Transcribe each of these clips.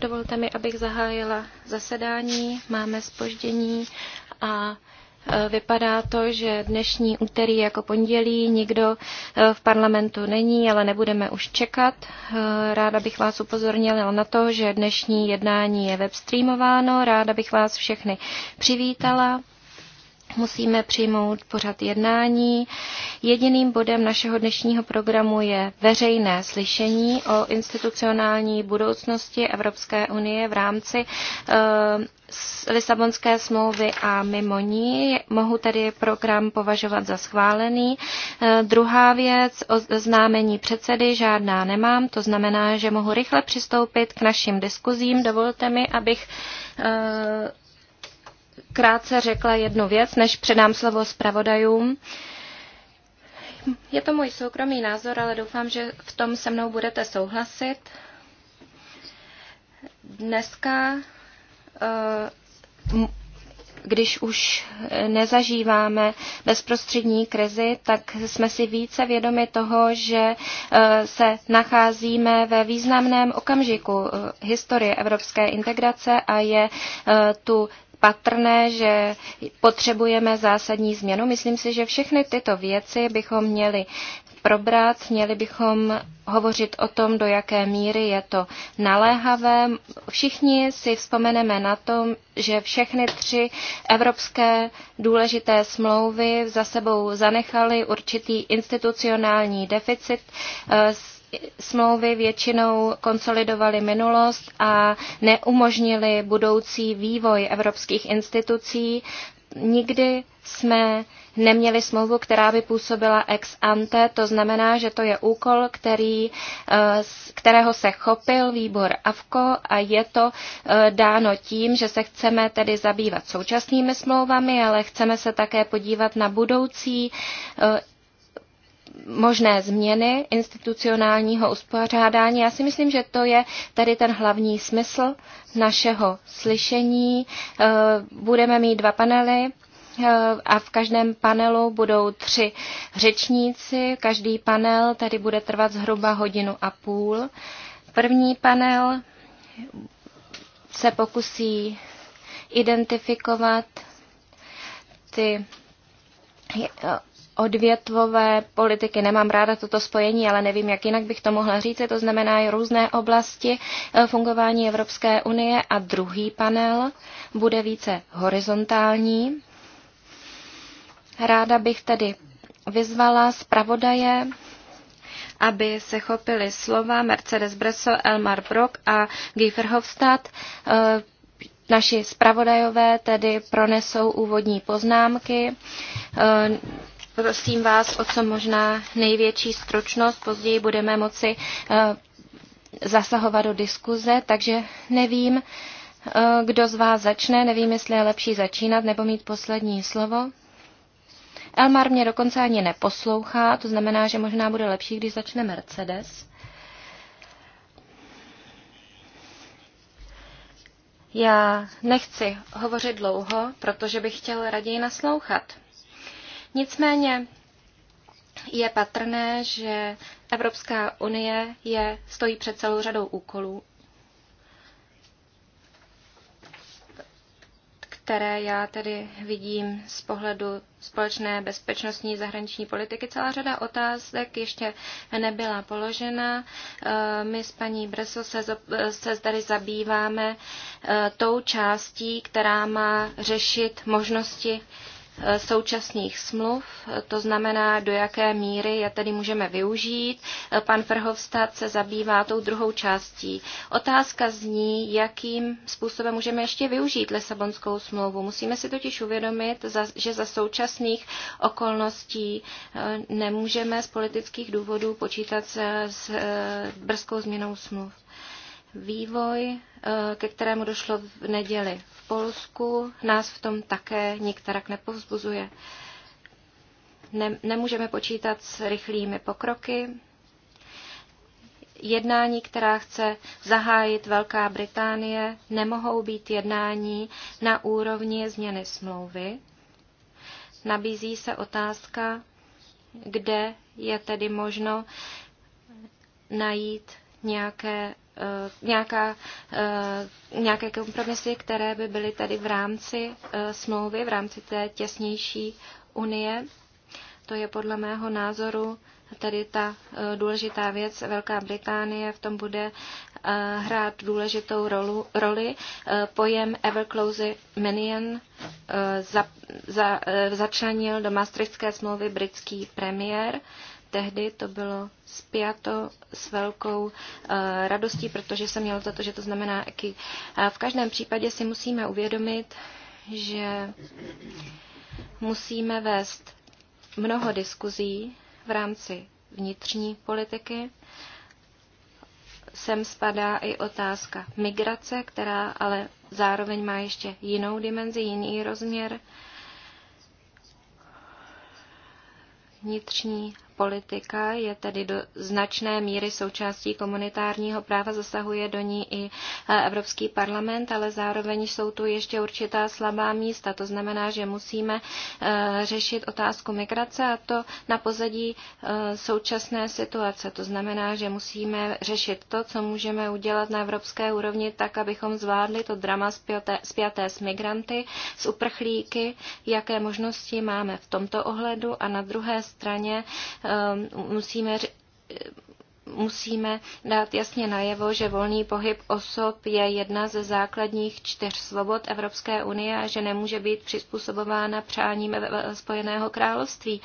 dovolte mi, abych zahájila zasedání. Máme spoždění a eh, vypadá to, že dnešní úterý jako pondělí nikdo eh, v parlamentu není, ale nebudeme už čekat. Eh, ráda bych vás upozornila na to, že dnešní jednání je webstreamováno. Ráda bych vás všechny přivítala musíme přijmout pořad jednání. Jediným bodem našeho dnešního programu je veřejné slyšení o institucionální budoucnosti Evropské unie v rámci uh, Lisabonské smlouvy a mimo ní. Mohu tedy program považovat za schválený. Eh, druhá věc, oznámení předsedy žádná nemám, to znamená, že mohu rychle přistoupit k našim diskuzím. Dovolte mi, abych eh, krátce řekla jednu věc, než předám slovo zpravodajům. Je to můj soukromý názor, ale doufám, že v tom se mnou budete souhlasit. Dneska, eh, když už nezažíváme bezprostřední krizi, tak jsme si více vědomi toho, že eh, se nacházíme ve významném okamžiku eh, historie evropské integrace a je tu patrné, že potřebujeme zásadní změnu. Myslím si, že všechny tyto věci bychom měli probrat, měli bychom hovořit o tom, do jaké míry je to naléhavé. Všichni si vzpomeneme na tom, že všechny tři evropské důležité smlouvy za sebou zanechaly určitý institucionální deficit eh, smlouvy většinou konsolidovaly minulost a neumožnili budoucí vývoj evropských institucí. Nikdy jsme neměli smlouvu, která by působila ex ante, to znamená, že to je úkol, který, eh, kterého se chopil výbor AVKO a je to eh, dáno tím, že se chceme tedy zabývat současnými smlouvami, ale chceme se také podívat na budoucí eh, možné změny institucionálního uspořádání. Já si myslím, že to je tady ten hlavní smysl našeho slyšení. Eh, budeme mít dva panely eh, a v každém panelu budou tři řečníci. Každý panel tady bude trvat zhruba hodinu a půl. První panel se pokusí identifikovat ty eh, odvětvové politiky. Nemám ráda toto spojení, ale nevím, jak jinak bych to mohla říct. To znamená i různé oblasti eh, fungování Evropské unie a druhý panel bude více horizontální. Ráda bych tedy vyzvala zpravodaje, aby se chopili slova Mercedes Bresso, Elmar Brock a Guy Verhofstadt. Eh, naši zpravodajové tedy pronesou úvodní poznámky. Eh, prosím vás o co možná největší stručnost. Později budeme moci eh, zasahovat do diskuze, takže nevím, eh, kdo z vás začne, nevím, jestli je lepší začínat nebo mít poslední slovo. Elmar mě dokonce ani neposlouchá, to znamená, že možná bude lepší, když začne Mercedes. Já nechci hovořit dlouho, protože bych chtěl raději naslouchat. Nicméně je patrné, že Evropská unie je, stojí před celou řadou úkolů, které já tedy vidím z pohledu společné bezpečnostní zahraniční politiky. Celá řada otázek ještě nebyla položena. Eh, my s paní Breso se, se tady zabýváme eh, tou částí, která má řešit možnosti Eh, současných smluv, eh, to znamená, do jaké míry je tedy můžeme využít. Eh, pan Frhovstát se zabývá tou druhou částí. Otázka zní, jakým způsobem můžeme ještě využít Lisabonskou smlouvu. Musíme si totiž uvědomit, že za současných okolností nemůžeme z politických důvodů počítat s brzkou změnou smluv. Vývoj, eh, ke kterému došlo v neděli v Polsku, nás v tom také nikterak nepovzbuzuje. Ne, nemůžeme počítat s rychlými pokroky. Jednání, která chce zahájit Velká Británie, nemohou být jednání na úrovni změny smlouvy. Nabízí se otázka, kde je tedy možno najít nějaké Eh, nějaká, eh, nějaké kompromisy, které by byly tady v rámci eh, smlouvy, v rámci té těsnější unie. To je podle mého názoru tady ta důležitá věc. Velká Británie v tom bude hrát důležitou rolu, roli. Pojem Ever Closer Minion za, za, začlenil do Maastrichtské smlouvy britský premiér tehdy to bylo spjato s velkou eh, radostí, protože jsem měla za to, že to znamená eky. A v každém případě si musíme uvědomit, že musíme vést mnoho diskuzí v rámci vnitřní politiky. Sem spadá i otázka migrace, která ale zároveň má ještě jinou dimenzi, jiný rozměr. Vnitřní politika je tedy do značné míry součástí komunitárního práva, zasahuje do ní i e, Evropský parlament, ale zároveň jsou tu ještě určitá slabá místa. To znamená, že musíme e, řešit otázku migrace a to na pozadí e, současné situace. To znamená, že musíme řešit to, co můžeme udělat na evropské úrovni, tak, abychom zvládli to drama spjaté s migranty, s uprchlíky, jaké možnosti máme v tomto ohledu a na druhé straně Eh, musíme musíme dát jasně najevo, že volný pohyb osob je jedna ze základních čtyř svobod Evropské unie a že nemůže být přizpůsobována přáním Spojeného království.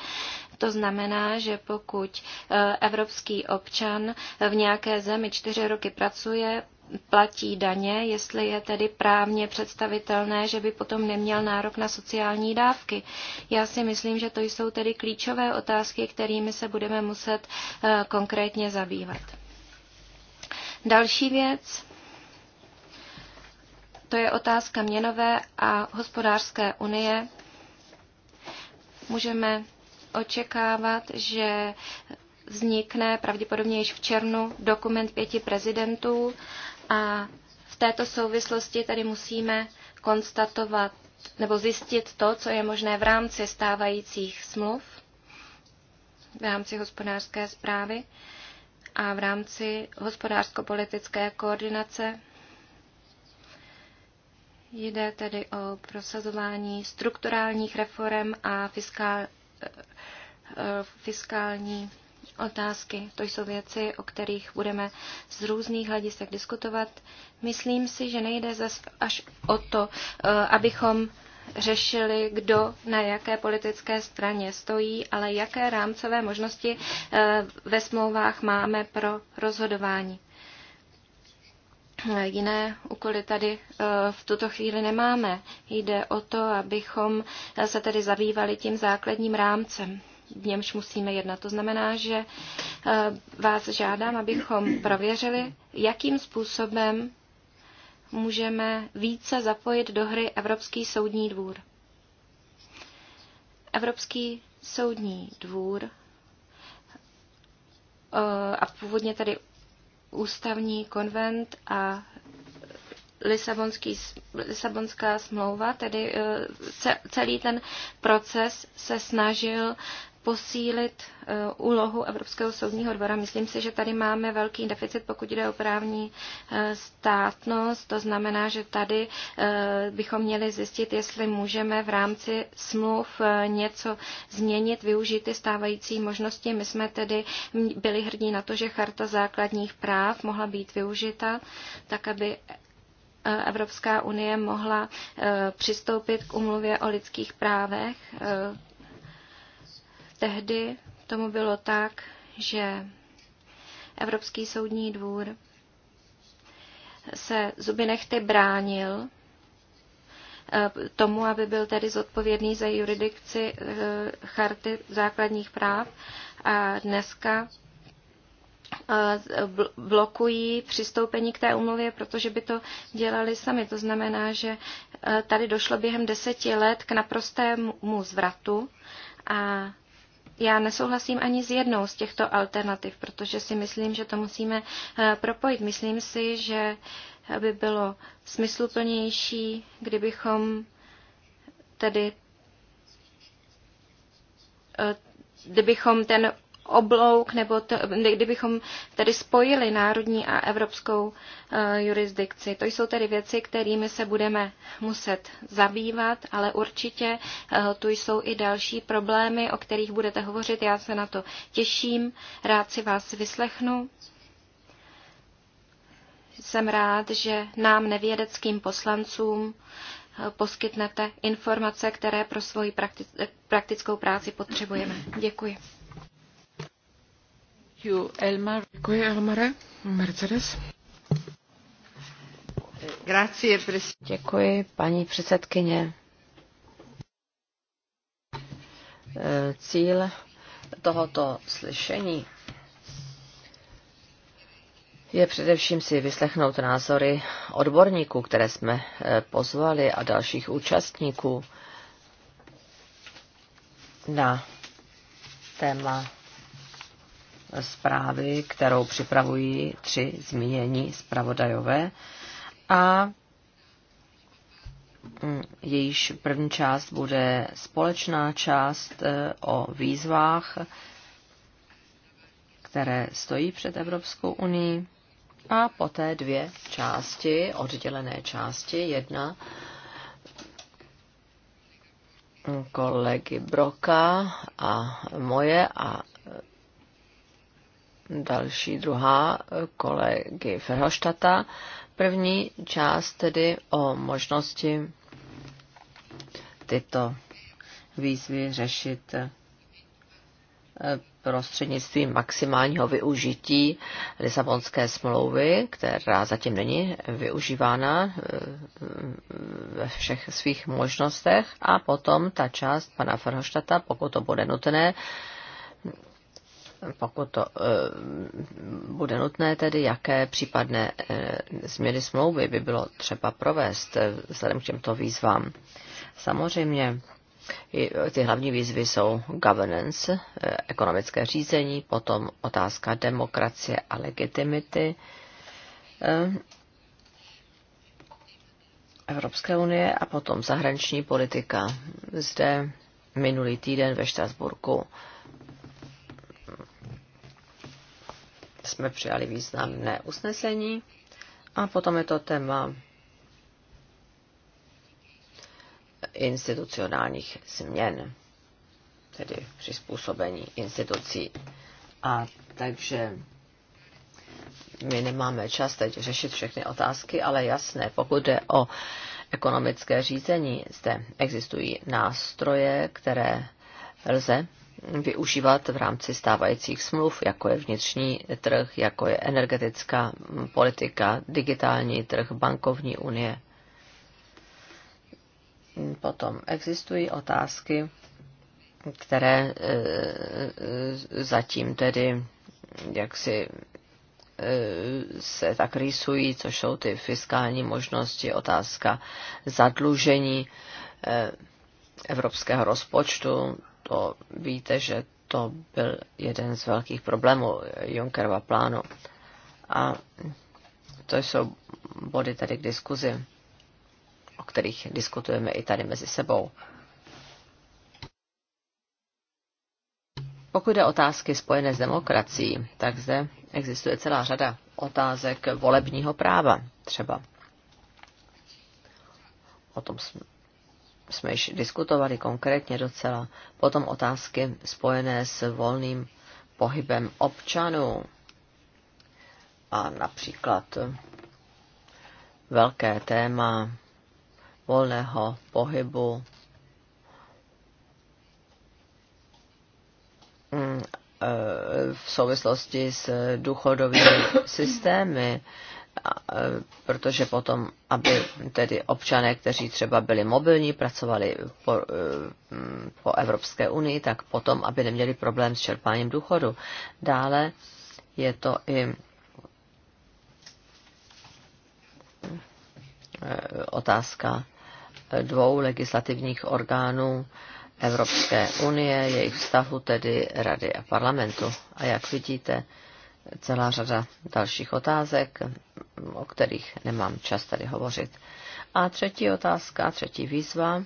To znamená, že pokud eh, evropský občan v nějaké zemi čtyři roky pracuje, platí daně, jestli je tedy právně představitelné, že by potom neměl nárok na sociální dávky. Já si myslím, že to jsou tedy klíčové otázky, kterými se budeme muset eh, konkrétně zabývat. Další věc, to je otázka měnové a hospodářské unie. Můžeme očekávat, že vznikne pravděpodobně již v černu, dokument pěti prezidentů a v této souvislosti tady musíme konstatovat nebo zjistit to, co je možné v rámci stávajících smluv, v rámci hospodářské zprávy a v rámci hospodářsko-politické koordinace. Jde tedy o prosazování strukturálních reform a fiskál, eh, eh, fiskální otázky. To jsou věci, o kterých budeme z různých hledisek diskutovat. Myslím si, že nejde zas až o to, eh, abychom řešili, kdo na jaké politické straně stojí, ale jaké rámcové možnosti eh, ve smlouvách máme pro rozhodování. Eh, jiné úkoly tady v tuto chvíli nemáme. Jde o to, abychom se tedy zabývali tím základním rámcem v němž musíme jednat. To znamená, že eh, vás žádám, abychom prověřili, jakým způsobem můžeme více zapojit do hry Evropský soudní dvůr. Evropský soudní dvůr eh, a původně tady ústavní konvent a Lisabonský, Lisabonská smlouva, tedy eh, celý ten proces se snažil posílit eh, úlohu Evropského soudního dvora. Myslím si, že tady máme velký deficit, pokud jde o právní eh, státnost. To znamená, že tady eh, bychom měli zjistit, jestli můžeme v rámci smluv něco změnit, využít ty stávající možnosti. My jsme tedy byli hrdí na to, že Charta základních práv mohla být využita, tak aby Evropská unie mohla přistoupit k umluvě o lidských právech, Tehdy tomu bylo tak, že Evropský soudní dvůr se zuby nechty bránil eh, tomu, aby byl tedy zodpovědný za juridikci eh, charty základních práv. A dneska eh, blokují přistoupení k té umluvě, protože by to dělali sami. To znamená, že tady došlo během deseti let k naprostému zvratu a já nesouhlasím ani s jednou z těchto alternativ, protože si myslím, že to musíme eh, propojit. Myslím si, že by bylo smysluplnější, kdybychom tedy eh, kdybychom ten oblouk, nebo to, kdybychom tedy spojili národní a evropskou uh, jurisdikci. To jsou tedy věci, kterými se budeme muset zabývat, ale určitě uh, tu jsou i další problémy, o kterých budete hovořit. Já se na to těším, rád si vás vyslechnu. Jsem rád, že nám nevědeckým poslancům eh, poskytnete informace, které pro svoji praktickou práci potřebujeme. Děkuji. Děkuji, Elmare. Mercedes. Děkuji, paní předsedkyně. Eh, cíl tohoto slyšení je především si vyslechnout názory odborníků, které jsme eh, pozvali a dalších účastníků na téma zprávy, kterou připravují tři zmínění zpravodajové a mm, jejíž první část bude společná část e, o výzvách, které stojí před Evropskou unii a poté dvě části, oddělené části. Jedna kolegy Broka a moje a další druhá eh, kolegy Ferhoštata. První část tedy o možnosti tyto výzvy řešit eh, prostřednictvím maximálního využití Lisabonské smlouvy, která zatím není využívána eh, ve všech svých možnostech. A potom ta část pana Ferhoštata, pokud to bude nutné, pokud to eh, bude nutné, tedy jaké případné eh, změny smlouvy by bylo třeba provést eh, vzhledem k těmto výzvám. Samozřejmě ty hlavní výzvy jsou governance, ekonomické řízení, potom otázka demokracie a legitimity Evropské unie a potom zahraniční politika. Zde minulý týden ve Štrasburku jsme přijali významné usnesení a potom je to téma institucionálních změn, tedy přizpůsobení institucí. A takže my nemáme čas teď řešit všechny otázky, ale jasné, pokud jde o ekonomické řízení, zde existují nástroje, které lze využívat v rámci stávajících smluv, jako je vnitřní trh, jako je energetická politika, digitální trh, bankovní unie. Potom existují otázky, které e, e, zatím tedy jaksi e, se tak rýsují, co jsou ty fiskální možnosti, otázka zadlužení evropského rozpočtu, to víte, že to byl jeden z velkých problémů Junckerova plánu. A to jsou body tady k diskuzi, o kterých diskutujeme i tady mezi sebou. Pokud jde otázky spojené s demokracií, tak zde existuje celá řada otázek volebního práva třeba. O tom jsme již diskutovali konkrétně docela. Potom otázky spojené s volným pohybem občanů a například velké téma volného pohybu mm, e, v souvislosti s důchodovými systémy. E, protože potom, aby tedy občané, kteří třeba byli mobilní, pracovali po, e, po Evropské unii, tak potom, aby neměli problém s čerpáním důchodu. Dále je to i e, otázka dvou legislativních orgánů Evropské unie, jejich vztahu tedy Rady a parlamentu. A jak vidíte, celá řada dalších otázek, o kterých nemám čas tady hovořit. A třetí otázka, třetí výzva,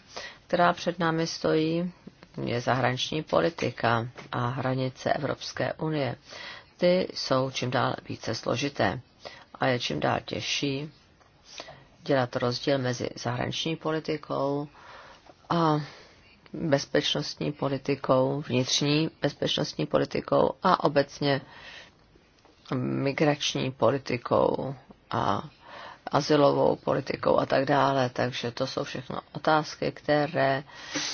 která před námi stojí, je zahraniční politika a hranice Evropské unie. Ty jsou čím dál více složité a je čím dál těžší dělat rozdíl mezi zahraniční politikou a bezpečnostní politikou, vnitřní bezpečnostní politikou a obecně migrační politikou a asilovou politikou a tak dále. Takže to jsou všechno otázky, které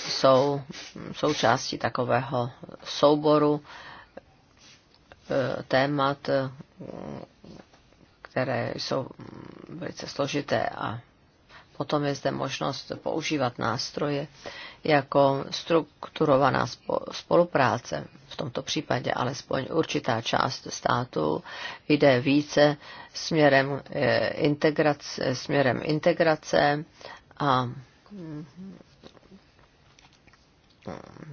jsou součástí takového souboru eh, témat, eh, které jsou velice složité a Potom je zde možnost používat nástroje jako strukturovaná spolupráce. V tomto případě alespoň určitá část státu jde více směrem eh, integrace, směrem integrace a mm,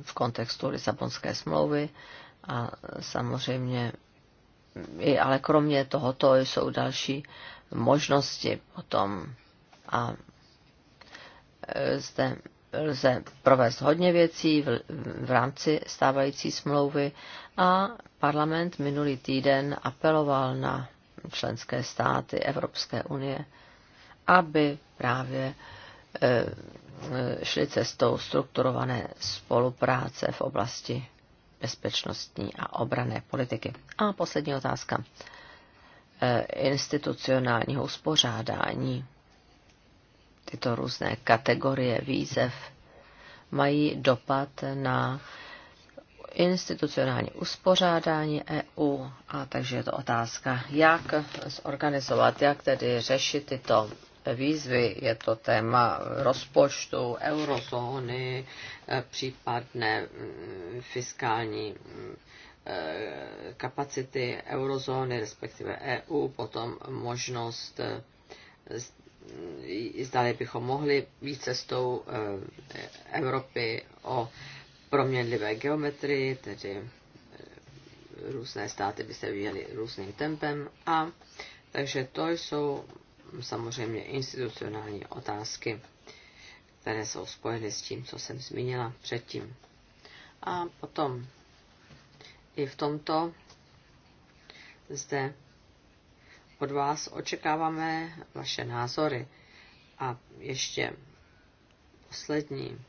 v kontextu Lisabonské smlouvy a samozřejmě i, ale kromě tohoto jsou další možnosti potom a Eh, zde lze provést hodně věcí v, v rámci stávající smlouvy a parlament minulý týden apeloval na členské státy Evropské unie, aby právě eh, šli cestou strukturované spolupráce v oblasti bezpečnostní a obrané politiky. A poslední otázka eh, institucionálního uspořádání tyto různé kategorie výzev mají dopad na institucionální uspořádání EU a takže je to otázka, jak zorganizovat, jak tedy řešit tyto výzvy. Je to téma rozpočtu, eurozóny, eh, případné mm, fiskální eh, kapacity eurozóny, respektive EU, potom možnost eh, zdali bychom mohli být cestou eh, Evropy o proměnlivé geometrii, tedy eh, různé státy by se vyvíjely různým tempem a takže to jsou samozřejmě institucionální otázky, které jsou spojeny s tím, co jsem zmínila předtím. A potom i v tomto zde od vás očekáváme vaše názory. A ještě poslední,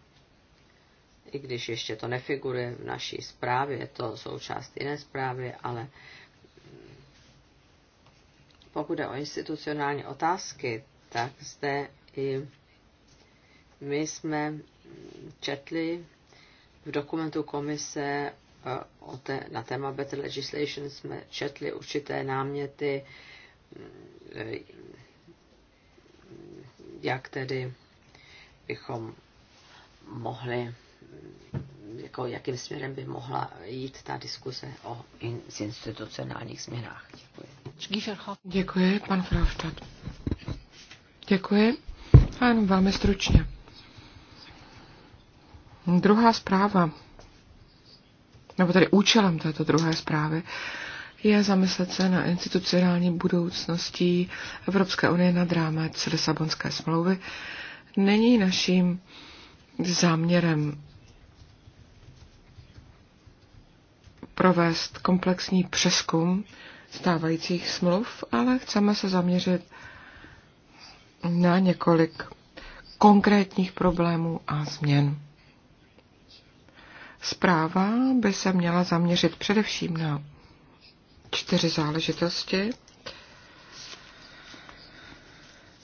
i když ještě to nefiguruje v naší zprávě, je to součást jiné zprávy, ale pokud je o institucionální otázky, tak zde i my jsme četli v dokumentu komise eh, o te, na téma Better Legislation jsme četli určité náměty, Eh, jak tedy bychom mohli, jako jakým směrem by mohla jít ta diskuse o in, z institucionálních změnách. Děkuji. Děkuji, pan Fraustadt. Děkuji. A jenom velmi stručně. Druhá zpráva, nebo tady účelem této druhé zprávy, je zamyslet se na institucionální budoucností Evropské unie nad rámec Lisabonské smlouvy. Není naším záměrem provést komplexní přeskum stávajících smluv, ale chceme se zaměřit na několik konkrétních problémů a změn. Zpráva by se měla zaměřit především na čtyři záležitosti.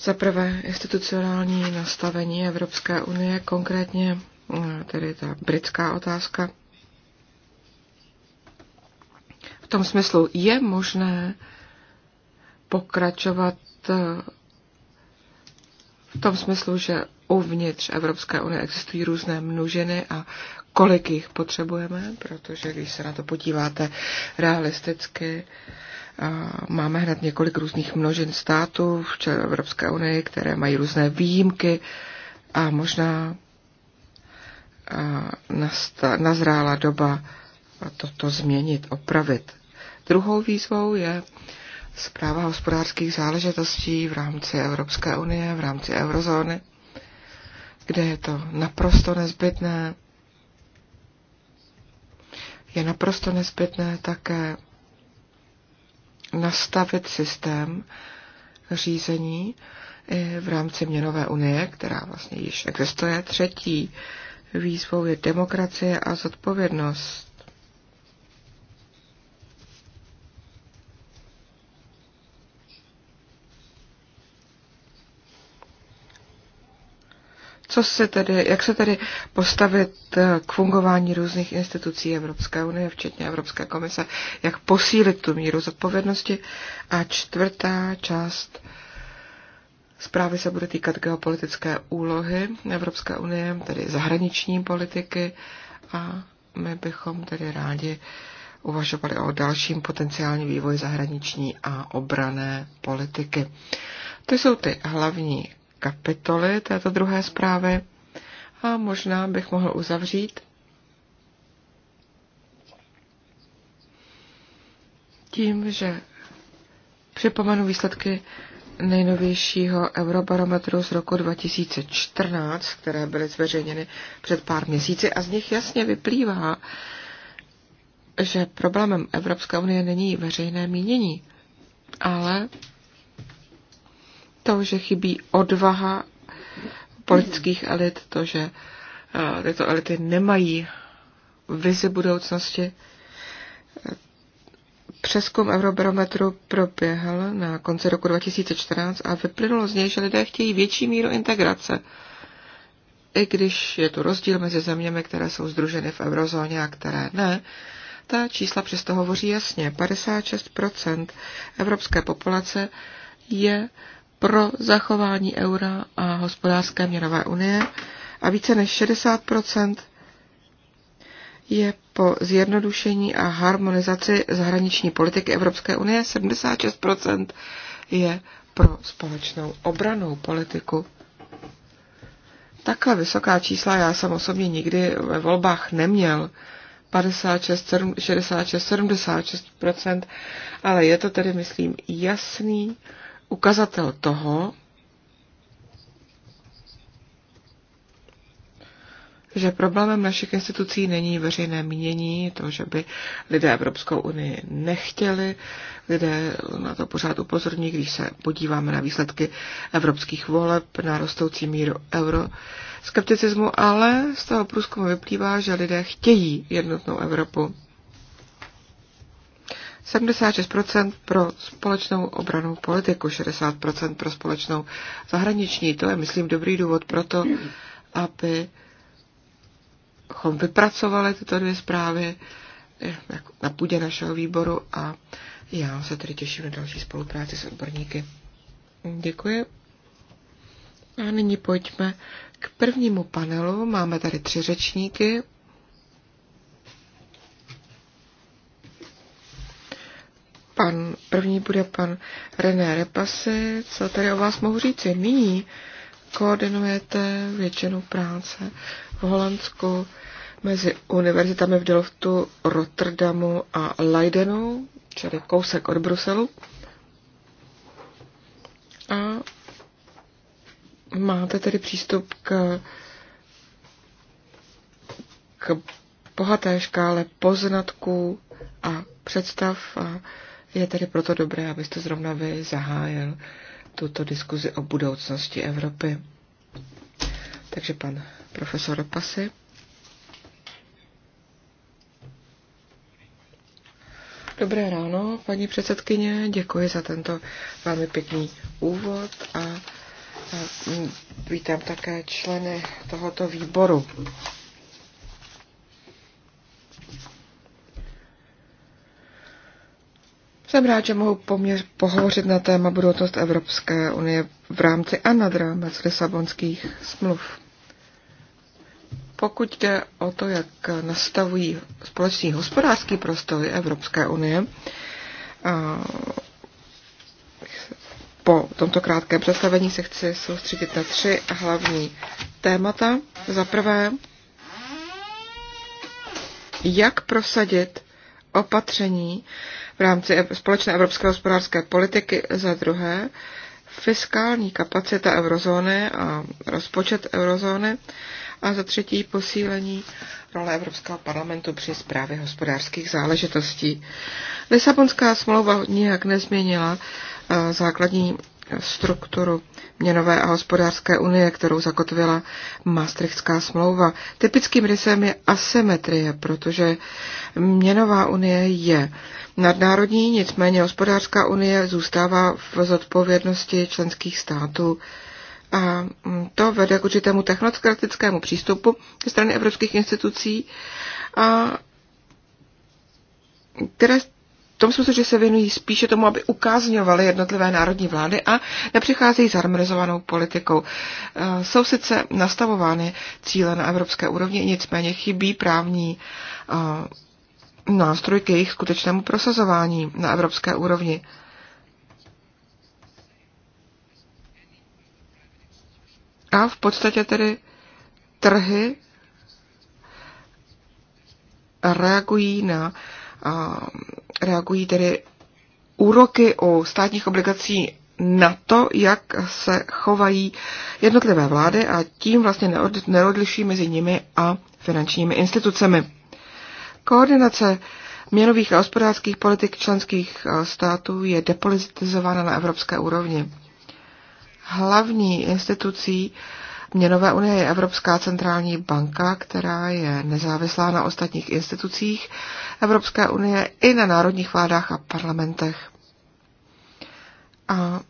Za prvé institucionální nastavení Evropské unie, konkrétně eh, tedy ta britská otázka. V tom smyslu je možné pokračovat eh, v tom smyslu, že uvnitř Evropské unie existují různé množiny a kolik jich potřebujeme, protože když se na to podíváte realisticky, máme hned několik různých množin států v Evropské unii, které mají různé výjimky a možná nazrála doba toto změnit, opravit. Druhou výzvou je zpráva hospodářských záležitostí v rámci Evropské unie, v rámci eurozóny kde je to naprosto nezbytné. Je naprosto nezbytné také nastavit systém řízení v rámci měnové unie, která vlastně již existuje. Třetí výzvou je demokracie a zodpovědnost. Co se tedy, jak se tedy postavit eh, k fungování různých institucí Evropské unie, včetně Evropské komise, jak posílit tu míru zodpovědnosti. A čtvrtá část zprávy se bude týkat geopolitické úlohy Evropské unie, tedy zahraniční politiky a my bychom tedy rádi uvažovali o dalším potenciální vývoji zahraniční a obrané politiky. To jsou ty hlavní kapitoly této druhé zprávy a možná bych mohl uzavřít tím, že připomenu výsledky nejnovějšího eurobarometru z roku 2014, které byly zveřejněny před pár měsíci a z nich jasně vyplývá, že problémem Evropské unie není veřejné mínění, ale to, že chybí odvaha politických elit, to, že eh, tyto elity nemají vizi budoucnosti. Přeskum Eurobarometru proběhl na konci roku 2014 a vyplynulo z něj, že lidé chtějí větší míru integrace. I když je tu rozdíl mezi zeměmi, které jsou združeny v eurozóně a které ne, ta čísla přesto hovoří jasně. 56% evropské populace je pro zachování eura a hospodářské měnové unie a více než 60 je po zjednodušení a harmonizaci zahraniční politiky Evropské unie, 76 je pro společnou obranou politiku. Takhle vysoká čísla já jsem osobně nikdy ve volbách neměl. 56, 7, 66, 76 ale je to tedy, myslím, jasný ukazatel toho, že problémem našich institucí není veřejné mínění, to, že by lidé Evropskou unii nechtěli. Lidé na to pořád upozorní, když se podíváme na výsledky evropských voleb, na rostoucí míru skepticismu, ale z toho průzkumu vyplývá, že lidé chtějí jednotnou Evropu. 76% pro společnou obranou politiku, 60% pro společnou zahraniční. To je, myslím, dobrý důvod pro to, aby vypracovali tyto dvě zprávy eh, na půdě našeho výboru a já se tedy těším na další spolupráci s odborníky. Děkuji. A nyní pojďme k prvnímu panelu. Máme tady tři řečníky. Pan první bude pan René Repasy. Co tady o vás mohu říci? Nyní koordinujete většinu práce v Holandsku mezi univerzitami v Delftu, Rotterdamu a Leidenu, čili kousek od Bruselu. A máte tedy přístup k, k bohaté škále poznatků a představ a je tedy proto dobré, abyste zrovna vy zahájil tuto diskuzi o budoucnosti Evropy. Takže pan profesor Pasy. Dobré ráno, paní předsedkyně, děkuji za tento velmi pěkný úvod a vítám také členy tohoto výboru. Jsem rád, že mohu poměř pohovořit na téma budoucnost Evropské unie v rámci a nad rámec Lisabonských smluv. Pokud jde o to, jak nastavují společný hospodářský prostor Evropské unie, po tomto krátkém představení se chci soustředit na tři hlavní témata. Za prvé, jak prosadit opatření, v rámci společné evropské hospodářské politiky, za druhé fiskální kapacita eurozóny a rozpočet eurozóny a za třetí posílení role Evropského parlamentu při zprávě hospodářských záležitostí. Lisabonská smlouva nijak nezměnila eh, základní strukturu měnové a hospodářské unie, kterou zakotvila Maastrichtská smlouva. Typickým rysem je asymetrie, protože měnová unie je nadnárodní, nicméně hospodářská unie zůstává v zodpovědnosti členských států. A to vede k určitému technokratickému přístupu ze strany evropských institucí, a které tom smyslu, že se věnují spíše tomu, aby ukázňovaly jednotlivé národní vlády a nepřicházejí s harmonizovanou politikou. Eh, jsou sice nastavovány cíle na evropské úrovni, nicméně chybí právní eh, nástroj k jejich skutečnému prosazování na evropské úrovni. A v podstatě tedy trhy reagují na reagují tedy úroky u státních obligací na to, jak se chovají jednotlivé vlády a tím vlastně neodliší mezi nimi a finančními institucemi. Koordinace měnových a hospodářských politik členských e, států je depolitizována na evropské úrovni. Hlavní institucí Měnové unie je Evropská centrální banka, která je nezávislá na ostatních institucích Evropské unie i na národních vládách a parlamentech. A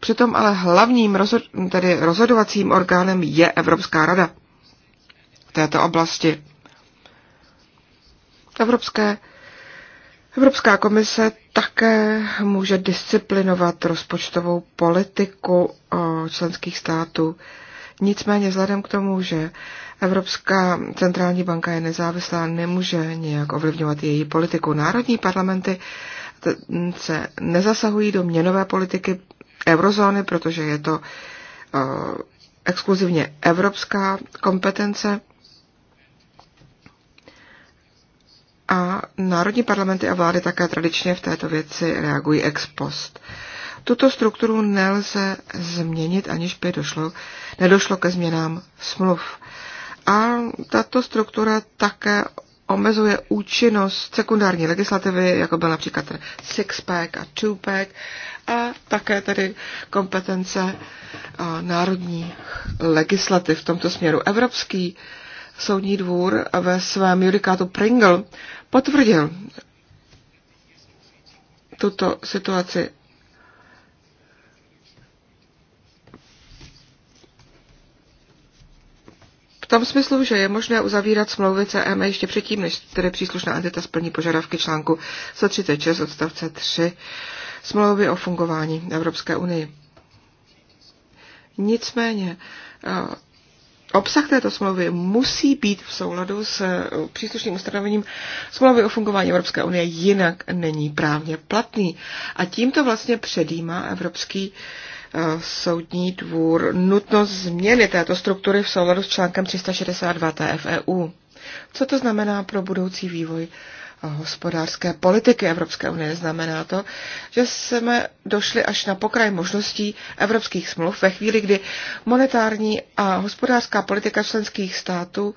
přitom ale hlavním rozhod- tedy rozhodovacím orgánem je Evropská rada v této oblasti. Evropské Evropská komise také může disciplinovat rozpočtovou politiku eh, členských států. Nicméně vzhledem k tomu, že Evropská centrální banka je nezávislá, nemůže nějak ovlivňovat její politiku. Národní parlamenty se nezasahují do měnové politiky eurozóny, protože je to eh, exkluzivně evropská kompetence. A národní parlamenty a vlády také tradičně v této věci reagují ex post. Uh, tuto strukturu nelze změnit, aniž by došlo, nedošlo ke změnám smluv. A tato struktura také omezuje účinnost sekundární legislativy, jako byl například six-pack a two-pack, a také tedy kompetence národních legislativ v tomto směru. Evropský soudní dvůr ve svém judikátu Pringle potvrdil tuto situaci tom smyslu, že je možné uzavírat smlouvy CME ještě předtím, než tedy příslušná entita splní požadavky článku 136 odstavce 3 smlouvy o fungování Evropské unii. Nicméně eh, obsah této smlouvy musí být v souladu s eh, příslušným ustanovením smlouvy o fungování Evropské unie, jinak není právně platný. A tímto vlastně předjímá Evropský uh, soudní dvůr nutnost změny této struktury v souladu s článkem 362 TFEU. Co to znamená pro budoucí vývoj hospodářské politiky Evropské unie? Znamená to, že jsme došli až na pokraj možností evropských smluv ve chvíli, kdy monetární a hospodářská politika členských států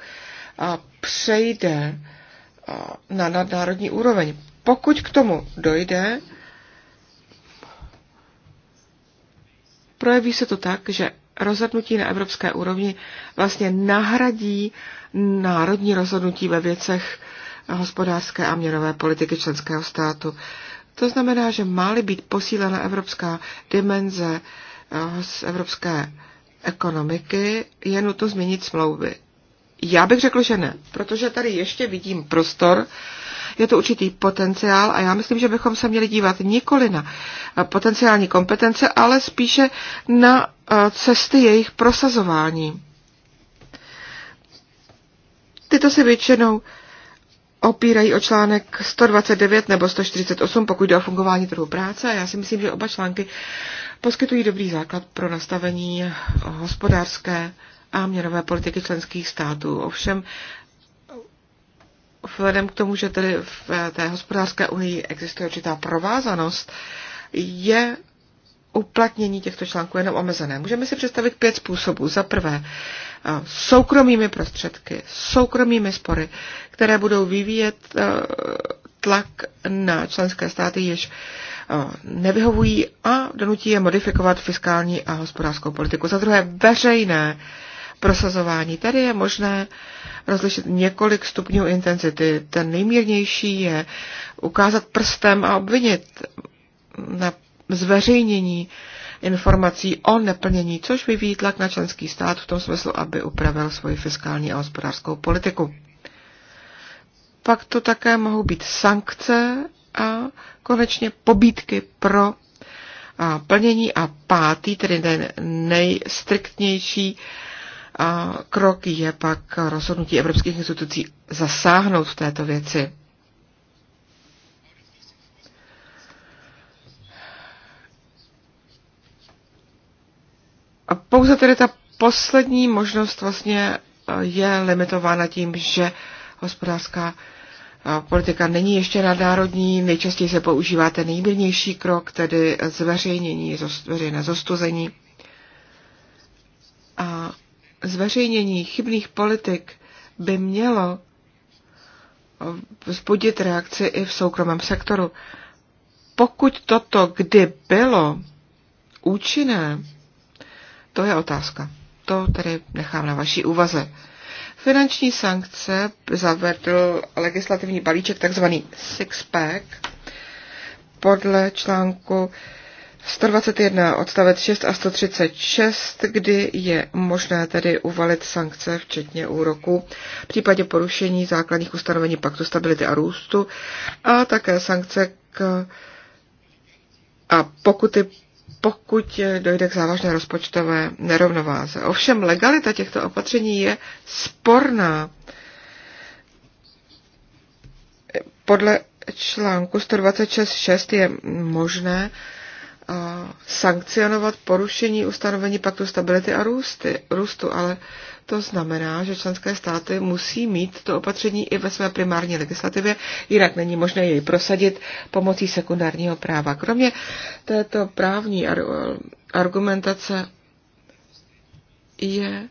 přejde na nadnárodní úroveň. Pokud k tomu dojde, Projeví se to tak, že rozhodnutí na evropské úrovni vlastně nahradí národní rozhodnutí ve věcech hospodářské a měnové politiky členského státu. To znamená, že má-li být posílena evropská dimenze eh, z evropské ekonomiky, je nutno změnit smlouvy. Já bych řekl, že ne, protože tady ještě vidím prostor, je to určitý potenciál a já myslím, že bychom se měli dívat nikoli na potenciální kompetence, ale spíše na eh, cesty jejich prosazování. Tyto se většinou opírají o článek 129 nebo 148, pokud jde o fungování trhu práce. A já si myslím, že oba články poskytují dobrý základ pro nastavení hospodářské a měnové politiky členských států. Ovšem, vzhledem k tomu, že tedy v té hospodářské unii existuje určitá provázanost, je uplatnění těchto článků jenom omezené. Můžeme si představit pět způsobů. Za prvé, eh, soukromými prostředky, soukromými spory, které budou vyvíjet eh, tlak na členské státy, jež eh, nevyhovují a donutí je modifikovat fiskální a hospodářskou politiku. Za druhé, veřejné prosazování. Tady je možné rozlišit několik stupňů intenzity. Ten nejmírnější je ukázat prstem a obvinit na zveřejnění informací o neplnění, což vyvíjí tlak na členský stát v tom smyslu, aby upravil svoji fiskální a hospodářskou politiku. Pak to také mohou být sankce a konečně pobídky pro plnění a pátý, tedy ten nejstriktnější krok je pak rozhodnutí evropských institucí zasáhnout v této věci. A pouze tedy ta poslední možnost vlastně eh, je limitována tím, že hospodářská eh, politika není ještě nadnárodní, nejčastěji se používá ten nejmírnější krok, tedy zveřejnění, veřejné zostuzení. A zveřejnění chybných politik by mělo vzbudit reakci i v soukromém sektoru. Pokud toto kdy bylo účinné, to je otázka. To tedy nechám na vaší úvaze. Finanční sankce zavedl legislativní balíček takzvaný six-pack podle článku 121 odstavec 6 a 136, kdy je možné tedy uvalit sankce, včetně úroku, v případě porušení základních ustanovení Paktu stability a růstu a také sankce k, a pokuty pokud dojde k závažné rozpočtové nerovnováze. Ovšem legalita těchto opatření je sporná. Podle článku 126.6 je možné sankcionovat porušení ustanovení paktu stability a růsty, růstu, ale to znamená, že členské státy musí mít to opatření i ve své primární legislativě, jinak není možné jej prosadit pomocí sekundárního práva. Kromě této právní argumentace je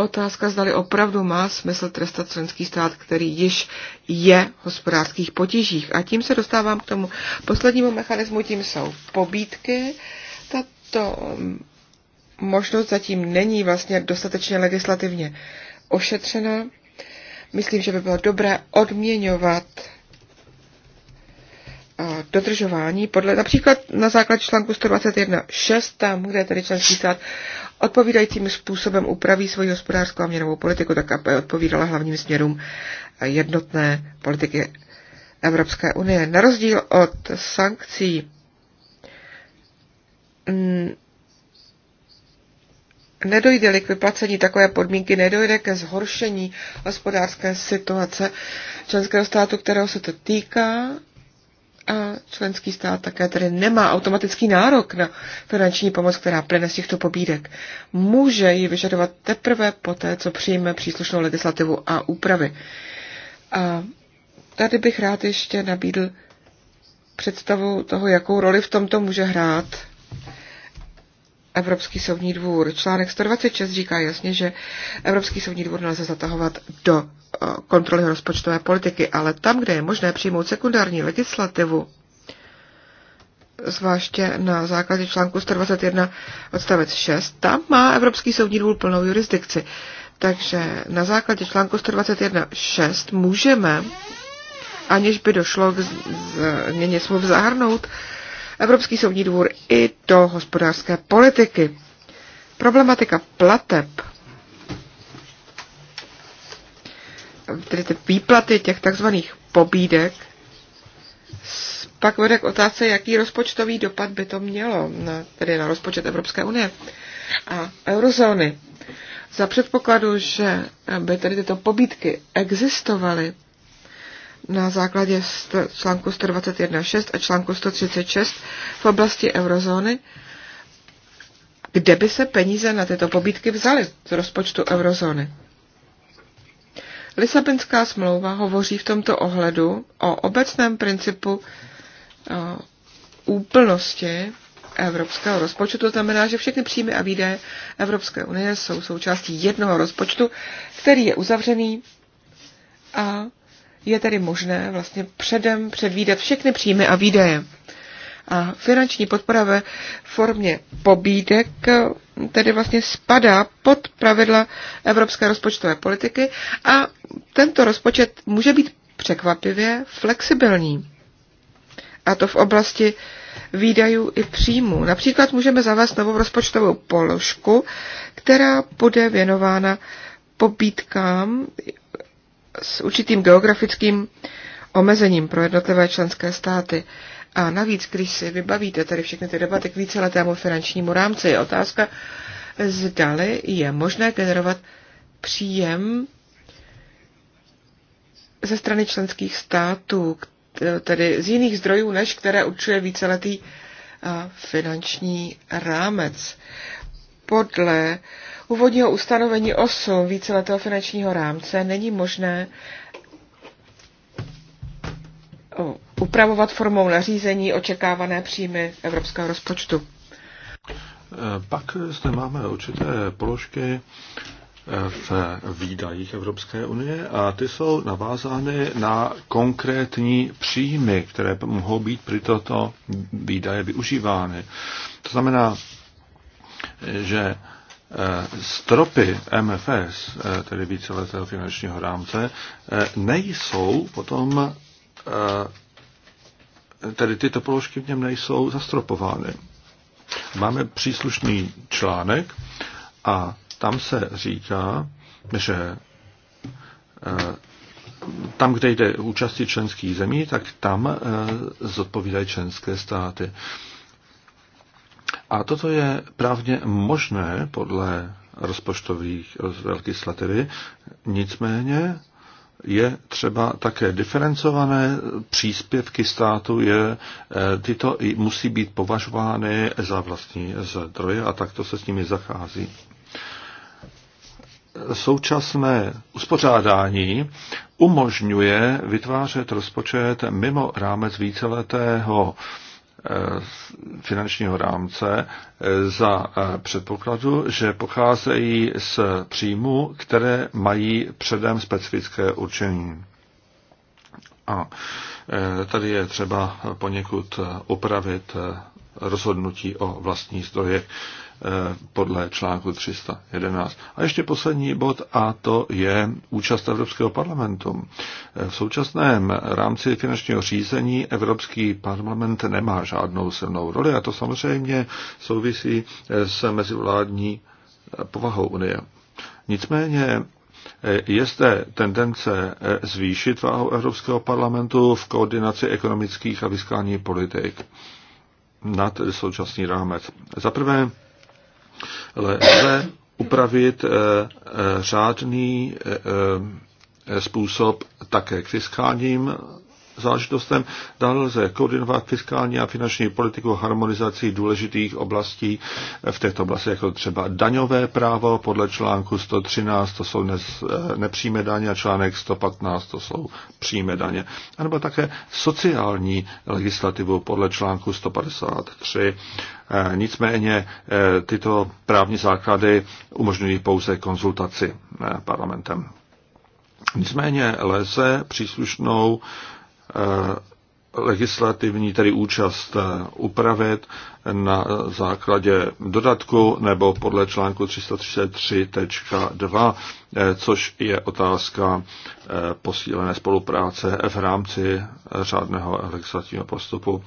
Otázka, zdali opravdu má smysl trestat členský stát, který již je v hospodářských potížích. A tím se dostávám k tomu poslednímu mechanismu, tím jsou pobídky. Tato možnost zatím není vlastně dostatečně legislativně ošetřena. Myslím, že by bylo dobré odměňovat dodržování, podle, například na základě článku 121.6, tam, kde tedy členský stát odpovídajícím způsobem upraví svoji hospodářskou a měnovou politiku, tak aby odpovídala hlavním směrům jednotné politiky Evropské unie. Na rozdíl od sankcí mm, nedojde-li k vyplacení takové podmínky, nedojde ke zhoršení hospodářské situace členského státu, kterého se to týká, členský stát také tedy nemá automatický nárok na finanční pomoc, která plyne z těchto pobídek. Může ji vyžadovat teprve poté, co přijme příslušnou legislativu a úpravy. A tady bych rád ještě nabídl představu toho, jakou roli v tomto může hrát Evropský soudní dvůr. Článek 126 říká jasně, že Evropský soudní dvůr nelze zatahovat do kontroly rozpočtové politiky, ale tam, kde je možné přijmout sekundární legislativu, zvláště na základě článku 121 odstavec 6, tam má Evropský soudní dvůr plnou jurisdikci. Takže na základě článku 6 můžeme, aniž by došlo k změně smluv, zahrnout Evropský soudní dvůr i do hospodářské politiky. Problematika plateb tedy ty výplaty těch takzvaných pobídek, pak vede k otázce, jaký rozpočtový dopad by to mělo, na, tedy na rozpočet Evropské unie a eurozóny. Za předpokladu, že by tedy tyto pobídky existovaly na základě článku 121.6 a článku 136 v oblasti eurozóny, kde by se peníze na tyto pobídky vzaly z rozpočtu eurozóny. Lisabonská smlouva hovoří v tomto ohledu o obecném principu eh, úplnosti evropského rozpočtu. To znamená, že všechny příjmy a výdaje Evropské unie jsou součástí jednoho rozpočtu, který je uzavřený a je tedy možné vlastně předem předvídat všechny příjmy a výdaje. A finanční podpora ve formě pobídek eh, tedy vlastně spadá pod pravidla evropské rozpočtové politiky a tento rozpočet může být překvapivě flexibilní. A to v oblasti výdajů i příjmů. Například můžeme zavést novou rozpočtovou položku, která bude věnována pobítkám s určitým geografickým omezením pro jednotlivé členské státy. A navíc, když si vybavíte tady všechny ty debaty k víceletému finančnímu rámci, je otázka, zdali je možné generovat příjem ze strany členských států, tedy z jiných zdrojů, než které určuje víceletý finanční rámec. Podle úvodního ustanovení 8 víceletého finančního rámce není možné upravovat formou nařízení očekávané příjmy evropského rozpočtu. Eh, pak zde máme určité položky eh, v výdajích Evropské unie a ty jsou navázány na konkrétní příjmy, které mohou být při toto výdaje využívány. To znamená, že eh, stropy MFS, tedy víceletého finančního rámce, nejsou potom tedy tyto položky v něm nejsou zastropovány. Máme příslušný článek a tam se říká, že eh, tam, kde jde účasti členských zemí, tak tam eh, zodpovídají členské státy. A toto je právně možné podle rozpočtových legislativy, nicméně je třeba také diferencované příspěvky státu, je, eh, tyto musí být považovány za vlastní zdroje a takto se s nimi zachází. Současné uspořádání umožňuje vytvářet rozpočet mimo rámec víceletého Eh, finančního rámce eh, za eh, předpokladu, že pocházejí z příjmu, které mají předem specifické určení. A tady je třeba poněkud upravit rozhodnutí o vlastní zdroje. Eh, podle článku 311. A ještě poslední bod, a to je účast Evropského parlamentu. Eh, v současném rámci finančního řízení Evropský parlament nemá žádnou silnou roli a to samozřejmě souvisí eh, s mezivládní povahou Unie. Nicméně je zde tendence zvýšit váhu Evropského parlamentu v koordinaci ekonomických a fiskálních politik nad současný rámec. Za prvé, Lze upravit eh, eh, řádný eh, způsob také k fiskálním záležitostem. Dále lze koordinovat fiskální a finanční politiku harmonizací důležitých oblastí v této oblasti, jako třeba daňové právo podle článku 113, to jsou nepřímé daně, a článek 115, to jsou přímé daně. A nebo také sociální legislativu podle článku 153. Eh, nicméně eh, tyto právní základy umožňují pouze konzultaci eh, parlamentem. Nicméně lze příslušnou legislativní, tedy účast upravit na základě dodatku nebo podle článku 333.2, což je otázka posílené spolupráce v rámci řádného legislativního postupu.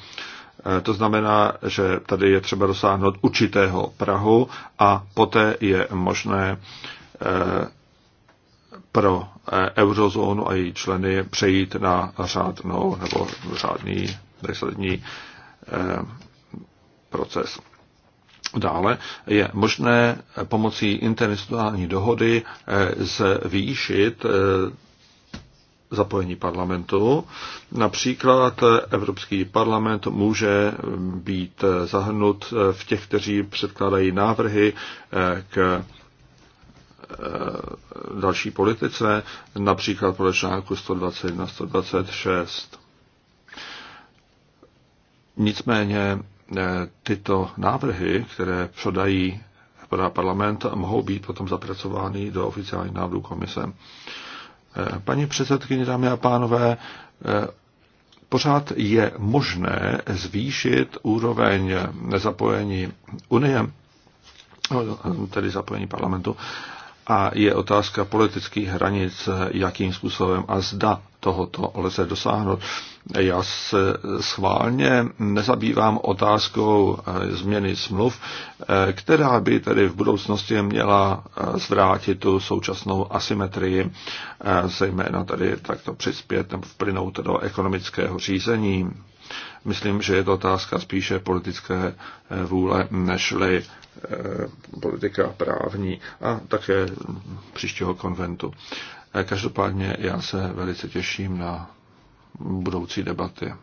Eh, to znamená, že tady je třeba dosáhnout určitého Prahu a poté je možné eh, pro eh, eurozónu a její členy přejít na řádnou nebo řádný legislativní proces. Dále je možné pomocí interinstitucionální dohody zvýšit zapojení parlamentu. Například Evropský parlament může být zahrnut v těch, kteří předkládají návrhy k eh, další politice, například podle článku 121 126. Nicméně eh, tyto návrhy, které předají parlament, mohou být potom zapracovány do oficiálních návrhů komise. Paní předsedkyně, dámy a pánové, pořád je možné zvýšit úroveň zapojení Unie, tedy zapojení parlamentu, a je otázka politických hranic, jakým způsobem a zda tohoto lze dosáhnout. Já se schválně nezabývám otázkou eh, změny smluv, eh, která by tedy v budoucnosti měla eh, zvrátit tu současnou asymetrii, zejména tady takto přispět nebo vplynout do ekonomického řízení. Myslím, že je to otázka spíše politické eh, vůle nežli eh, politika právní a také příštího konventu. Eh, každopádně já se velice těším na budoucí debaty.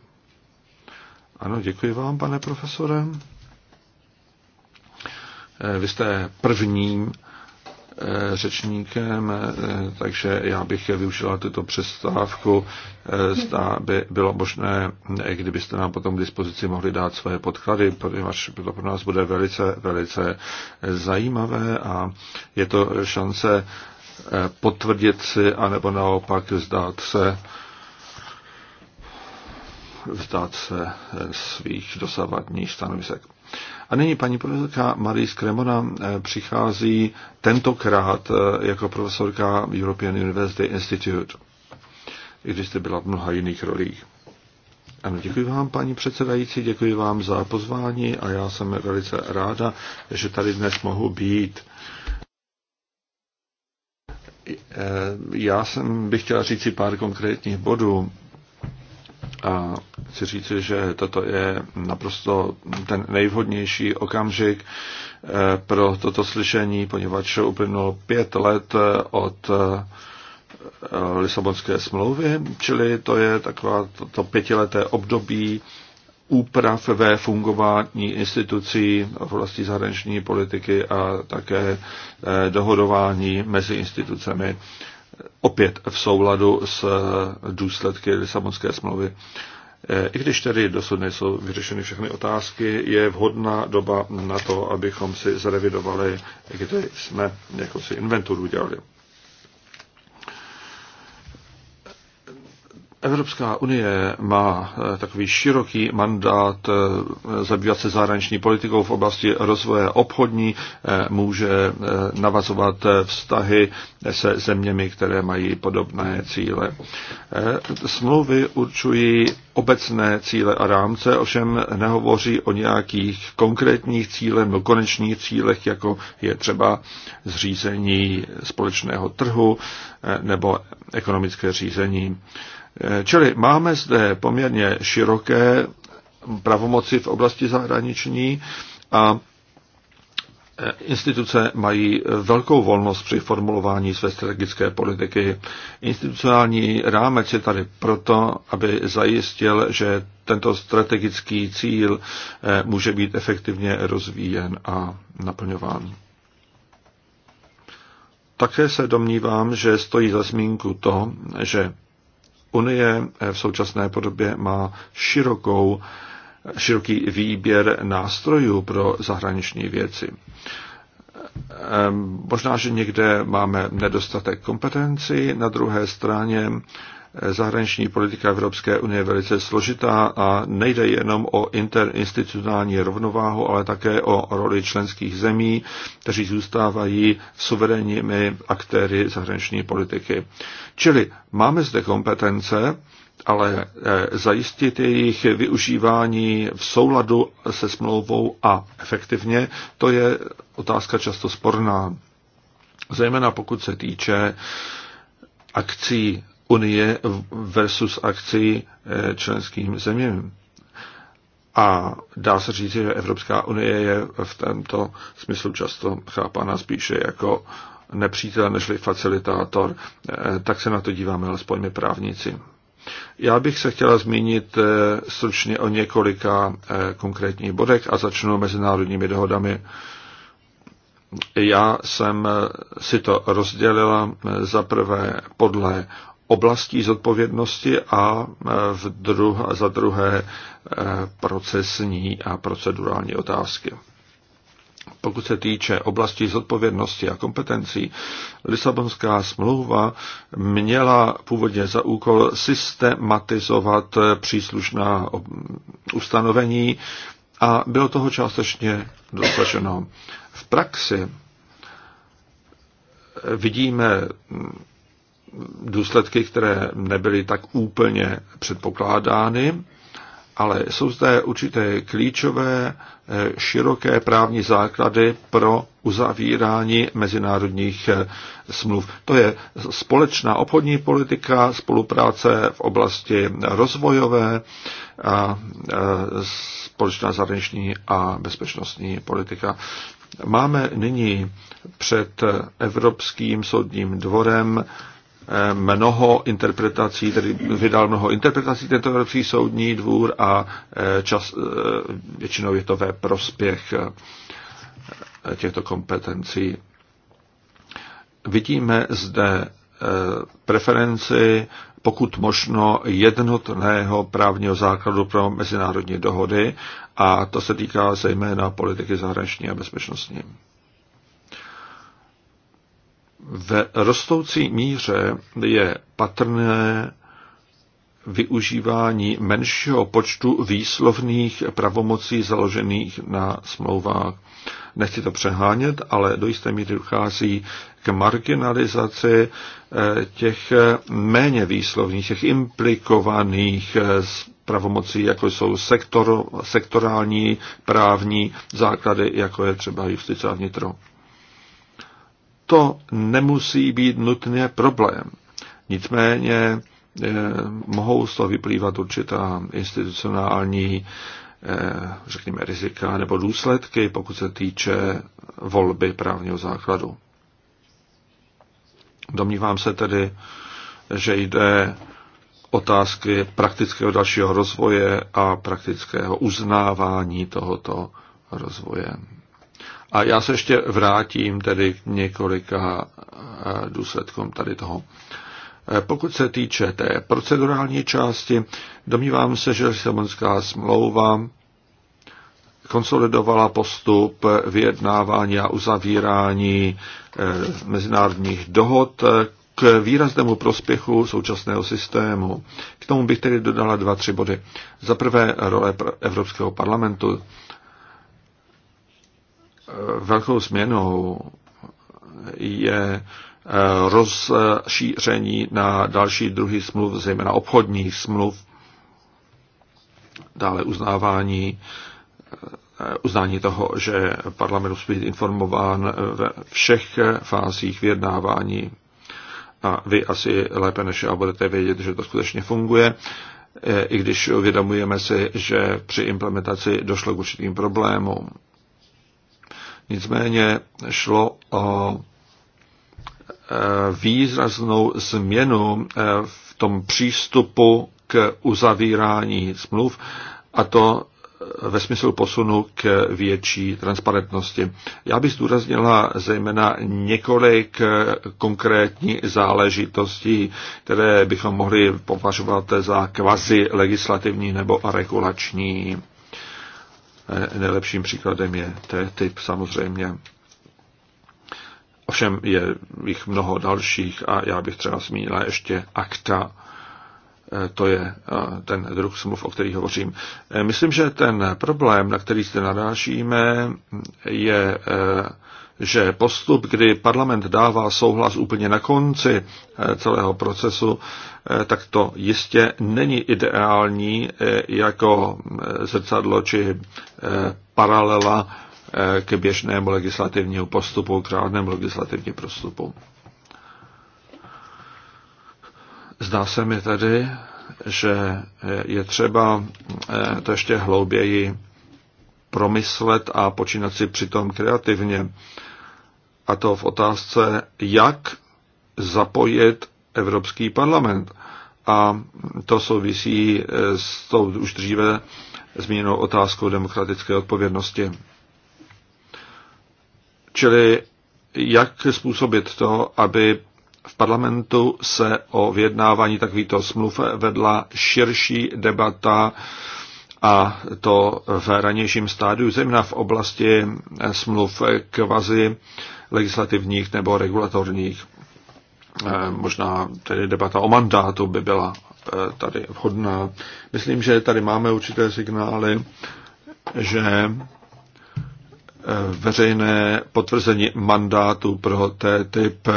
Ano, děkuji vám, pane profesore. Vy jste prvním Eh, řečníkem, eh, takže já bych využila tuto přestávku. Eh, zda by bylo možné, kdybyste nám potom k dispozici mohli dát své podklady, protože to pro nás bude velice, velice zajímavé a je to šance potvrdit si, anebo naopak zdát se vzdát se svých dosavadních stanovisek. A nyní paní profesorka Marie Skremona eh, přichází tentokrát eh, jako profesorka European University Institute, i když jste byla v mnoha jiných rolích. Ano, děkuji vám, paní předsedající, děkuji vám za pozvání a já jsem velice ráda, že tady dnes mohu být. Eh, já jsem bych chtěla říct si pár konkrétních bodů. A chci říct, že toto je naprosto ten nejvhodnější okamžik eh, pro toto slyšení, poněvadž uplynulo pět let eh, od eh, Lisabonské smlouvy, čili to je taková to pětileté období úprav ve fungování institucí v oblasti zahraniční politiky a také dohodování mezi institucemi opět v souladu s důsledky Lisabonské smlouvy. E, I když tedy dosud nejsou vyřešeny všechny otázky, je vhodná doba na to, abychom si zrevidovali, kde jsme jako si inventuru dělali. Evropská unie má eh, takový široký mandát eh, zabývat se zahraniční politikou v oblasti rozvoje obchodní, eh, může navazovat vztahy se zeměmi, které mají podobné cíle. Smlouvy určují obecné cíle a rámce, ovšem nehovoří o nějakých konkrétních cílech nebo konečných cílech, jako je třeba zřízení společného trhu nebo ekonomické řízení. Eh, čili máme zde poměrně široké pravomoci v oblasti zahraniční a eh, instituce mají velkou volnost při formulování své strategické politiky. Institucionální rámec je tady proto, aby zajistil, že tento strategický cíl eh, může být efektivně rozvíjen a naplňován. Také se domnívám, že stojí za zmínku to, že Unie v současné podobě má širokou, široký výběr nástrojů pro zahraniční věci. Ehm, možná, že někde máme nedostatek kompetenci, na druhé straně zahraniční politika Evropské unie je velice složitá a nejde jenom o interinstitucionální rovnováhu, ale také o roli členských zemí, kteří zůstávají suverénními aktéry zahraniční politiky. Čili máme zde kompetence, ale eh, zajistit jejich využívání v souladu se smlouvou a efektivně, to je otázka často sporná. Zejména pokud se týče akcí unie versus akci eh, členským zeměm. A dá se říct, že Evropská unie je v tomto smyslu často chápána spíše jako nepřítel nežli facilitátor. Eh, tak se na to díváme alespoň my právníci. Já bych se chtěla zmínit eh, stručně o několika konkrétních bodech a začnu mezinárodními dohodami. Já jsem si to rozdělila za prvé podle oblastí zodpovědnosti a e, v druh, za druhé e, procesní a procedurální otázky. Pokud se týče oblasti zodpovědnosti a kompetencí, Lisabonská smlouva měla původně za úkol systematizovat příslušná ustanovení a bylo toho částečně dosaženo. V praxi vidíme důsledky, které nebyly tak úplně předpokládány, ale jsou zde určité klíčové eh, široké právní základy pro uzavírání mezinárodních eh, smluv. To je společná obchodní politika, spolupráce v oblasti rozvojové, a eh, společná zahraniční a bezpečnostní politika. Máme nyní před Evropským soudním dvorem mnoho interpretací, tedy vydal mnoho interpretací tento Evropský soudní dvůr a eh, čas, eh, většinou je to ve prospěch eh, těchto kompetencí. Vidíme zde preferenci pokud možno jednotného právního základu pro mezinárodní dohody a to se týká zejména politiky zahraniční a bezpečnostní. V rostoucí míře je patrné využívání menšího počtu výslovných pravomocí založených na smlouvách. Nechci to přehánět, ale do jisté míry dochází k marginalizaci eh, těch eh, méně výslovných, těch implikovaných eh, pravomocí, jako jsou sektor, sektorální právní základy, jako je třeba justice a vnitro to nemusí být nutně problém. Nicméně eh, mohou z toho vyplývat určitá institucionální eh, řekněme, rizika nebo důsledky, pokud se týče volby právního základu. Domnívám se tedy, že jde otázky praktického dalšího rozvoje a praktického uznávání tohoto rozvoje. A já se ještě vrátím tedy k několika eh, důsledkům tady toho. Eh, pokud se týče té procedurální části, domnívám se, že Lisabonská smlouva konsolidovala postup vyjednávání a uzavírání eh, mezinárodních dohod k výraznému prospěchu současného systému. K tomu bych tedy dodala dva, tři body. Za prvé role Evropského parlamentu velkou změnou je eh, rozšíření na další druhy smluv, zejména obchodních smluv, dále uznávání eh, uznání toho, že parlament musí být informován ve všech fázích vyjednávání. A vy asi lépe než já budete vědět, že to skutečně funguje, eh, i když uvědomujeme si, že při implementaci došlo k určitým problémům. Nicméně šlo o e, výraznou změnu e, v tom přístupu k uzavírání smluv a to e, ve smyslu posunu k větší transparentnosti. Já bych zdůraznila zejména několik konkrétních záležitostí, které bychom mohli považovat za kvazi legislativní nebo regulační. Eh, nejlepším příkladem je TTIP samozřejmě. Ovšem je jich mnoho dalších a já bych třeba zmínila ještě akta, eh, to je eh, ten druh smluv, o kterých hovořím. Myslím, že ten problém, na který zde narážíme, je že postup, kdy parlament dává souhlas úplně na konci eh, celého procesu, eh, tak to jistě není ideální eh, jako zrcadlo či paralela k běžnému legislativnímu postupu, k řádnému legislativnímu postupu. Zdá se mi tedy, že je třeba to ještě hlouběji promyslet a počínat si přitom kreativně a to v otázce, jak zapojit Evropský parlament. A to souvisí eh, s tou už dříve zmíněnou otázkou demokratické odpovědnosti. Čili jak způsobit to, aby v parlamentu se o vyjednávání takovýchto smluv vedla širší debata a to v ranějším stádiu, zejména v oblasti eh, smluv eh, kvazi legislativních nebo regulatorních. Eh, možná tedy debata o mandátu by byla eh, tady vhodná. Myslím, že tady máme určité signály, že eh, veřejné potvrzení mandátu pro TTIP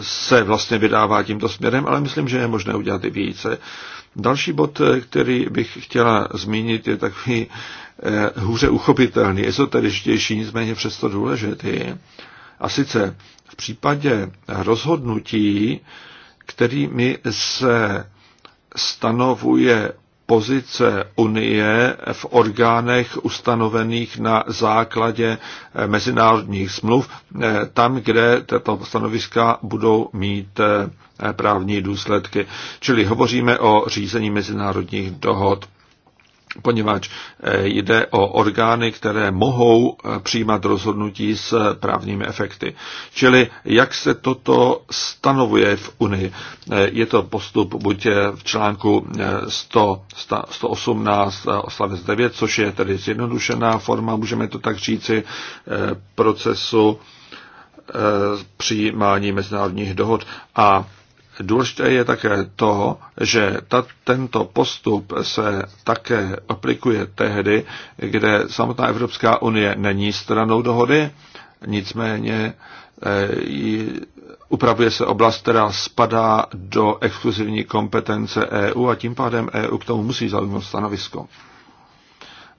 se vlastně vydává tímto směrem, ale myslím, že je možné udělat i více. Další bod, který bych chtěla zmínit, je takový hůře uchopitelný, ezoteričtější, nicméně přesto důležitý. A sice v případě rozhodnutí, kterými se stanovuje pozice Unie v orgánech ustanovených na základě eh, mezinárodních smluv, eh, tam, kde tato stanoviska budou mít eh, právní důsledky. Čili hovoříme o řízení mezinárodních dohod poněvadž eh, jde o orgány, které mohou eh, přijímat rozhodnutí s právními efekty. Čili jak se toto stanovuje v Unii? Eh, je to postup buď v článku 100, 118 oslavec 9, což je tedy zjednodušená forma, můžeme to tak říci, procesu přijímání mezinárodních dohod a Důležité je také to, že ta, tento postup se také aplikuje tehdy, kde samotná Evropská unie není stranou dohody, nicméně eh, upravuje se oblast, která spadá do exkluzivní kompetence EU a tím pádem EU k tomu musí zaujmout stanovisko.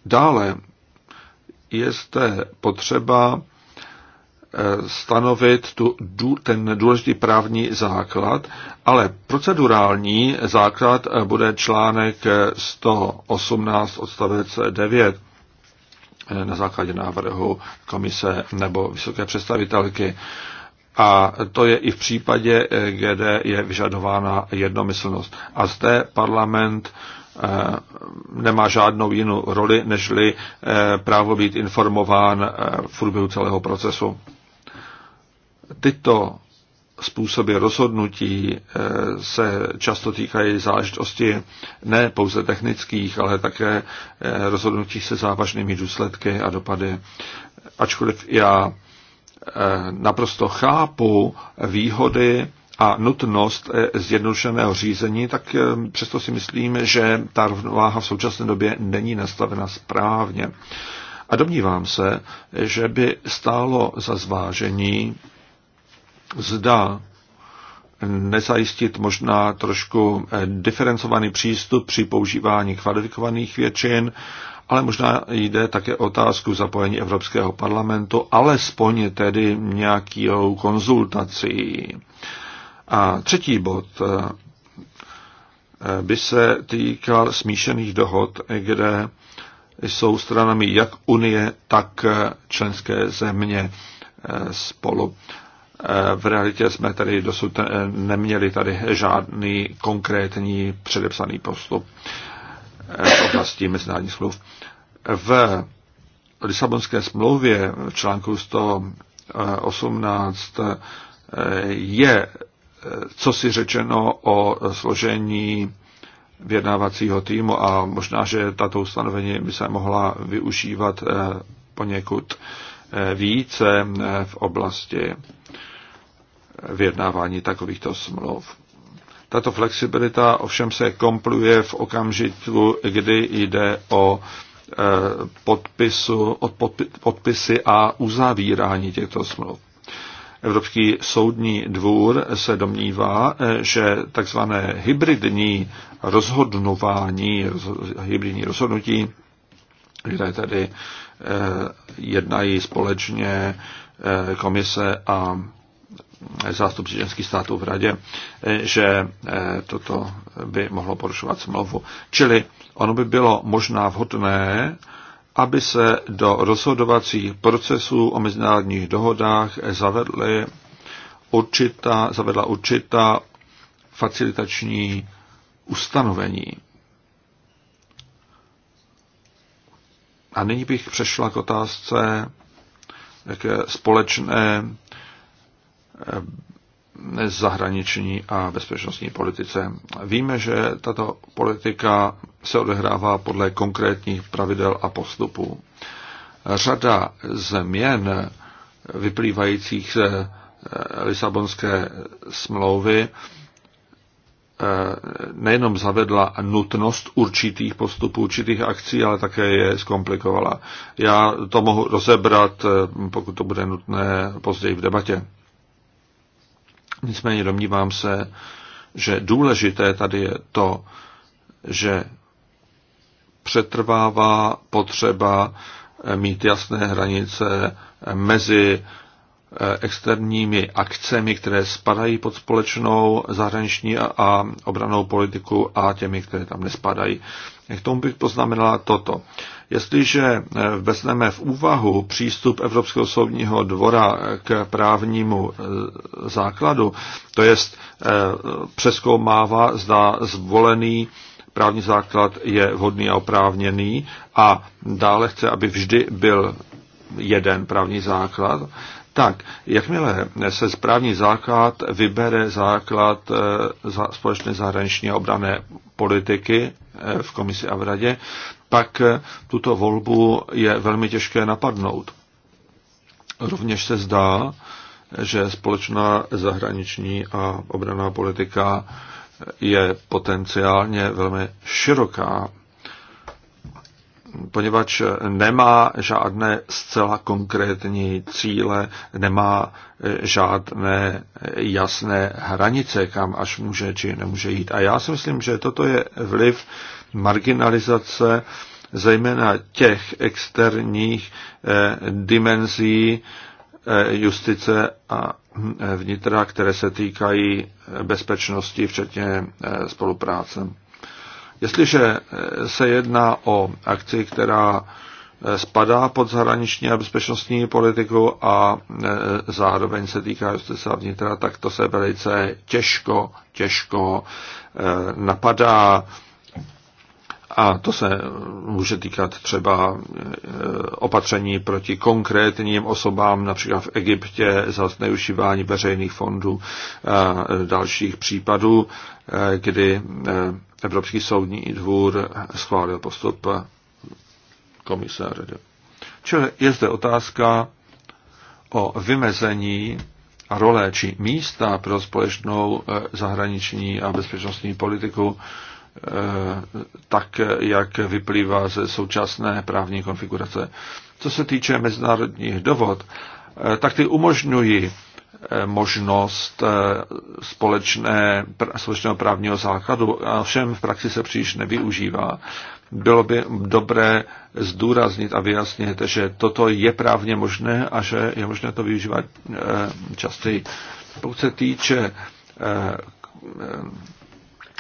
Dále je zde potřeba Eh, stanovit tu, ten důležitý právní základ, ale procedurální základ eh, bude článek 118 eh, odstavec 9 na základě návrhu komise nebo vysoké představitelky. A to je i v případě, kde je vyžadována jednomyslnost. A zde parlament nemá žádnou jinou roli, nežli právo být informován v průběhu celého procesu tyto způsoby rozhodnutí eh, se často týkají záležitosti ne pouze technických, ale také eh, rozhodnutí se závažnými důsledky a dopady. Ačkoliv já eh, naprosto chápu výhody a nutnost zjednodušeného řízení, tak přesto si myslím, že ta rovnováha v současné době není nastavena správně. A domnívám se, že by stálo za zvážení zda nezajistit možná trošku eh, diferencovaný přístup při používání kvalifikovaných většin, ale možná jde také o otázku zapojení Evropského parlamentu, alespoň tedy nějakou konzultací. A třetí bod eh, eh, by se týkal smíšených dohod, kde jsou stranami jak Unie, tak členské země spolu. V realitě jsme tady dosud eh, neměli tady žádný konkrétní předepsaný postup eh, v oblasti mezinárodních smluv. V Lisabonské smlouvě v článku 118 eh, je co si řečeno o složení vyjednávacího týmu a možná, že tato ustanovení by se mohla využívat poněkud více eh, v oblasti vyjednávání takovýchto smluv. Tato flexibilita ovšem se kompluje v okamžiku, kdy jde o eh, podpisu, od podpisy a uzavírání těchto smluv. Evropský soudní dvůr se domnívá, eh, že takzvané hybridní rozhodnování, hybridní rozhodnutí, kde tedy jednají společně eh, komise a zástupci ženských států v radě, eh, že eh, toto by mohlo porušovat smlouvu. Čili ono by bylo možná vhodné, aby se do rozhodovacích procesů o mezinárodních dohodách zavedly určitá, zavedla určitá facilitační ustanovení. A nyní bych přešla k otázce k společné eh, zahraniční a bezpečnostní politice. Víme, že tato politika se odehrává podle konkrétních pravidel a postupů. Řada změn vyplývajících z eh, Lisabonské smlouvy Eh, nejenom zavedla nutnost určitých postupů, určitých akcí, ale také je zkomplikovala. Já to mohu rozebrat, eh, pokud to bude nutné, později v debatě. Nicméně domnívám se, že důležité tady je to, že přetrvává potřeba mít jasné hranice mezi Eh, externími akcemi, které spadají pod společnou zahraniční a obranou politiku a těmi, které tam nespadají. K tomu bych poznamenala toto. Jestliže eh, vezmeme v úvahu přístup Evropského soudního dvora eh, k právnímu základu, to jest přeskoumává, zda zvolený právní základ je vhodný a oprávněný a dále chce, aby vždy byl jeden právní základ, tak jakmile se správní základ vybere základ eh, za společné zahraniční a obrané politiky eh, v komisi a v radě, pak eh, tuto volbu je velmi těžké napadnout. Rovněž se zdá, že společná zahraniční a obraná politika je potenciálně velmi široká poněvadž nemá žádné zcela konkrétní cíle, nemá žádné jasné hranice, kam až může či nemůže jít. A já si myslím, že toto je vliv marginalizace zejména těch externích eh, dimenzí eh, justice a hm, vnitra, které se týkají bezpečnosti, včetně eh, spolupráce. Jestliže eh, se jedná o akci, která eh, spadá pod zahraniční a bezpečnostní politiku a eh, zároveň se týká justice a vnitra, tak to se velice těžko, těžko napadá. A to se může týkat třeba opatření proti konkrétním osobám, například v Egyptě za zneužívání veřejných fondů a dalších případů, kdy Evropský soudní dvůr schválil postup komisáře. Čili je zde otázka o vymezení role či místa pro společnou eh, zahraniční a bezpečnostní politiku, eh, tak jak vyplývá ze současné právní konfigurace. Co se týče mezinárodních dovod, eh, tak ty umožňují Eh, možnost eh, společné, společného právního základu, a všem v praxi se příliš nevyužívá. Bylo by dobré zdůraznit a vyjasnit, že toto je právně možné a že je možné to využívat eh, častěji. Pokud se týče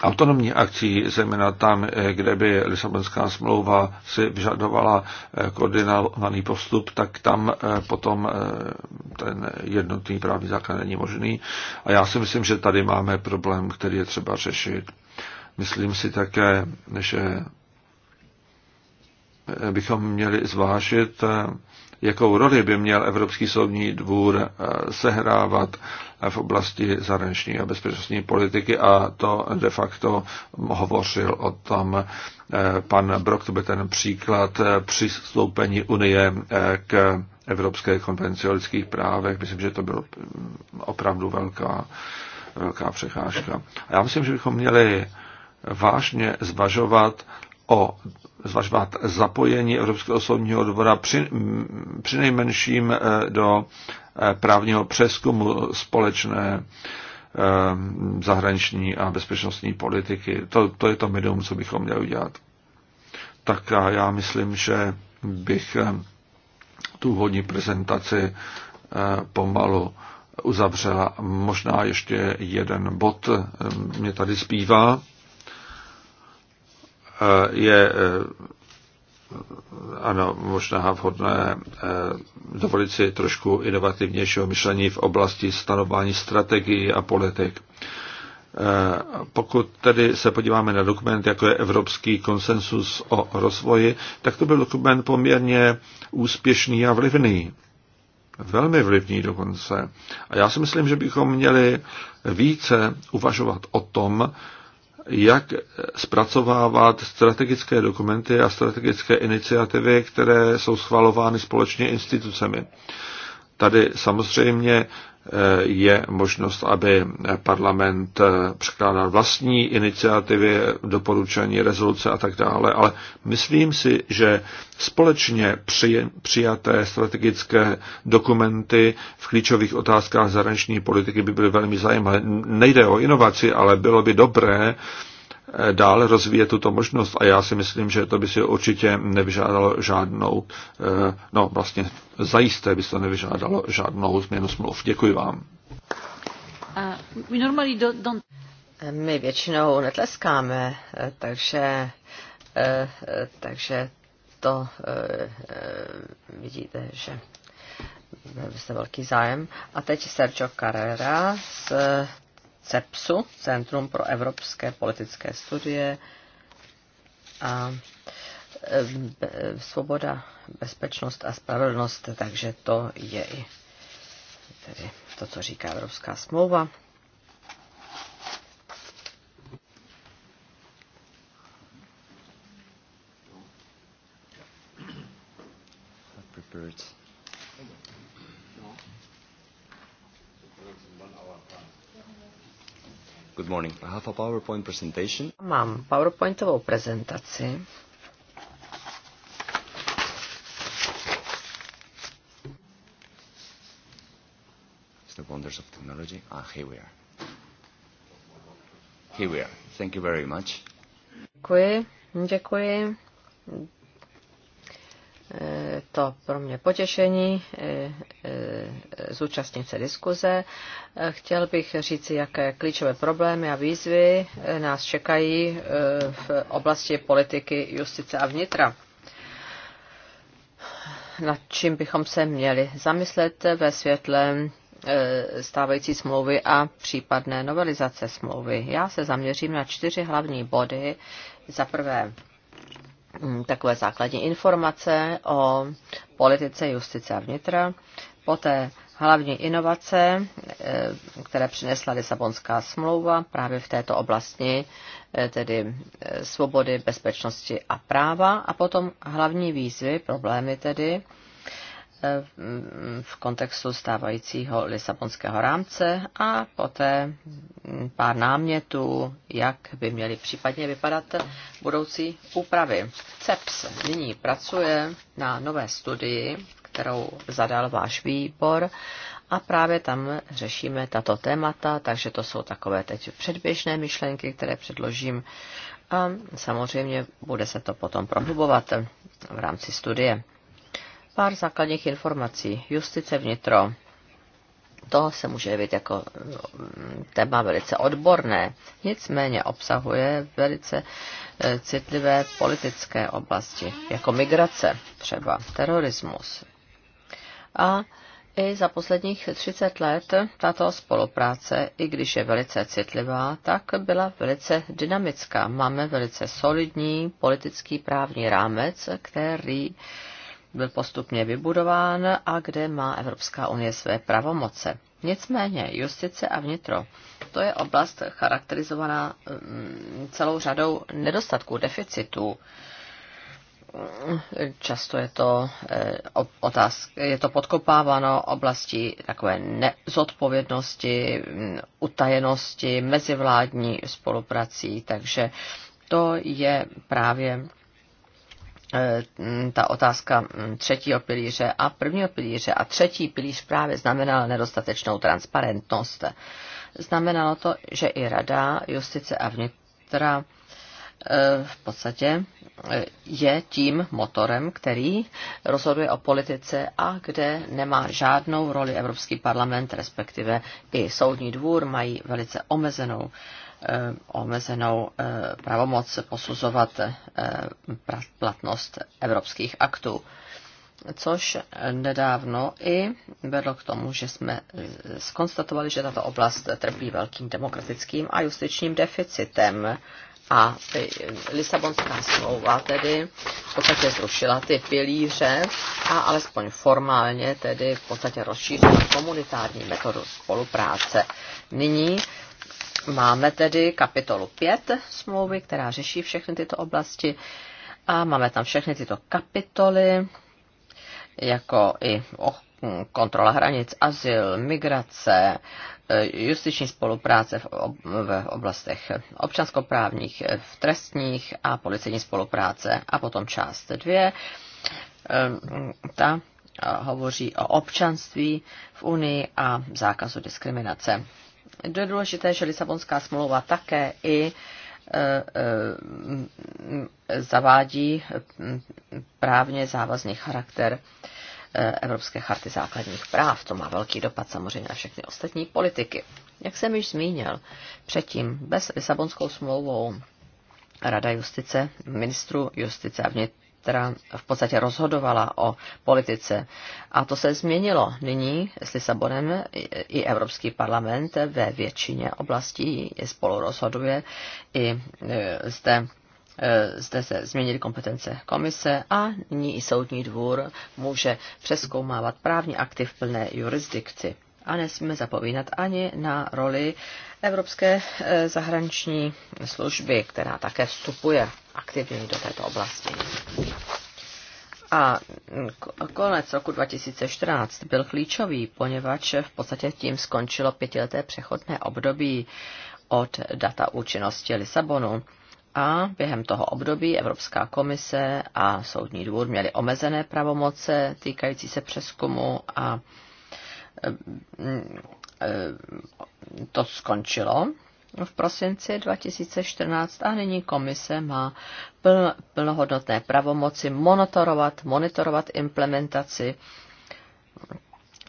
autonomní akcí, zejména tam, eh, kde by Lisabonská smlouva si vyžadovala eh, koordinovaný postup, tak tam eh, potom ten jednotný právní základ není možný. A já si myslím, že tady máme problém, který je třeba řešit. Myslím si také, že bychom měli zvážit, jakou roli by měl Evropský soudní dvůr sehrávat v oblasti zahraniční a bezpečnostní politiky a to de facto hovořil o tom eh, pan Brok, to byl ten příklad eh, přistoupení Unie eh, k Evropské konvenci o lidských právech. Myslím, že to bylo mm, opravdu velká, velká překážka. A já myslím, že bychom měli vážně zvažovat o zvažovat zapojení Evropského soudního dvora při, mm, při nejmenším do právního přeskumu společné eh, zahraniční a bezpečnostní politiky. To, to je to minimum, co bychom měli udělat. Tak a já myslím, že bych eh, tu hodní prezentaci eh, pomalu uzavřela. Možná ještě jeden bod mě tady zbývá. Je ano, možná vhodné eh, dovolit si trošku inovativnějšího myšlení v oblasti stanování strategií a politik. Eh, pokud tedy se podíváme na dokument, jako je Evropský konsensus o rozvoji, tak to byl dokument poměrně úspěšný a vlivný. Velmi vlivný dokonce. A já si myslím, že bychom měli více uvažovat o tom, jak zpracovávat strategické dokumenty a strategické iniciativy, které jsou schvalovány společně institucemi. Tady samozřejmě je možnost, aby parlament eh, překládal vlastní iniciativy, doporučení, rezoluce a tak dále, ale myslím si, že společně přijaté strategické dokumenty v klíčových otázkách zahraniční politiky by byly velmi zajímavé. Nejde o inovaci, ale bylo by dobré, dále rozvíjet tuto možnost a já si myslím, že to by si určitě nevyžádalo žádnou, eh, no vlastně zajisté by se to nevyžádalo žádnou změnu smluv. Děkuji vám. Uh, eh, my většinou netleskáme, eh, takže, takže to vidíte, že byste velký zájem. A teď Sergio Carrera z CEPSu, Centrum pro evropské politické studie a e, svoboda, bezpečnost a spravedlnost, takže to je i tedy to, co říká Evropská smlouva. prepared Good morning. I have a PowerPoint presentation. Mám PowerPointovou prezentaci. It's the wonders of technology. Ah, here we are. Here we are. Thank you very much. Děkuji. Děkuji to pro mě potěšení e, e, zúčastnit se diskuze. E, chtěl bych říci, jaké klíčové problémy a výzvy nás čekají v oblasti politiky, justice a vnitra nad čím bychom se měli zamyslet ve světle stávající smlouvy a případné novelizace smlouvy. Já se zaměřím na čtyři hlavní body. Za prvé Mm, takové základní informace o politice, justice a vnitra. Poté hlavní inovace, e, které přinesla Lisabonská smlouva právě v této oblasti, e, tedy e, svobody, bezpečnosti a práva. A potom hlavní výzvy, problémy tedy, v kontextu stávajícího Lisabonského rámce a poté pár námětů, jak by měly případně vypadat budoucí úpravy. CEPS nyní pracuje na nové studii, kterou zadal váš výbor a právě tam řešíme tato témata, takže to jsou takové teď předběžné myšlenky, které předložím a samozřejmě bude se to potom prohlubovat v rámci studie. Pár základních informací. Justice vnitro. To se může být jako mm, téma velice odborné, nicméně obsahuje velice e, citlivé politické oblasti, jako migrace, třeba terorismus. A i za posledních 30 let tato spolupráce, i když je velice citlivá, tak byla velice dynamická. Máme velice solidní politický právní rámec, který byl postupně vybudován a kde má Evropská unie své pravomoce. Nicméně justice a vnitro, to je oblast charakterizovaná mm, celou řadou nedostatků, deficitů. Často je to eh, otázka, je to podkopáváno oblasti takové nezodpovědnosti, mm, utajenosti, mezivládní spoluprací, takže to je právě Eh, mm, ta otázka mm, třetího pilíře a prvního pilíře. A třetí pilíř právě znamenal nedostatečnou transparentnost. Znamenalo to, že i Rada justice a vnitra eh, v podstatě eh, je tím motorem, který rozhoduje o politice a kde nemá žádnou roli Evropský parlament, respektive i Soudní dvůr mají velice omezenou Eh, omezenou eh, pravomoc posuzovat eh, platnost evropských aktů. Což nedávno i vedlo k tomu, že jsme skonstatovali, že tato oblast trpí velkým demokratickým a justičním deficitem. A Lisabonská smlouva tedy v podstatě zrušila ty pilíře a alespoň formálně tedy v podstatě rozšířila komunitární metodu spolupráce. Nyní Máme tedy kapitolu 5 smlouvy, která řeší všechny tyto oblasti a máme tam všechny tyto kapitoly, jako i kontrola hranic, azyl, migrace, eh, justiční spolupráce v oblastech občanskoprávních, eh, v trestních a policejní spolupráce a potom část 2. Eh, ta hovoří o občanství v Unii a zákazu diskriminace je důležité, že Lisabonská smlouva také i e, e, zavádí právně závazný charakter e, Evropské charty základních práv. To má velký dopad samozřejmě na všechny ostatní politiky. Jak jsem již zmínil, předtím bez Lisabonskou smlouvou Rada justice, ministru justice a vnitř která v podstatě rozhodovala o politice. A to se změnilo. Nyní s Lisabonem i Evropský parlament ve většině oblastí spolu rozhoduje. I e, zde, e, zde se změnily kompetence komise a nyní i soudní dvůr může přeskoumávat právní akty v plné jurisdikci a nesmíme zapomínat ani na roli Evropské eh, zahraniční služby, která také vstupuje aktivně do této oblasti. A mm, konec roku 2014 byl klíčový, poněvadž v podstatě tím skončilo pětileté přechodné období od data účinnosti Lisabonu. A během toho období Evropská komise a Soudní dvůr měli omezené pravomoce týkající se přeskumu a to skončilo v prosinci 2014 a nyní komise má plnohodnotné pravomoci monitorovat, monitorovat implementaci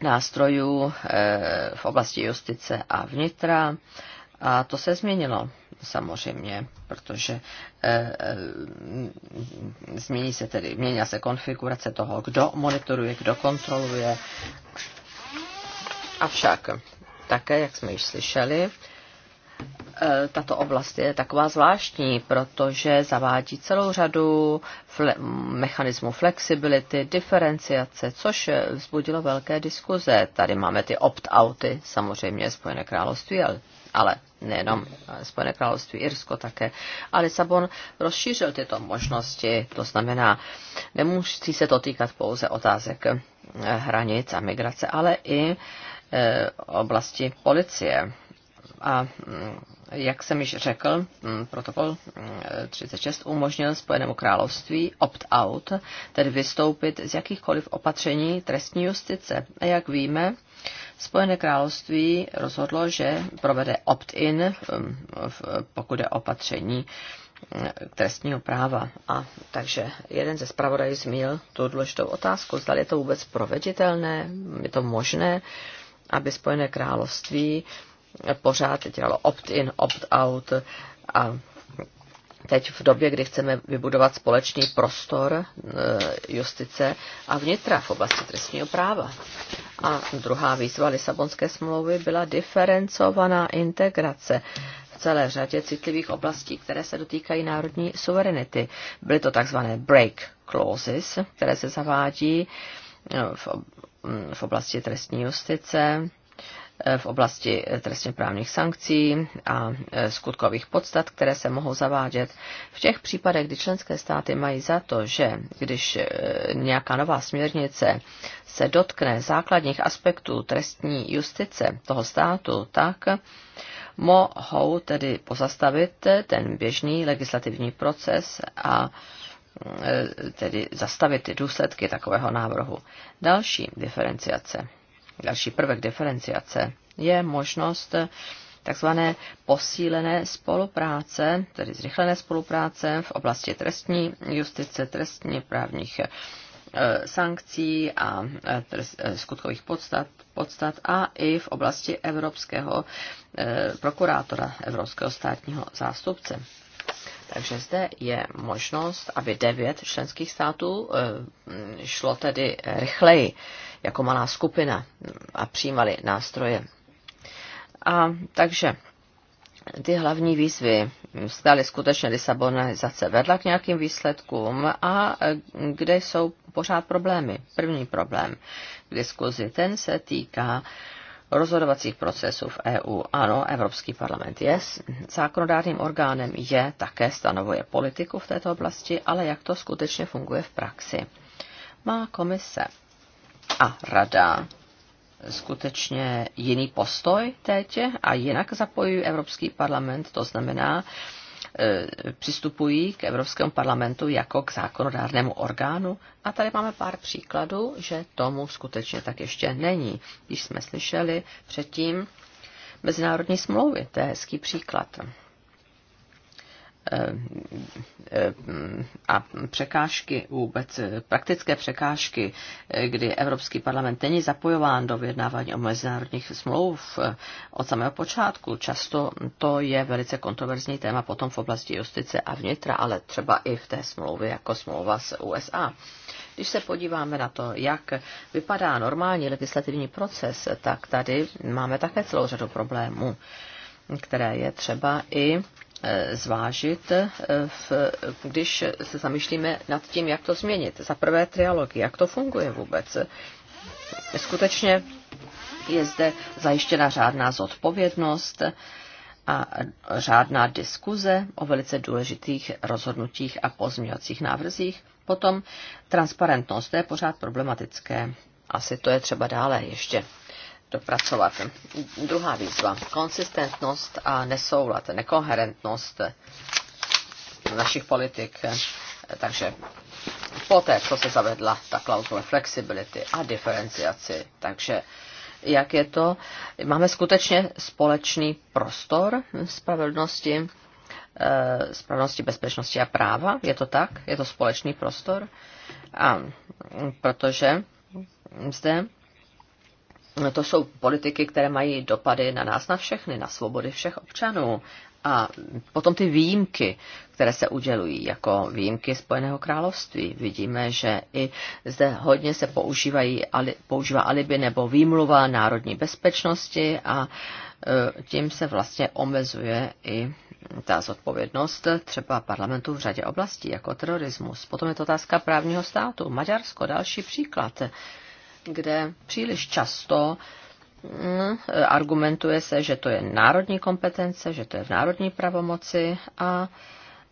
nástrojů eh, v oblasti justice a vnitra. A to se změnilo samozřejmě, protože eh, eh, změní se tedy, měnila se konfigurace toho, kdo monitoruje, kdo kontroluje Avšak také, jak jsme již slyšeli, e, tato oblast je taková zvláštní, protože zavádí celou řadu fle- mechanismů flexibility, diferenciace, což vzbudilo velké diskuze. Tady máme ty opt-outy, samozřejmě Spojené království, ale, ale nejenom Spojené království, Irsko také. A Lisabon rozšířil tyto možnosti, to znamená, nemusí se to týkat pouze otázek e, hranic a migrace, ale i Eh, oblasti policie. A mm, jak jsem již řekl, mm, protokol 36 mm, umožnil Spojenému království opt-out, tedy vystoupit z jakýchkoliv opatření trestní justice. A jak víme, Spojené království rozhodlo, že provede opt-in, pokud je opatření trestního práva. A takže jeden ze zpravodajů zmínil tu důležitou otázku, zda je to vůbec proveditelné, je to možné. Uh, aby Spojené království pořád dělalo opt-in, opt-out a teď v době, kdy chceme vybudovat společný prostor e, justice a vnitra v oblasti trestního práva. A druhá výzva Lisabonské smlouvy byla diferencovaná integrace v celé řadě citlivých oblastí, které se dotýkají národní suverenity. Byly to takzvané break clauses, které se zavádí e, v Eh, v oblasti trestní justice, eh, v oblasti eh, trestně právních sankcí a skutkových podstat, které se mohou zavádět. V těch případech, kdy členské státy mají za to, že když nějaká nová směrnice se dotkne základních aspektů trestní justice toho státu, tak mohou tedy pozastavit ten běžný legislativní proces a Eh, tedy zastavit ty důsledky takového návrhu. Další diferenciace, další prvek diferenciace je možnost takzvané posílené spolupráce, tedy zrychlené spolupráce v oblasti trestní justice, trestně právních eh, sankcí a eh, skutkových podstat, podstat a i v oblasti evropského prokurátora, evropského státního zástupce. Takže zde je možnost, aby devět členských států eh, šlo tedy rychleji jako malá skupina a přijímali nástroje. A takže ty hlavní výzvy staly skutečně Lisabonizace vedla k nějakým výsledkům a kde jsou pořád problémy. První problém k diskuzi, ten se týká uh, rozhodovacích procesů v EU. Ano, Evropský parlament je zákonodárným orgánem, je, také stanovuje politiku v této oblasti, ale jak to skutečně funguje v praxi. Má komise a rada skutečně jiný postoj teď a jinak zapojují Evropský parlament, to znamená, E, přistupují k Evropskému parlamentu jako k zákonodárnému orgánu. A tady máme pár příkladů, že tomu skutečně tak ještě není. Když jsme slyšeli předtím mezinárodní smlouvy, to je hezký příklad a překážky, vůbec praktické překážky, kdy Evropský parlament není zapojován do vyjednávání o mezinárodních smlouv od samého počátku. Často to je velice kontroverzní téma potom v oblasti justice a vnitra, ale třeba i v té smlouvě jako smlouva s USA. Když se podíváme na to, jak vypadá normální legislativní proces, tak tady máme také celou řadu problémů, které je třeba i Eh, zvážit, eh, když se zamýšlíme nad tím, jak to změnit. Za prvé trialogy, jak to funguje vůbec. Skutečně je zde zajištěna řádná zodpovědnost a řádná diskuze o velice důležitých rozhodnutích a pozměňovacích návrzích. Potom transparentnost, to je pořád problematické. Asi to je třeba dále ještě dopracovat. Druhá výzva. Konsistentnost a nesoulad, nekoherentnost našich politik. Takže poté, co se zavedla ta klauzule flexibility a diferenciaci, takže jak je to? Máme skutečně společný prostor spravedlnosti, eh, spravedlnosti, bezpečnosti a práva? Je to tak? Je to společný prostor? A protože zde No to jsou politiky, které mají dopady na nás, na všechny, na svobody všech občanů. A potom ty výjimky, které se udělují, jako výjimky Spojeného království. Vidíme, že i zde hodně se používají, používá alibi nebo výmluva národní bezpečnosti a e, tím se vlastně omezuje i ta zodpovědnost třeba parlamentu v řadě oblastí, jako terorismus. Potom je to otázka právního státu. Maďarsko, další příklad kde příliš často hm, argumentuje se, že to je národní kompetence, že to je v národní pravomoci a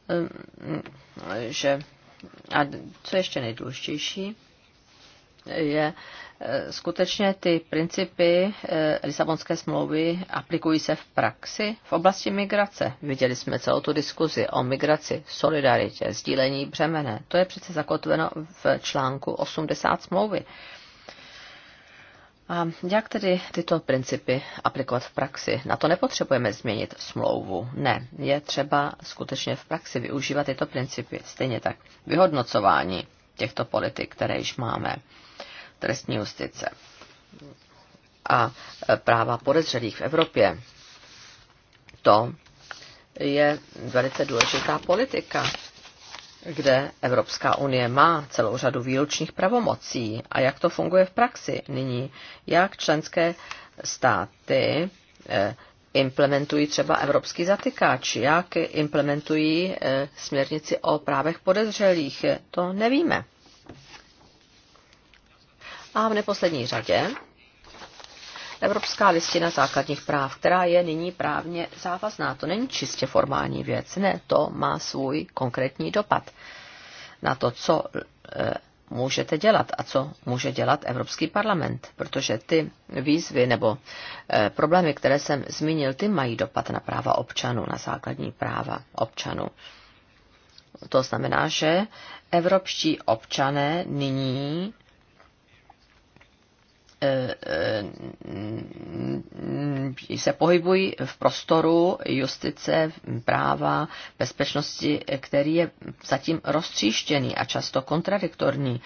hm, že a co ještě nejdůležitější, je eh, skutečně ty principy eh, Lisabonské smlouvy aplikují se v praxi v oblasti migrace. Viděli jsme celou tu diskuzi o migraci, solidaritě, sdílení břemene. To je přece zakotveno v článku 80 smlouvy. A jak tedy tyto principy aplikovat v praxi? Na to nepotřebujeme změnit smlouvu. Ne, je třeba skutečně v praxi využívat tyto principy. Stejně tak vyhodnocování těchto politik, které již máme, trestní justice a e, práva podezřelých v Evropě. To je velice důležitá politika kde Evropská unie má celou řadu výlučných pravomocí a jak to funguje v praxi nyní, jak členské státy eh, implementují třeba evropský zatykáč, jak implementují eh, směrnici o právech podezřelých, to nevíme. A v neposlední řadě Evropská listina základních práv, která je nyní právně závazná. To není čistě formální věc, ne, to má svůj konkrétní dopad na to, co e, můžete dělat a co může dělat Evropský parlament, protože ty výzvy nebo e, problémy, které jsem zmínil, ty mají dopad na práva občanů, na základní práva občanů. To znamená, že evropští občané nyní Eh, eh, se pohybují v prostoru justice, práva, bezpečnosti, který je zatím roztříštěný a často kontradiktorní.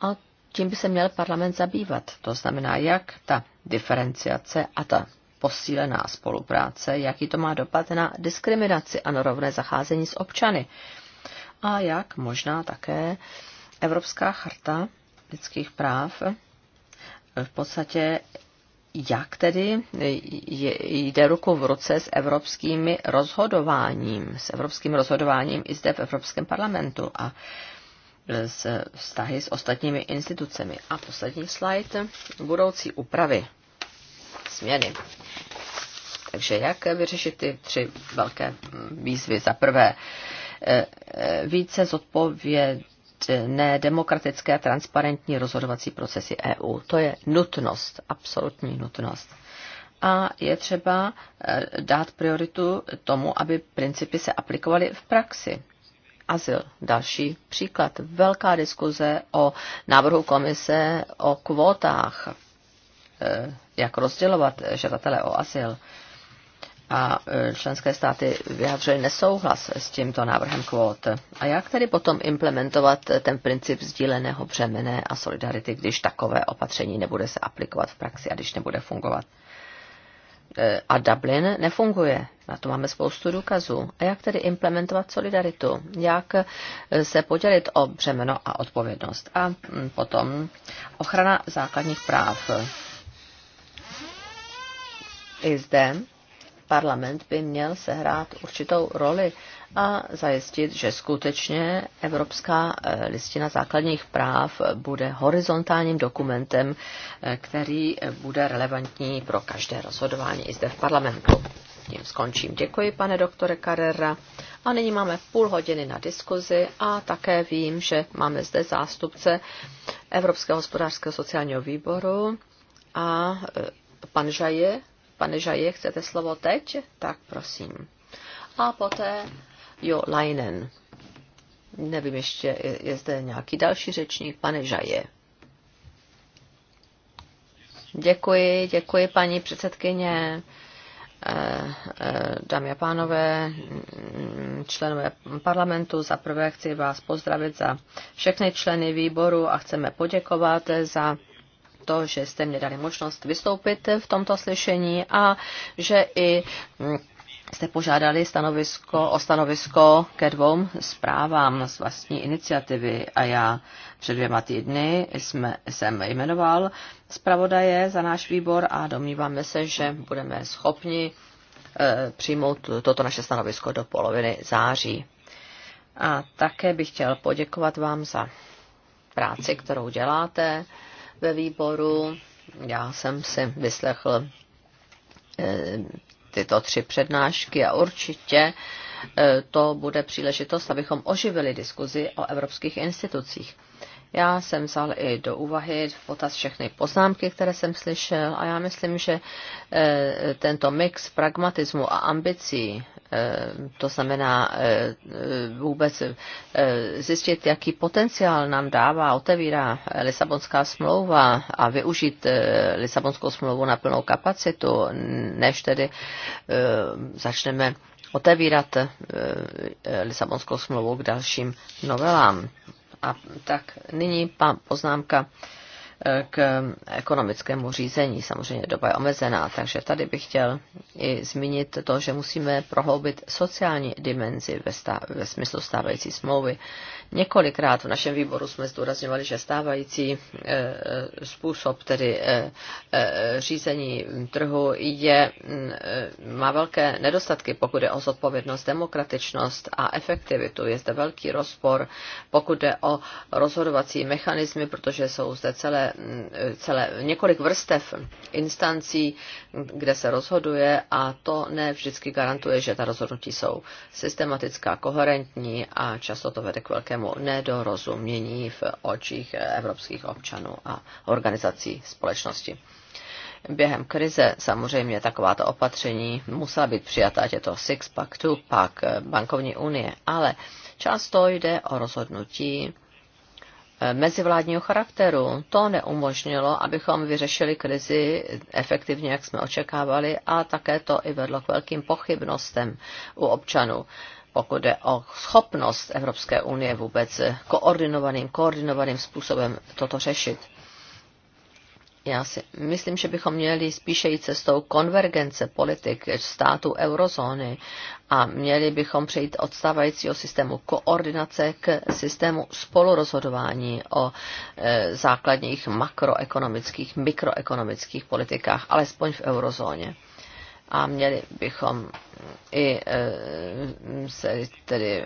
A tím by se měl parlament zabývat. To znamená, jak ta diferenciace a ta posílená spolupráce, jaký to má dopad na diskriminaci a na rovné zacházení s občany. A jak možná také Evropská charta lidských práv v podstatě jak tedy jde ruku v ruce s evropským rozhodováním, s evropským rozhodováním i zde v Evropském parlamentu a s vztahy s ostatními institucemi. A poslední slide, budoucí úpravy, změny. Takže jak vyřešit ty tři velké výzvy? Za prvé, eh, eh, více zodpověd ne demokratické a transparentní rozhodovací procesy EU. To je nutnost, absolutní nutnost. A je třeba eh, dát prioritu tomu, aby principy se aplikovaly v praxi. Azyl. Další příklad. Velká diskuze o návrhu komise o kvótách, eh, jak rozdělovat žadatele o azyl a e, členské státy vyjádřily nesouhlas s tímto návrhem kvót. A jak tedy potom implementovat ten princip sdíleného břemene a solidarity, když takové opatření nebude se aplikovat v praxi a když nebude fungovat? E, a Dublin nefunguje. Na to máme spoustu důkazů. A jak tedy implementovat solidaritu? Jak e, se podělit o břemeno a odpovědnost? A potom ochrana základních práv. I zde parlament by měl sehrát určitou roli a zajistit, že skutečně Evropská eh, listina základních práv bude horizontálním dokumentem, eh, který eh, bude relevantní pro každé rozhodování i zde v parlamentu. Tím skončím. Děkuji, pane doktore Carrera. A nyní máme půl hodiny na diskuzi a také vím, že máme zde zástupce Evropského hospodářského sociálního výboru a pan Žaje Pane Žaje, chcete slovo teď? Tak prosím. A poté Jo Leinen. Nevím ještě, je, je zde nějaký další řečník. Pane Žaje. Děkuji, děkuji paní předsedkyně eh, eh, dámy a pánové, členové parlamentu, za prvé chci vás pozdravit za všechny členy výboru a chceme poděkovat za to, že jste mě dali možnost vystoupit v tomto slyšení a že i mm, jste požádali stanovisko, o stanovisko ke dvou zprávám z vlastní iniciativy a já před dvěma týdny jsme, jsem jmenoval zpravodaje za náš výbor a domníváme se, že budeme schopni e, přijmout toto naše stanovisko do poloviny září. A také bych chtěl poděkovat vám za práci, kterou děláte. E, ve výboru. Já jsem si vyslechl eh, tyto tři přednášky a určitě eh, to bude příležitost, abychom oživili diskuzi o evropských institucích. Já jsem vzal i do úvahy v potaz všechny poznámky, které jsem slyšel a já myslím, že eh, tento mix pragmatismu a ambicí Eh, to znamená eh, vůbec eh, zjistit, jaký potenciál nám dává, otevírá Lisabonská smlouva a využít Lisabonskou smlouvu na plnou kapacitu, než tedy začneme otevírat Lisabonskou smlouvu k dalším novelám. A tak nyní poznámka k ekonomickému řízení. Samozřejmě doba je omezená, takže tady bych chtěl i zmínit to, že musíme prohloubit sociální dimenzi ve, stav, ve smyslu stávající smlouvy. Několikrát v našem výboru jsme zdůrazňovali, že stávající e, e, způsob tedy e, řízení trhu je, má velké nedostatky, pokud je o zodpovědnost, demokratičnost a efektivitu. Je zde velký rozpor, pokud je o rozhodovací mechanismy, protože jsou zde celé, celé několik vrstev instancí, kde se rozhoduje a to ne vždycky garantuje, že ta rozhodnutí jsou systematická, koherentní a často to vede k velké nějakému nedorozumění v očích evropských občanů a organizací společnosti. Během krize samozřejmě takováto opatření musela být přijata, ať je to six-pack, two-pack, bankovní unie, ale často jde o rozhodnutí eh, mezivládního charakteru. To neumožnilo, abychom vyřešili krizi efektivně, jak jsme očekávali, a také to i vedlo k velkým pochybnostem u občanů pokud jde o schopnost Evropské unie vůbec koordinovaným, koordinovaným způsobem toto řešit. Já si myslím, že bychom měli spíše jít cestou konvergence politik států eurozóny a měli bychom přejít od stávajícího systému koordinace k systému spolurozhodování o e, základních makroekonomických, mikroekonomických politikách, alespoň v eurozóně a měli bychom i e, se tedy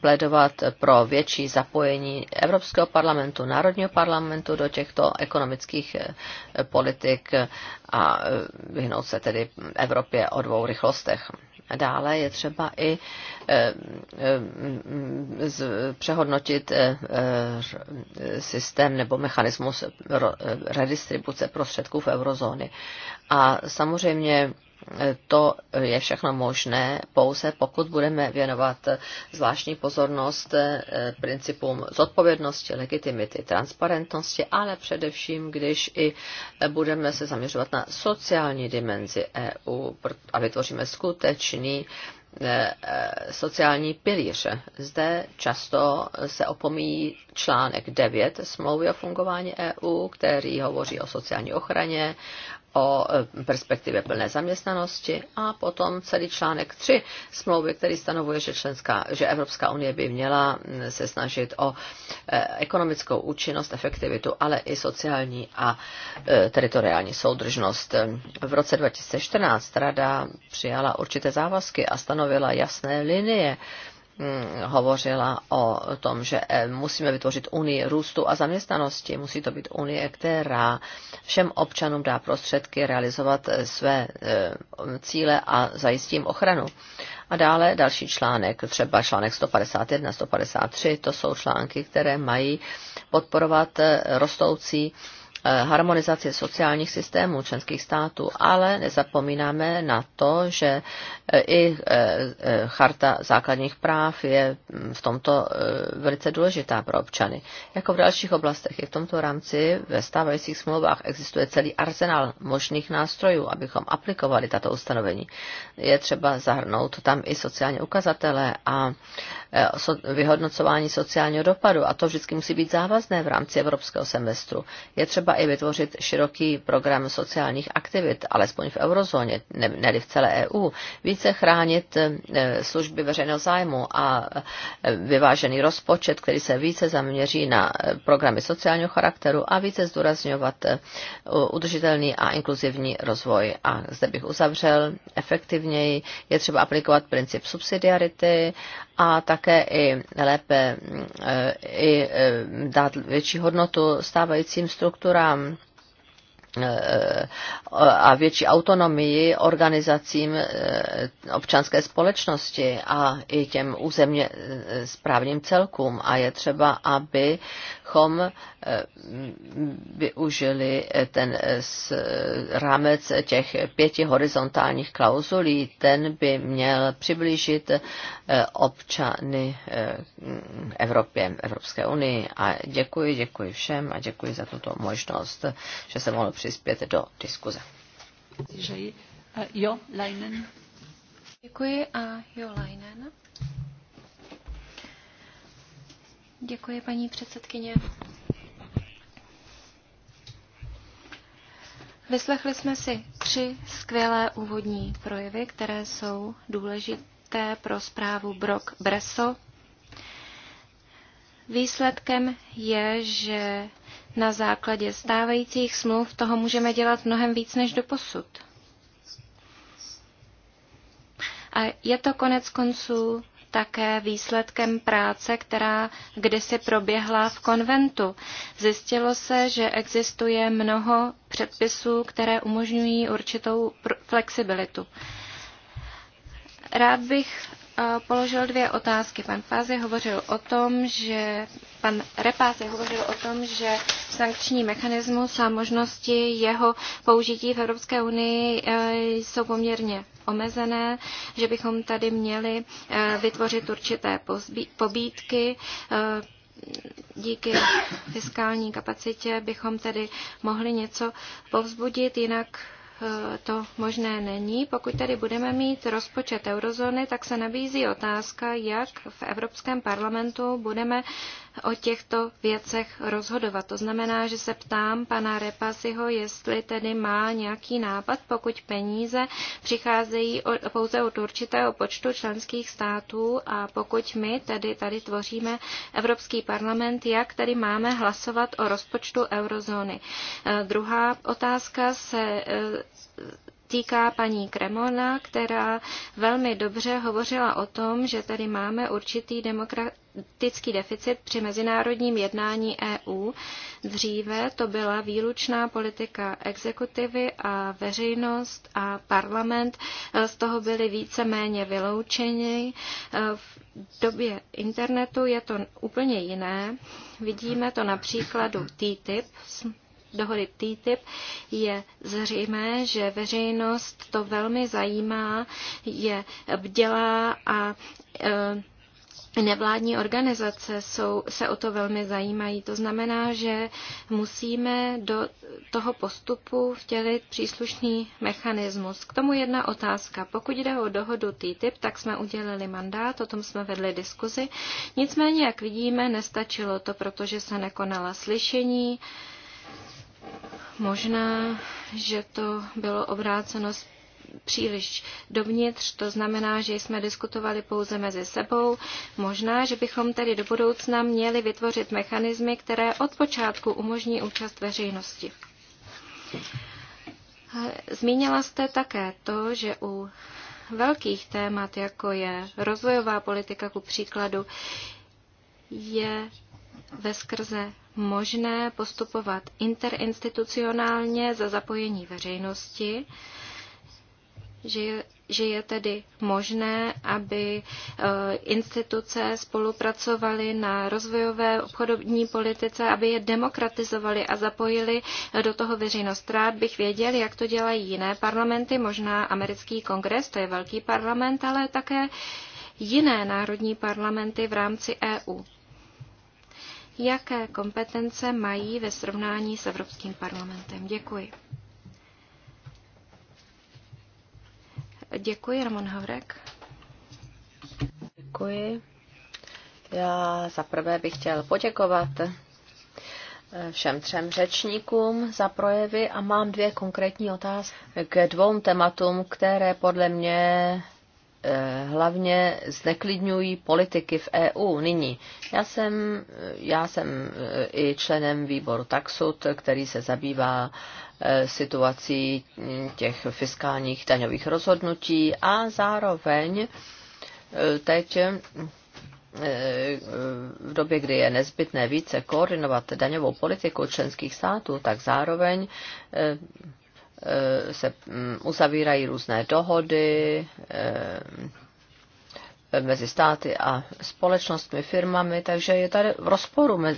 pledovat pro větší zapojení Evropského parlamentu, Národního parlamentu do těchto ekonomických e, politik a e, vyhnout se tedy Evropě o dvou rychlostech. Dále je třeba i eh, eh, přehodnotit eh, systém nebo mechanismus redistribuce prostředků v eurozóny. A samozřejmě to je všechno možné, pouze pokud budeme věnovat zvláštní pozornost eh, principům zodpovědnosti, legitimity, transparentnosti, ale především, když i budeme se zaměřovat na sociální dimenzi EU a vytvoříme skutečný eh, eh, sociální pilíř. Zde často se opomíjí článek 9 smlouvy o fungování EU, který hovoří o sociální ochraně, o e, perspektivě plné zaměstnanosti a potom celý článek 3 smlouvy, který stanovuje, že, členská, že Evropská unie by měla se snažit o e, ekonomickou účinnost, efektivitu, ale i sociální a e, teritoriální soudržnost. V roce 2014 Rada přijala určité závazky a stanovila jasné linie, Mm, hovořila o tom, že eh, musíme vytvořit unii růstu a zaměstnanosti. Musí to být unie, která všem občanům dá prostředky realizovat eh, své eh, cíle a zajistím ochranu. A dále další článek, třeba článek 151, 153, to jsou články, které mají podporovat rostoucí Eh, harmonizaci sociálních systémů členských států, ale nezapomínáme na to, že eh, i eh, charta základních práv je mm, v tomto velice důležitá pro občany. Jako v dalších oblastech i v tomto rámci ve stávajících smlouvách existuje celý arzenál možných nástrojů, abychom aplikovali tato ustanovení. Je třeba zahrnout tam i sociální ukazatele a vyhodnocování sociálního dopadu a to vždycky musí být závazné v rámci evropského semestru. Je třeba i vytvořit široký program sociálních aktivit, alespoň v eurozóně, ne, ne v celé EU, více chránit e, služby veřejného zájmu a e, vyvážený rozpočet, který se více zaměří na e, programy sociálního charakteru a více zdůrazňovat udržitelný a inkluzivní rozvoj. A zde bych uzavřel efektivněji. Je třeba aplikovat princip subsidiarity a také i lépe e, i e, dát větší hodnotu stávajícím strukturám Eh, a větší autonomii organizacím eh, občanské společnosti a i těm územně eh, správním celkům. A je třeba, abychom využili ten rámec těch pěti horizontálních klauzulí. Ten by měl přiblížit občany Evropě, Evropské unii. A děkuji, děkuji všem a děkuji za tuto možnost, že jsem mohl přispět do diskuze. Jo, Leinen. Děkuji a jo, Leinen. Děkuji, paní předsedkyně. Vyslechli jsme si tři skvělé úvodní projevy, které jsou důležité pro zprávu Brok Breso. Výsledkem je, že na základě stávajících smluv toho můžeme dělat mnohem víc než do posud. A je to konec konců také výsledkem práce, která kdysi proběhla v konventu. Zjistilo se, že existuje mnoho předpisů, které umožňují určitou flexibilitu. Rád bych eh, položil dvě otázky. Pan Fázi hovořil o tom, že pan Repáse hovořil o tom, že sankční mechanismus a možnosti jeho použití v Evropské unii eh, jsou poměrně omezené, že bychom tady měli eh, vytvořit určité pobídky, eh, díky fiskální kapacitě bychom tedy mohli něco povzbudit, jinak to možné není. Pokud tady budeme mít rozpočet eurozóny, tak se nabízí otázka, jak v Evropském parlamentu budeme o těchto věcech rozhodovat. To znamená, že se ptám pana Repasiho, jestli tedy má nějaký nápad, pokud peníze přicházejí pouze od určitého počtu členských států a pokud my tedy tady tvoříme Evropský parlament, jak tedy máme hlasovat o rozpočtu eurozóny. E, druhá otázka se e, týká paní Kremona, která velmi dobře hovořila o tom, že tady máme určitý demokratický energetický deficit při mezinárodním jednání EU. Dříve to byla výlučná politika exekutivy a veřejnost a parlament z toho byly více-méně vyloučeni. V době internetu je to úplně jiné. Vidíme to na příkladu TTIP, dohody TTIP je zřejmé, že veřejnost to velmi zajímá, je bdělá a e, Nevládní organizace jsou, se o to velmi zajímají. To znamená, že musíme do toho postupu vtělit příslušný mechanismus. K tomu jedna otázka. Pokud jde o dohodu TTIP, tak jsme udělili mandát, o tom jsme vedli diskuzi. Nicméně, jak vidíme, nestačilo to, protože se nekonala slyšení. Možná, že to bylo obráceno příliš dovnitř, to znamená, že jsme diskutovali pouze mezi sebou. Možná, že bychom tedy do budoucna měli vytvořit mechanismy, které od počátku umožní účast veřejnosti. Zmínila jste také to, že u velkých témat, jako je rozvojová politika ku příkladu, je ve skrze možné postupovat interinstitucionálně za zapojení veřejnosti že je, že je tedy možné, aby eh, instituce spolupracovaly na rozvojové obchodní politice, aby je demokratizovali a zapojili eh, do toho veřejnost. Rád bych věděl, jak to dělají jiné parlamenty, možná americký kongres, to je velký parlament, ale také jiné národní parlamenty v rámci EU. Jaké kompetence mají ve srovnání s Evropským parlamentem? Děkuji. Děkuji, Ramon Havrek. Děkuji. Já zaprvé bych chtěl poděkovat eh, všem třem řečníkům za projevy a mám dvě konkrétní otázky k dvou tématům, které podle mě Eh, hlavně zneklidňují politiky v EU nyní. Já jsem, já jsem eh, i členem výboru Taxud, který se zabývá eh, situací hm, těch fiskálních daňových rozhodnutí a zároveň teď v době, kdy je nezbytné více koordinovat daňovou politiku členských států, tak zároveň Eh, se mm, uzavírají různé dohody eh, mezi státy a společnostmi, firmami, takže je tady v rozporu, eh,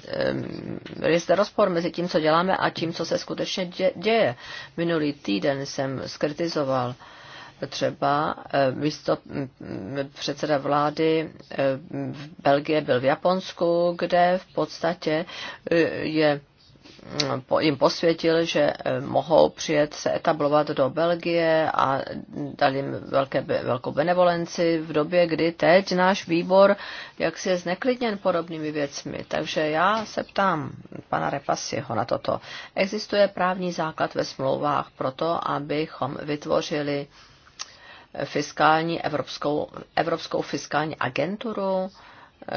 je zde rozpor mezi tím, co děláme a tím, co se skutečně děje. Minulý týden jsem skritizoval třeba místo mm, předseda vlády v Belgie byl v Japonsku, kde v podstatě je jim posvětil, že eh, mohou přijet se etablovat do Belgie a dal jim velké, velkou benevolenci v době, kdy teď náš výbor jak si je zneklidněn podobnými věcmi. Takže já se ptám pana Repasiho na toto. Existuje právní základ ve smlouvách pro to, abychom vytvořili fiskální evropskou, evropskou fiskální agenturu,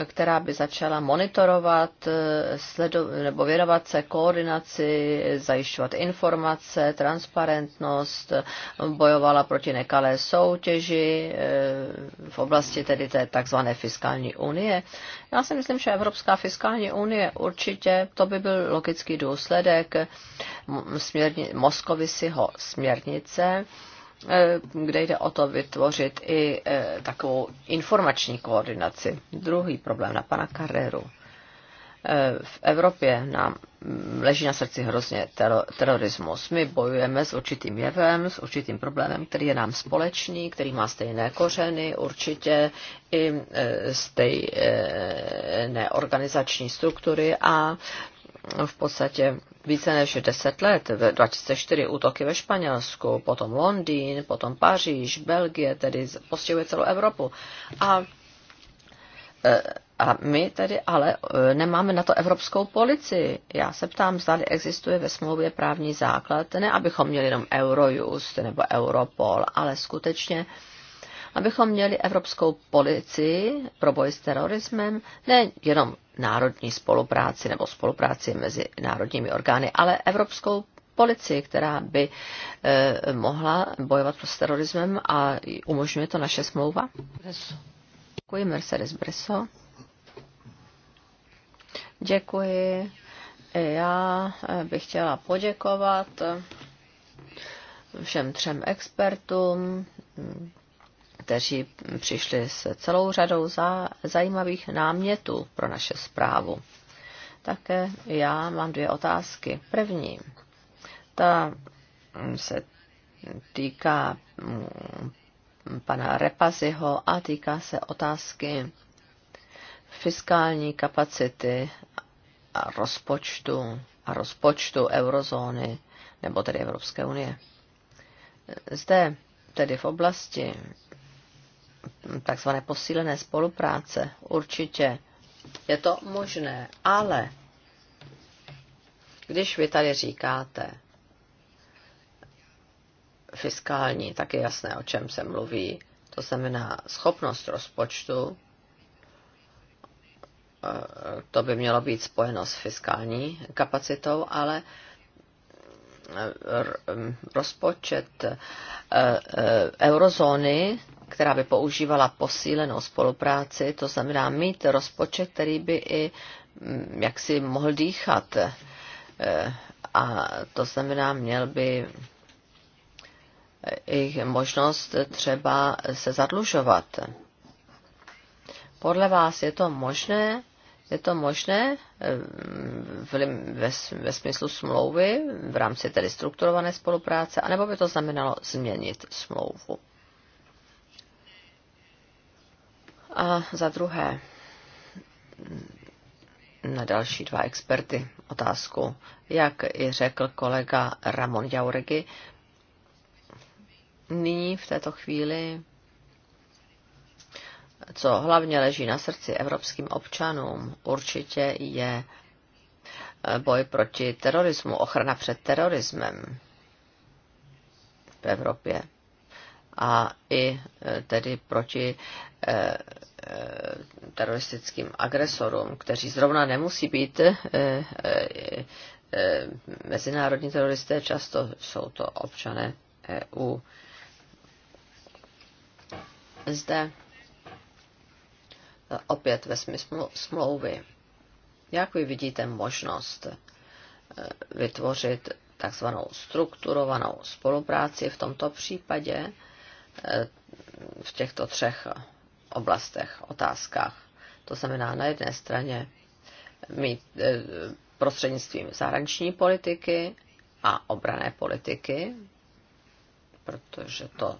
která by začala monitorovat eh, sledo, nebo věnovat se koordinaci, zajišťovat informace, transparentnost, bojovala proti nekalé soutěži eh, v oblasti tedy té takzvané fiskální unie. Já si myslím, že Evropská fiskální unie určitě, to by byl logický důsledek směrni, Moskovisiho směrnice, Eh, kde jde o to vytvořit i eh, takovou informační koordinaci. Druhý problém na pana Carreru. Eh, v Evropě nám mm, leží na srdci hrozně terorismus. My bojujeme s určitým jevem, s určitým problémem, který je nám společný, který má stejné kořeny, určitě i stejné organizační struktury a v podstatě více než 10 let, v 2004 útoky ve Španělsku, potom Londýn, potom Paříž, Belgie, tedy postihuje celou Evropu. A, e, a my tedy ale e, nemáme na to evropskou policii. Já se ptám, zda existuje ve smlouvě právní základ, ne abychom měli jenom Eurojust nebo Europol, ale skutečně uh, abychom měli evropskou policii pro boj s terorismem, ne jenom národní spolupráci nebo spolupráci mezi národními orgány, ale evropskou policii, která by e, mohla bojovat s terorismem a umožňuje to naše smlouva? Děkuji, Mercedes Breso. Děkuji. Já bych chtěla poděkovat všem třem expertům, kteří přišli s celou řadou za, zajímavých námětů pro naše zprávu. Také já mám dvě otázky. První, ta se týká mm, pana Repaziho a týká se otázky fiskální kapacity a rozpočtu a rozpočtu eurozóny nebo tedy Evropské unie. Zde tedy v oblasti takzvané posílené spolupráce. Určitě je to možné, ale když vy tady říkáte fiskální, tak je jasné, o čem se mluví. To znamená schopnost rozpočtu, eh, to by mělo být spojeno s fiskální kapacitou, ale eh, mm, rozpočet eh, eurozóny která by používala posílenou spolupráci, to znamená mít rozpočet, který by i mm, jaksi mohl dýchat. Eh, a to znamená, měl by eh, i možnost třeba se zadlužovat. Podle vás je to možné? Je to možné eh, ve, ve smyslu smlouvy v rámci tedy strukturované spolupráce, anebo by to znamenalo změnit smlouvu? A za druhé, na další dva experty otázku. Jak i řekl kolega Ramon Jauregi, nyní v této chvíli, co hlavně leží na srdci evropským občanům, určitě je eh, boj proti terorismu, ochrana před terorismem v Evropě a i e, tedy proti e, e, teroristickým agresorům, kteří zrovna nemusí být mezinárodní teroristé, často jsou to občané EU. Zde opět ve smyslu smlouvy. Jak vy vidíte možnost vytvořit takzvanou strukturovanou spolupráci v tomto případě Eh, v těchto třech oblastech, otázkách. To znamená na jedné straně mít eh, prostřednictvím zahraniční politiky a obrané politiky, protože to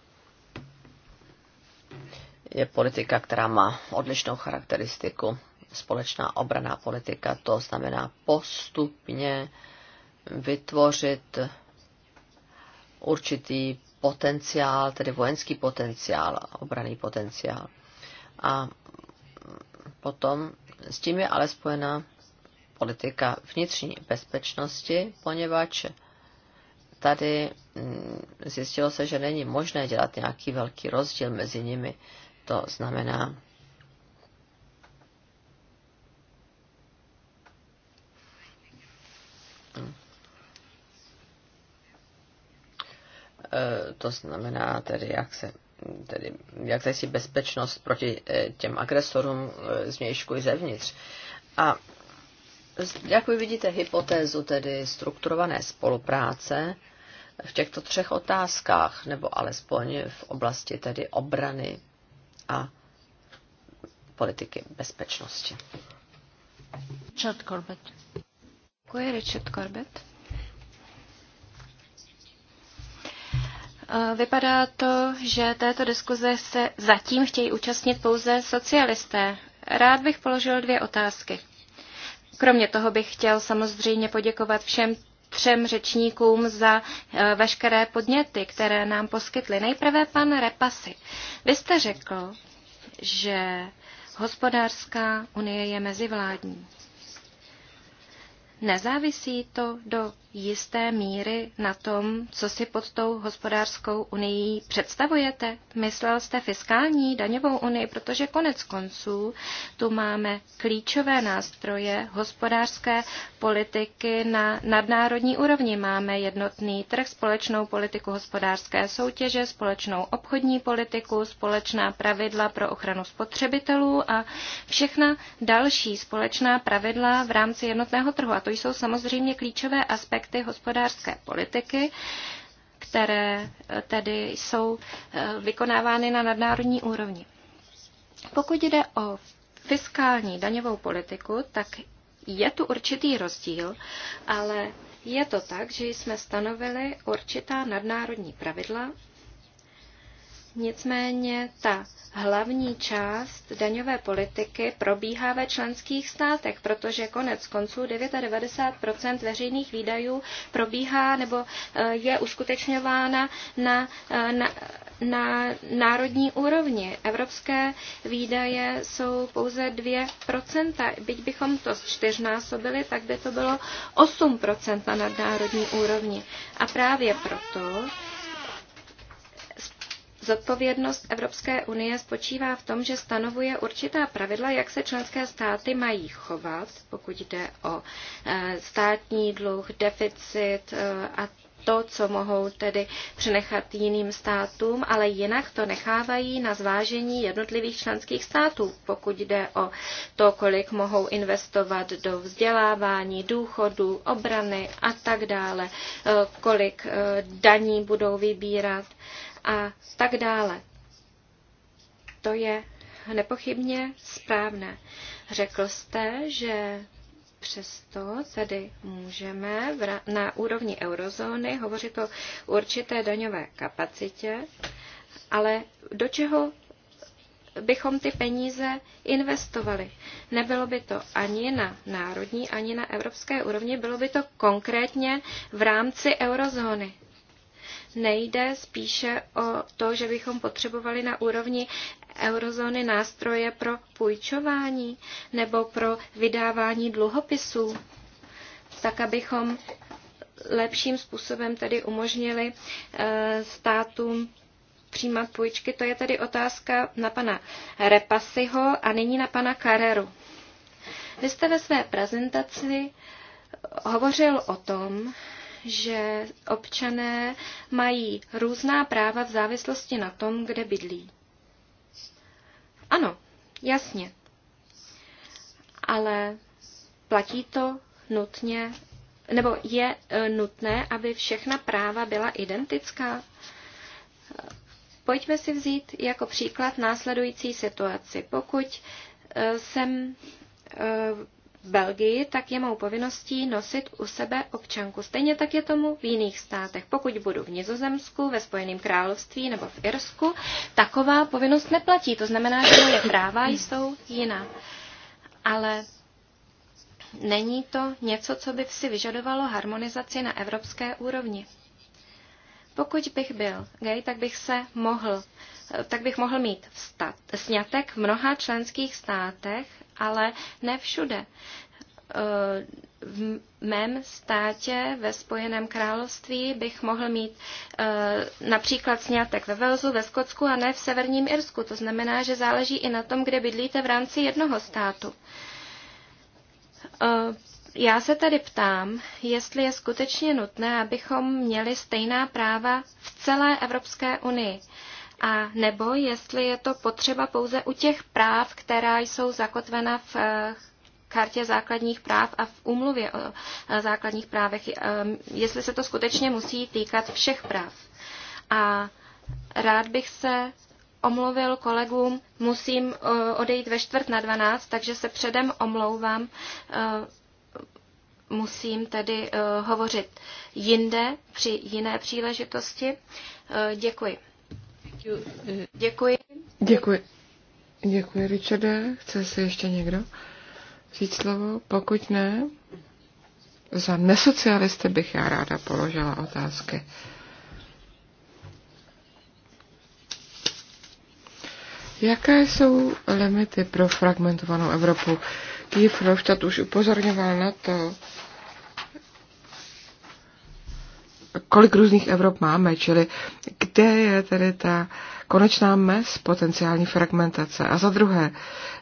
je politika, která má odlišnou charakteristiku. Společná obraná politika, to znamená postupně vytvořit určitý potenciál, tedy vojenský potenciál, obraný potenciál. A potom s tím je ale spojena politika vnitřní bezpečnosti, poněvadž tady mm, zjistilo se, že není možné dělat nějaký velký rozdíl mezi nimi. To znamená, E, to znamená tedy, jak se tedy jak zajistit bezpečnost proti e, těm agresorům e, zvnějšku i zevnitř. A jak vy vidíte hypotézu tedy strukturované spolupráce v těchto třech otázkách, nebo alespoň v oblasti tedy obrany a politiky bezpečnosti? Richard Corbett. Děkuji, Richard Corbett. Vypadá to, že této diskuze se zatím chtějí účastnit pouze socialisté. Rád bych položil dvě otázky. Kromě toho bych chtěl samozřejmě poděkovat všem třem řečníkům za e, veškeré podněty, které nám poskytli. Nejprve pan Repasi. Vy jste řekl, že hospodářská unie je mezivládní. Nezávisí to do jisté míry na tom, co si pod tou hospodářskou unii představujete? Myslel jste fiskální daňovou unii, protože konec konců tu máme klíčové nástroje hospodářské politiky na nadnárodní úrovni. Máme jednotný trh, společnou politiku hospodářské soutěže, společnou obchodní politiku, společná pravidla pro ochranu spotřebitelů a všechna další společná pravidla v rámci jednotného trhu. A to jsou samozřejmě klíčové aspekty aspekty hospodářské politiky, které eh, tedy jsou eh, vykonávány na nadnárodní úrovni. Pokud jde o fiskální daňovou politiku, tak je tu určitý rozdíl, ale je to tak, že jsme stanovili určitá nadnárodní pravidla, Nicméně ta hlavní část daňové politiky probíhá ve členských státech, protože konec konců 99 veřejných výdajů probíhá nebo eh, je uskutečňována na, eh, na, na národní úrovni. Evropské výdaje jsou pouze 2 Byť bychom to čtyřnásobili, tak by to bylo 8 na nadnárodní úrovni. A právě proto Zodpovědnost Evropské unie spočívá v tom, že stanovuje určitá pravidla, jak se členské státy mají chovat, pokud jde o e, státní dluh, deficit e, a to, co mohou tedy přenechat jiným státům, ale jinak to nechávají na zvážení jednotlivých členských států, pokud jde o to, kolik mohou investovat do vzdělávání, důchodu, obrany a tak dále, e, kolik daní budou vybírat a tak dále. To je nepochybně správné. Řekl jste, že přesto tedy můžeme na úrovni eurozóny hovořit o určité daňové kapacitě, ale do čeho bychom ty peníze investovali. Nebylo by to ani na národní, ani na evropské úrovni, bylo by to konkrétně v rámci eurozóny nejde spíše o to, že bychom potřebovali na úrovni eurozóny nástroje pro půjčování nebo pro vydávání dluhopisů, tak abychom lepším způsobem tedy umožnili eh, státům přijímat půjčky. To je tedy otázka na pana Repasiho a nyní na pana Kareru. Vy jste ve své prezentaci hovořil o tom, že občané mají různá práva v závislosti na tom, kde bydlí. Ano, jasně. Ale platí to nutně, nebo je e, nutné, aby všechna práva byla identická? Pojďme si vzít jako příklad následující situaci. Pokud e, jsem e, Belgii, tak je mou povinností nosit u sebe občanku. Stejně tak je tomu v jiných státech. Pokud budu v Nizozemsku, ve Spojeném království nebo v Irsku, taková povinnost neplatí. To znamená, že moje práva jsou jiná. Ale není to něco, co by si vyžadovalo harmonizaci na evropské úrovni. Pokud bych byl gay, tak bych se mohl, tak bych mohl mít vstat, snětek v mnoha členských státech, ale ne všude. Eh, v mém státě ve Spojeném království bych mohl mít eh, například snětek ve Velzu, ve Skotsku a ne v Severním Irsku. To znamená, že záleží i na tom, kde bydlíte v rámci jednoho státu eh, já se tady ptám, jestli je skutečně nutné, abychom měli stejná práva v celé Evropské unii, a nebo jestli je to potřeba pouze u těch práv, která jsou zakotvena v kartě eh, základních práv a v úmluvě o eh, základních právech, eh, jestli se to skutečně musí týkat všech práv. A rád bych se omluvil kolegům, musím odejít ve čtvrt na 12, takže se předem omlouvám musím tedy eh, hovořit jinde, při jiné příležitosti. Eh, děkuji. Děkuji. Děkuji. Děkuji, Richarde. Chce si ještě někdo říct slovo? Pokud ne, za nesocialisty bych já ráda položila otázky. Jaké jsou limity pro fragmentovanou Evropu? Guy Verhofstadt už upozorňoval na to, kolik různých Evrop máme, čili kde je tedy ta konečná mez potenciální fragmentace. A za druhé,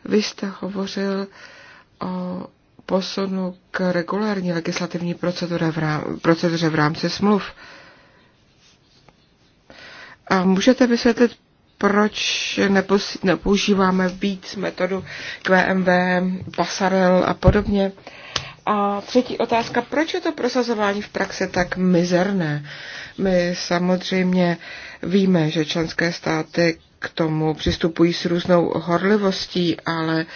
vy jste hovořil o posunu k regulární legislativní proceduře v, rám, proceduře v rámci smluv. A můžete vysvětlit, proč nepoužíváme víc metodu QMV, Basarel a podobně. A třetí otázka, proč je to prosazování v praxi tak mizerné? My samozřejmě víme, že členské státy k tomu přistupují s různou horlivostí, ale uh,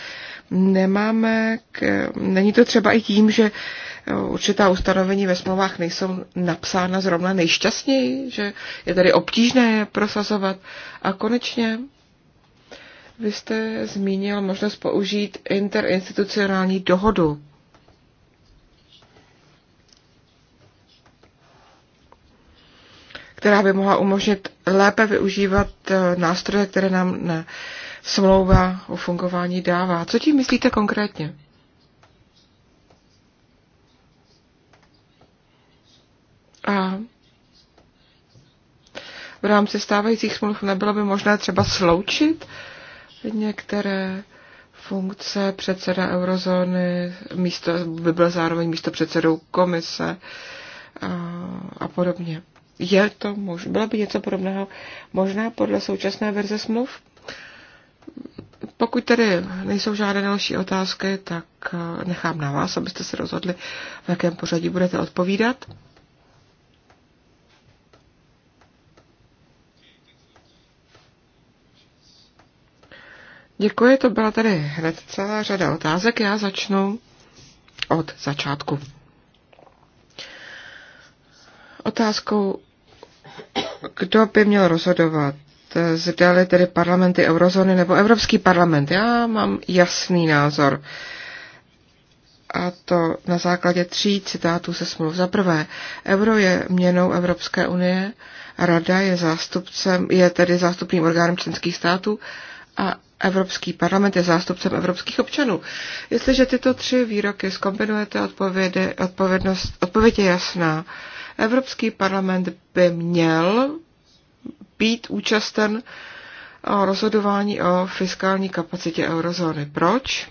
nemáme, k, není to třeba i tím, že určitá ustanovení ve smlouvách nejsou napsána zrovna nejšťastněji, že je tady obtížné je prosazovat. A konečně vy jste zmínil možnost použít interinstitucionální dohodu. která by mohla umožnit lépe využívat eh, nástroje, které nám smlouva o fungování dává. Co tím myslíte konkrétně? A v rámci stávajících smluv nebylo by možné třeba sloučit některé funkce předseda eurozóny, místo, by byl zároveň místo předsedou komise a, a podobně. Je to mož, bylo by něco podobného možné podle současné verze smluv? Pokud tedy nejsou žádné další otázky, tak eh, nechám na vás, abyste se rozhodli, v jakém pořadí budete odpovídat. Děkuji, to byla tady hned celá řada otázek. Já začnu od začátku. Otázkou, kdo by měl rozhodovat zdali tedy parlamenty eurozóny nebo Evropský parlament. Já mám jasný názor. A to na základě tří citátů se smluv. Za prvé, euro je měnou Evropské unie, rada je zástupcem, je tedy zástupným orgánem členských států a Evropský parlament je zástupcem evropských občanů. Jestliže tyto tři výroky zkombinujete, odpovědnost, odpověď je jasná. Evropský parlament by měl být účasten o eh, rozhodování o fiskální kapacitě eurozóny. Proč?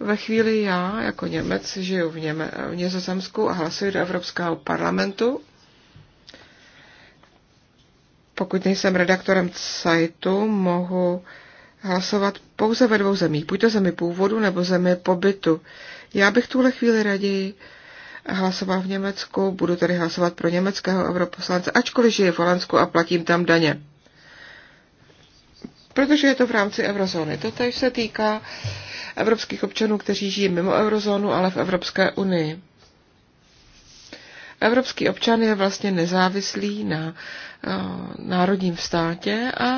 Ve chvíli já, jako Němec, žiju v, Něme- v Nězozemsku a hlasuji do Evropského parlamentu. Pokud nejsem redaktorem sajtu, mohu hlasovat pouze ve dvou zemích, buď to zemi původu nebo zemi pobytu. Já bych tuhle chvíli raději hlasoval v Německu, budu tedy hlasovat pro německého europoslance, ačkoliv žije v Holandsku a platím tam daně. Protože je to v rámci eurozóny. To tež se týká evropských občanů, kteří žijí mimo eurozónu, ale v Evropské unii. Evropský občan je vlastně nezávislý na eh, národním státě a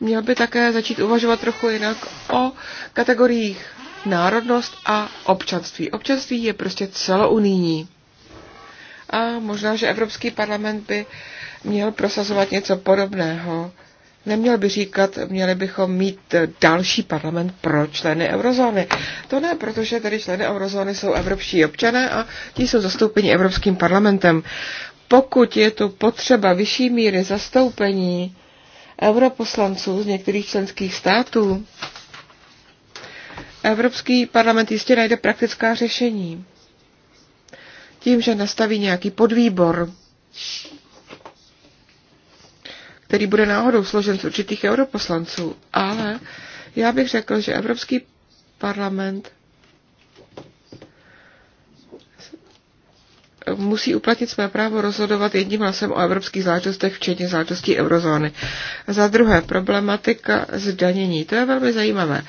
měl by také začít uvažovat trochu jinak o kategoriích národnost a občanství. Občanství je prostě celounijní. A možná, že Evropský parlament by měl prosazovat něco podobného. Neměl by říkat, měli bychom mít další parlament pro členy eurozóny. To ne, protože tedy členy eurozóny jsou evropští občané a ti jsou zastoupeni Evropským parlamentem. Pokud je tu potřeba vyšší míry zastoupení europoslanců z některých členských států, Evropský parlament jistě najde praktická řešení. Tím, že nastaví nějaký podvýbor, který bude náhodou složen z určitých europoslanců, ale já bych řekl, že Evropský parlament musí uplatnit své právo rozhodovat jedním hlasem o evropských záležitostech, včetně záležitostí eurozóny. Za druhé, problematika zdanění. To je velmi zajímavé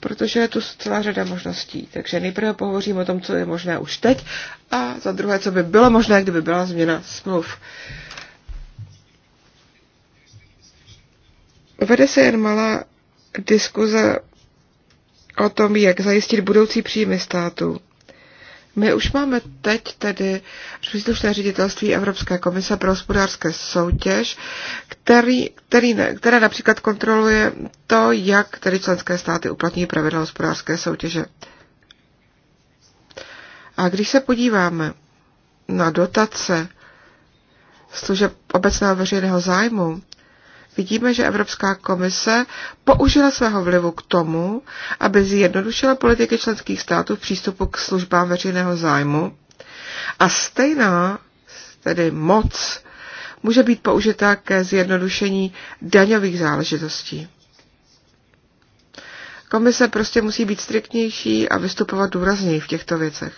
protože je tu celá řada možností. Takže nejprve pohovořím o tom, co je možné už teď a za druhé, co by bylo možné, kdyby byla změna smluv. Vede se jen malá diskuze o tom, jak zajistit budoucí příjmy státu. My už máme teď tedy příslušné ředitelství Evropské komise pro hospodářské soutěž, který, který ne, které například kontroluje to, jak tedy členské státy uplatní pravidla hospodářské soutěže. A když se podíváme na dotace služeb obecného veřejného zájmu, vidíme, že Evropská komise použila svého vlivu k tomu, aby zjednodušila politiky členských států v přístupu k službám veřejného zájmu a stejná, tedy moc, může být použita ke zjednodušení daňových záležitostí. Komise prostě musí být striktnější a vystupovat důrazněji v těchto věcech.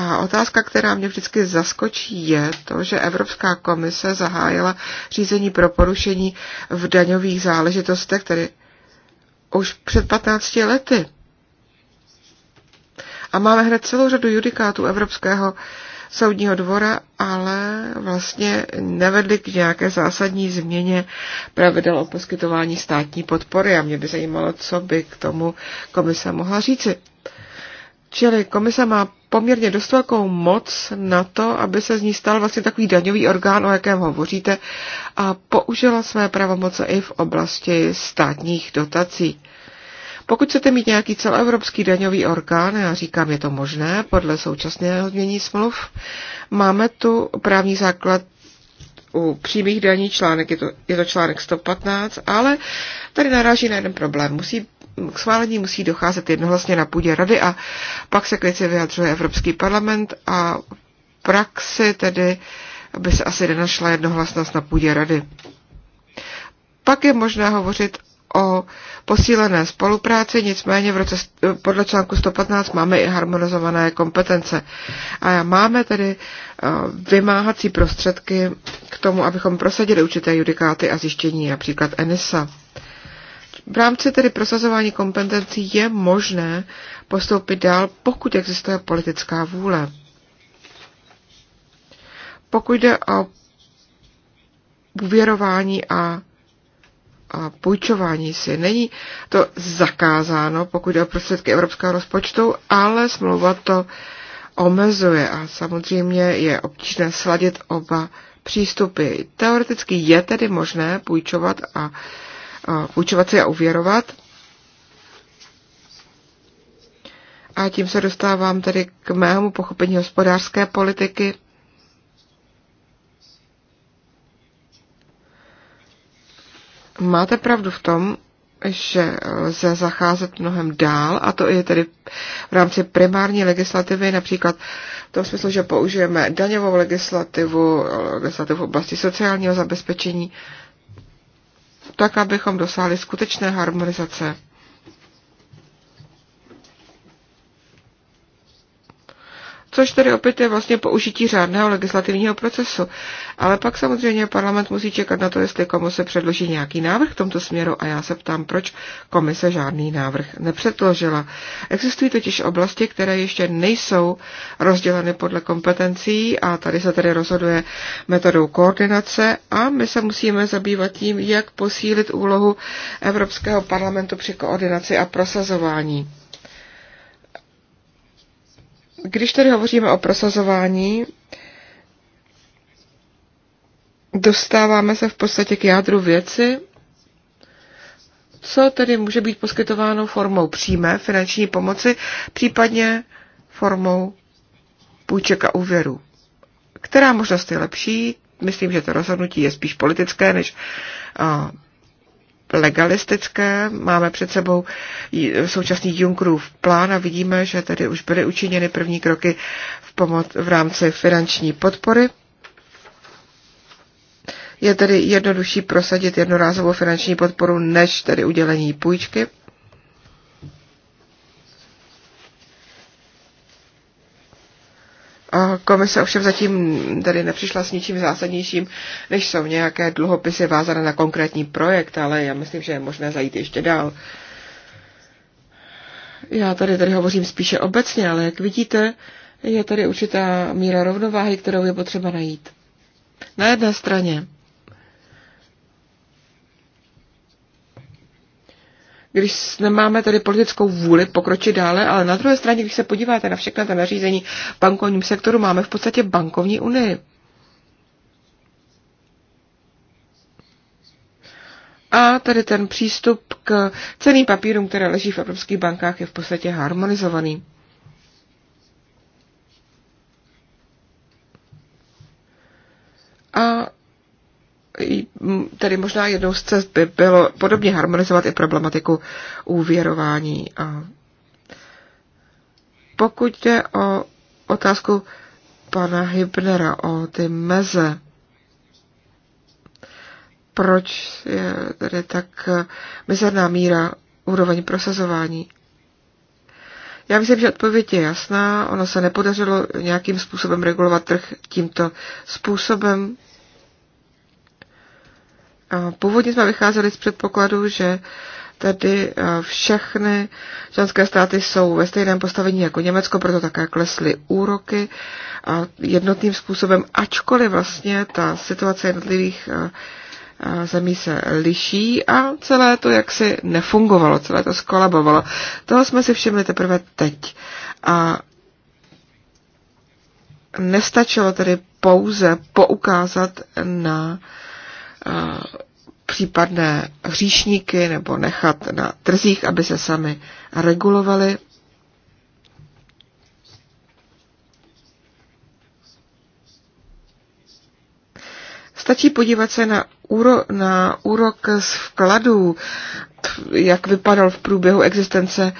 A otázka, která mě vždycky zaskočí, je to, že Evropská komise zahájila řízení pro porušení v daňových záležitostech, tedy už před 15 lety. A máme hned celou řadu judikátů Evropského soudního dvora, ale vlastně nevedly k nějaké zásadní změně pravidel o poskytování státní podpory. A mě by zajímalo, co by k tomu komise mohla říci. Čili komise má poměrně dost velkou moc na to, aby se z ní stal vlastně takový daňový orgán, o jakém hovoříte, a použila své pravomoce i v oblasti státních dotací. Pokud chcete mít nějaký celoevropský daňový orgán, já říkám, je to možné podle současného změní smluv, máme tu právní základ u přímých daní, článek je to, je to článek 115, ale tady naráží na jeden problém. Musí, k schválení musí docházet jednohlasně na půdě rady a pak se k věci vyjadřuje Evropský parlament a praxi tedy by se asi nenašla jednohlasnost na půdě rady. Pak je možné hovořit o posílené spolupráci, nicméně v roce, podle článku 115 máme i harmonizované kompetence. A máme tedy e, vymáhací prostředky k tomu, abychom prosadili určité judikáty a zjištění, například ENISA. V rámci tedy prosazování kompetencí je možné postoupit dál, pokud existuje politická vůle. Pokud jde o uvěrování a půjčování si. Není to zakázáno, pokud jde o prostředky evropského rozpočtu, ale smlouva to omezuje a samozřejmě je obtížné sladit oba přístupy. Teoreticky je tedy možné půjčovat a, a půjčovat si a uvěrovat. A tím se dostávám tedy k mému pochopení hospodářské politiky. Máte pravdu v tom, že lze zacházet mnohem dál, a to je tedy v rámci primární legislativy, například v tom smyslu, že použijeme daňovou legislativu, legislativu v oblasti sociálního zabezpečení, tak abychom dosáhli skutečné harmonizace což tedy opět je vlastně použití řádného legislativního procesu. Ale pak samozřejmě parlament musí čekat na to, jestli komise předloží nějaký návrh v tomto směru a já se ptám, proč komise žádný návrh nepředložila. Existují totiž oblasti, které ještě nejsou rozděleny podle kompetencí a tady se tedy rozhoduje metodou koordinace a my se musíme zabývat tím, jak posílit úlohu Evropského parlamentu při koordinaci a prosazování. Když tedy hovoříme o prosazování, dostáváme se v podstatě k jádru věci, co tedy může být poskytováno formou přímé finanční pomoci, případně formou půjček a úvěru. Která možnost je lepší? Myslím, že to rozhodnutí je spíš politické než legalistické. Máme před sebou současný Junckerův plán a vidíme, že tedy už byly učiněny první kroky v, pomoc, v rámci finanční podpory. Je tedy jednodušší prosadit jednorázovou finanční podporu, než tedy udělení půjčky. Komise ovšem zatím tady nepřišla s ničím zásadnějším, než jsou nějaké dluhopisy vázané na konkrétní projekt, ale já myslím, že je možné zajít ještě dál. Já tady tady hovořím spíše obecně, ale jak vidíte, je tady určitá míra rovnováhy, kterou je potřeba najít. Na jedné straně když nemáme tady politickou vůli pokročit dále, ale na druhé straně, když se podíváte na všechna ta nařízení v bankovním sektoru, máme v podstatě bankovní unii. A tady ten přístup k ceným papírům, které leží v evropských bankách, je v podstatě harmonizovaný. A tedy možná jednou z cest by bylo podobně harmonizovat i problematiku úvěrování. Pokud jde o otázku pana Hybnera o ty meze, proč je tedy tak mizerná míra úroveň prosazování. Já myslím, že odpověď je jasná. Ono se nepodařilo nějakým způsobem regulovat trh tímto způsobem. Původně jsme vycházeli z předpokladu, že tady eh, všechny členské státy jsou ve stejném postavení jako Německo, proto také klesly úroky a jednotným způsobem, ačkoliv vlastně ta situace jednotlivých eh, eh, zemí se liší a celé to jaksi nefungovalo, celé to skolabovalo. Toho jsme si všimli teprve teď. A nestačilo tedy pouze poukázat na uh, případné hříšníky nebo nechat na trzích, aby se sami regulovali. Stačí podívat se na, úro, na úrok z vkladů, jak vypadal v průběhu existence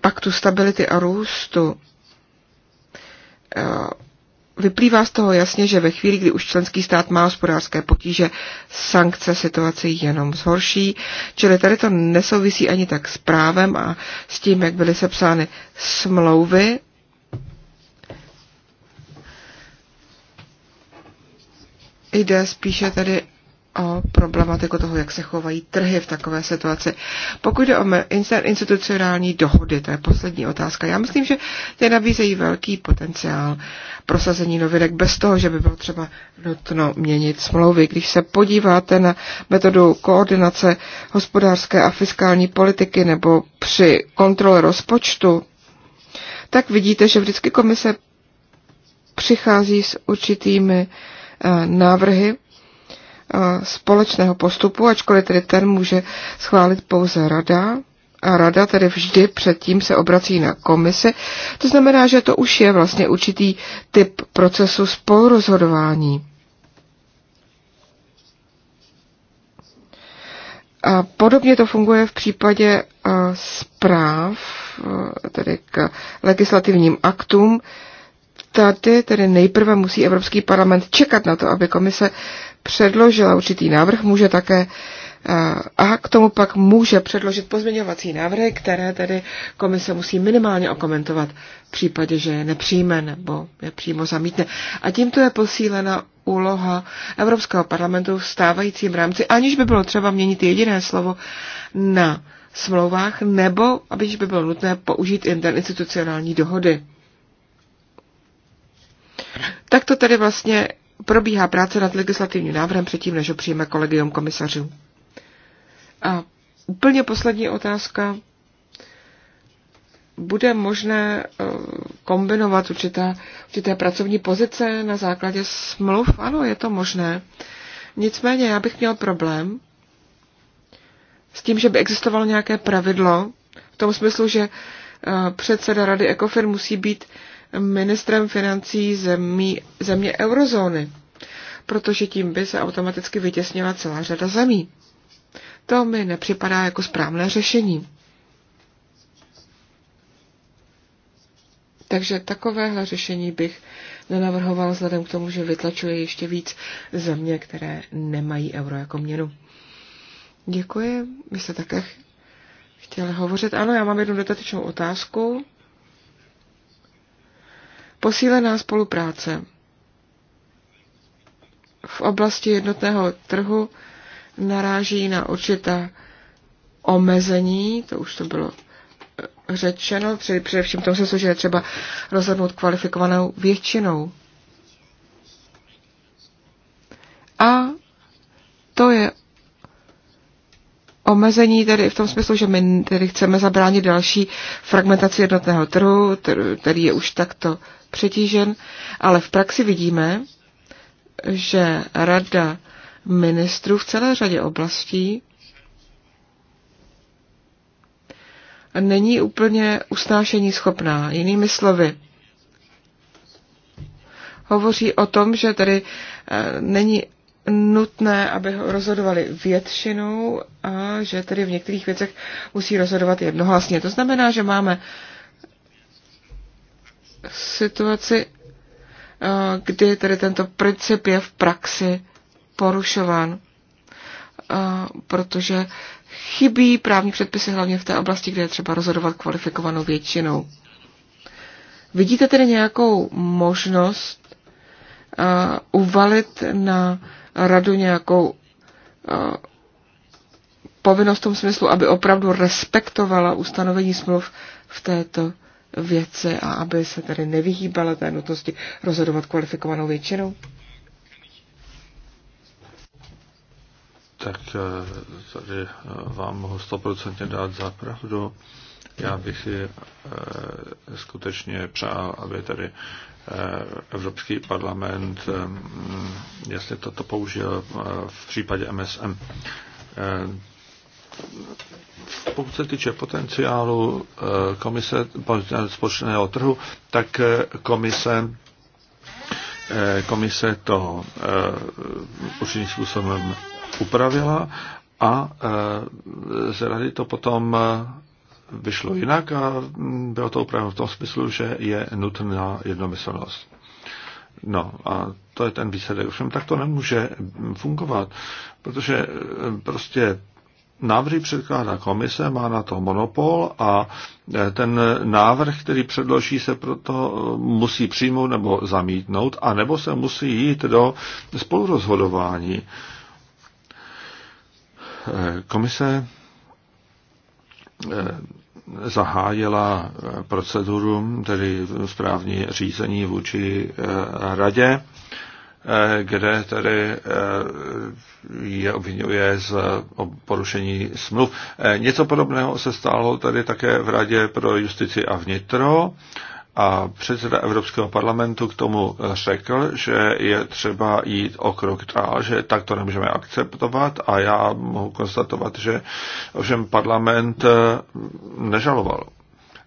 paktu stability a růstu Vyplývá z toho jasně, že ve chvíli, kdy už členský stát má hospodářské potíže, sankce situaci jenom zhorší, čili tady to nesouvisí ani tak s právem a s tím, jak byly sepsány smlouvy. Jde spíše tady o problematiku toho, jak se chovají trhy v takové situaci. Pokud jde o institucionální dohody, to je poslední otázka. Já myslím, že ty nabízejí velký potenciál prosazení novinek bez toho, že by bylo třeba nutno měnit smlouvy. Když se podíváte na metodu koordinace hospodářské a fiskální politiky nebo při kontrole rozpočtu, tak vidíte, že vždycky komise přichází s určitými eh, návrhy společného postupu, ačkoliv tedy ten může schválit pouze rada. A rada tedy vždy předtím se obrací na komisi. To znamená, že to už je vlastně určitý typ procesu spolurozhodování. A podobně to funguje v případě zpráv, tedy k legislativním aktům. Tady tedy nejprve musí Evropský parlament čekat na to, aby komise předložila určitý návrh, může také eh, a k tomu pak může předložit pozměňovací návrhy, které tedy komise musí minimálně okomentovat v případě, že je nepřijme nebo je přímo zamítne. A tímto je posílena úloha Evropského parlamentu v stávajícím rámci, aniž by bylo třeba měnit jediné slovo na smlouvách, nebo abyž by bylo nutné použít interinstitucionální dohody. Tak to tedy vlastně probíhá práce nad legislativním návrhem předtím, než ho přijme kolegium komisařů. A úplně poslední otázka. Bude možné eh, kombinovat určité, určité pracovní pozice na základě smluv? Ano, je to možné. Nicméně já bych měl problém s tím, že by existovalo nějaké pravidlo v tom smyslu, že eh, předseda rady ECOFIN musí být ministrem financí zemí, země eurozóny, protože tím by se automaticky vytěsnila celá řada zemí. To mi nepřipadá jako správné řešení. Takže takovéhle řešení bych nenavrhoval vzhledem k tomu, že vytlačuje ještě víc země, které nemají euro jako měnu. Děkuji. Vy jste také chtěli hovořit. Ano, já mám jednu dotatečnou otázku. Posílená spolupráce v oblasti jednotného trhu naráží na určitá omezení, to už to bylo eh, řečeno, při, především v tom smyslu, že je třeba rozhodnout kvalifikovanou většinou. A to je omezení tedy v tom smyslu, že my tedy chceme zabránit další fragmentaci jednotného trhu, který je už takto přetížen, ale v praxi vidíme, že rada ministrů v celé řadě oblastí není úplně usnášení schopná. Jinými slovy, hovoří o tom, že tedy eh, není nutné, aby rozhodovali většinou a že tedy v některých věcech musí rozhodovat jednohlasně. To znamená, že máme situaci, eh, kdy tedy tento princip je v praxi porušován, eh, protože chybí právní předpisy hlavně v té oblasti, kde je třeba rozhodovat kvalifikovanou většinou. Vidíte tedy nějakou možnost eh, uvalit na radu nějakou povinnost v tom smyslu, aby opravdu respektovala ustanovení smluv v této Věce a aby se tady nevyhýbala té nutnosti rozhodovat kvalifikovanou většinou? Tak eh, tady eh, vám mohu stoprocentně dát za pravdu. Já bych si eh, skutečně přál, aby tady Evropský parlament, jestli toto použil v případě MSM, pokud se týče potenciálu eh, komise společného trhu, tak eh, komise eh, komise to určitým způsobem upravila a z rady to potom vyšlo jinak a mm, bylo to upraveno v tom smyslu, že je nutná jednomyslnost. No a to je ten výsledek. Ovšem tak to nemůže fungovat, protože prostě návrhy předkládá komise, má na to monopol a e, ten návrh, který předloží, se proto e, musí přijmout nebo zamítnout, a nebo se musí jít do spolurozhodování. E, komise zahájila proceduru, tedy správní řízení vůči radě Eh, kde tedy eh, je obvinuje z eh, porušení smluv. Něco podobného se stalo tady také v Radě pro justici a vnitro a předseda Evropského parlamentu k tomu řekl, že je třeba jít o krok dál, že tak to nemůžeme akceptovat a já mohu konstatovat, že ovšem parlament nežaloval.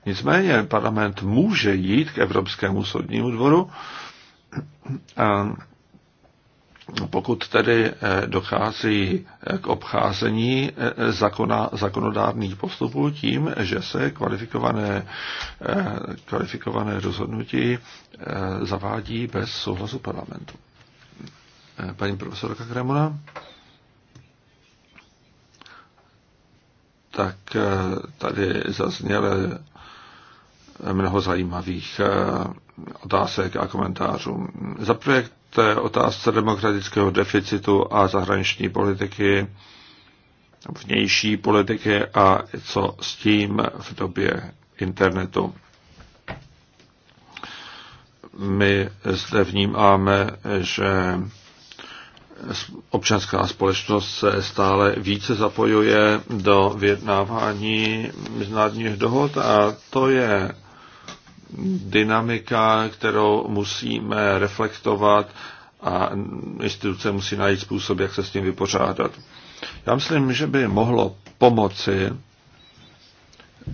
Nicméně parlament může jít k Evropskému soudnímu dvoru a pokud tedy eh, dochází eh, k obcházení eh, zakona, zakonodárných postupů tím, že se kvalifikované, kvalifikované rozhodnutí zavádí bez souhlasu parlamentu. Paní profesorka Kremona? Tak tady zazněly mnoho zajímavých otázek a komentářů. Za projekt té otázce demokratického deficitu a zahraniční politiky, vnější politiky a co s tím v době internetu. My zde vnímáme, že občanská společnost se stále více zapojuje do vyjednávání mezinárodních dohod a to je dynamika, kterou musíme reflektovat a instituce musí najít způsob, jak se s tím vypořádat. Já myslím, že by mohlo pomoci,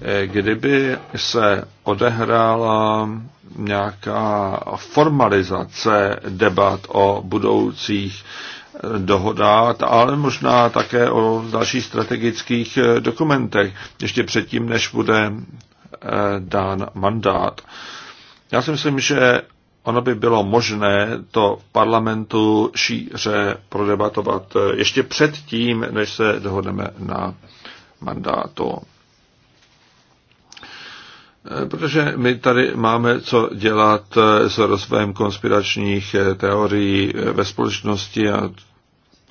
eh, kdyby se odehrála nějaká formalizace debat o budoucích eh, dohodách, ale možná také o dalších strategických eh, dokumentech, ještě předtím, než bude Eh, dán mandát. Já si myslím, že ono by bylo možné to v parlamentu šíře prodebatovat eh, ještě předtím, než se dohodneme na mandátu. Eh, protože my tady máme co dělat s rozvojem konspiračních teorií ve společnosti a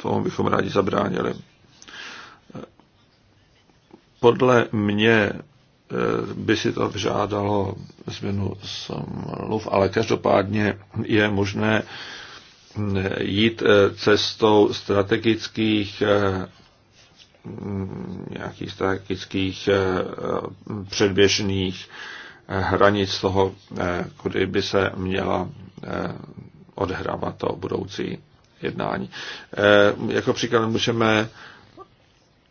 tomu bychom rádi zabránili. Podle mě Eh, by si to vžádalo změnu smluv, ale každopádně je možné eh, jít eh, cestou strategických mm, nějakých strategických předběžných hranic toho, kudy by se měla odhrávat to budoucí jednání. Jako příklad můžeme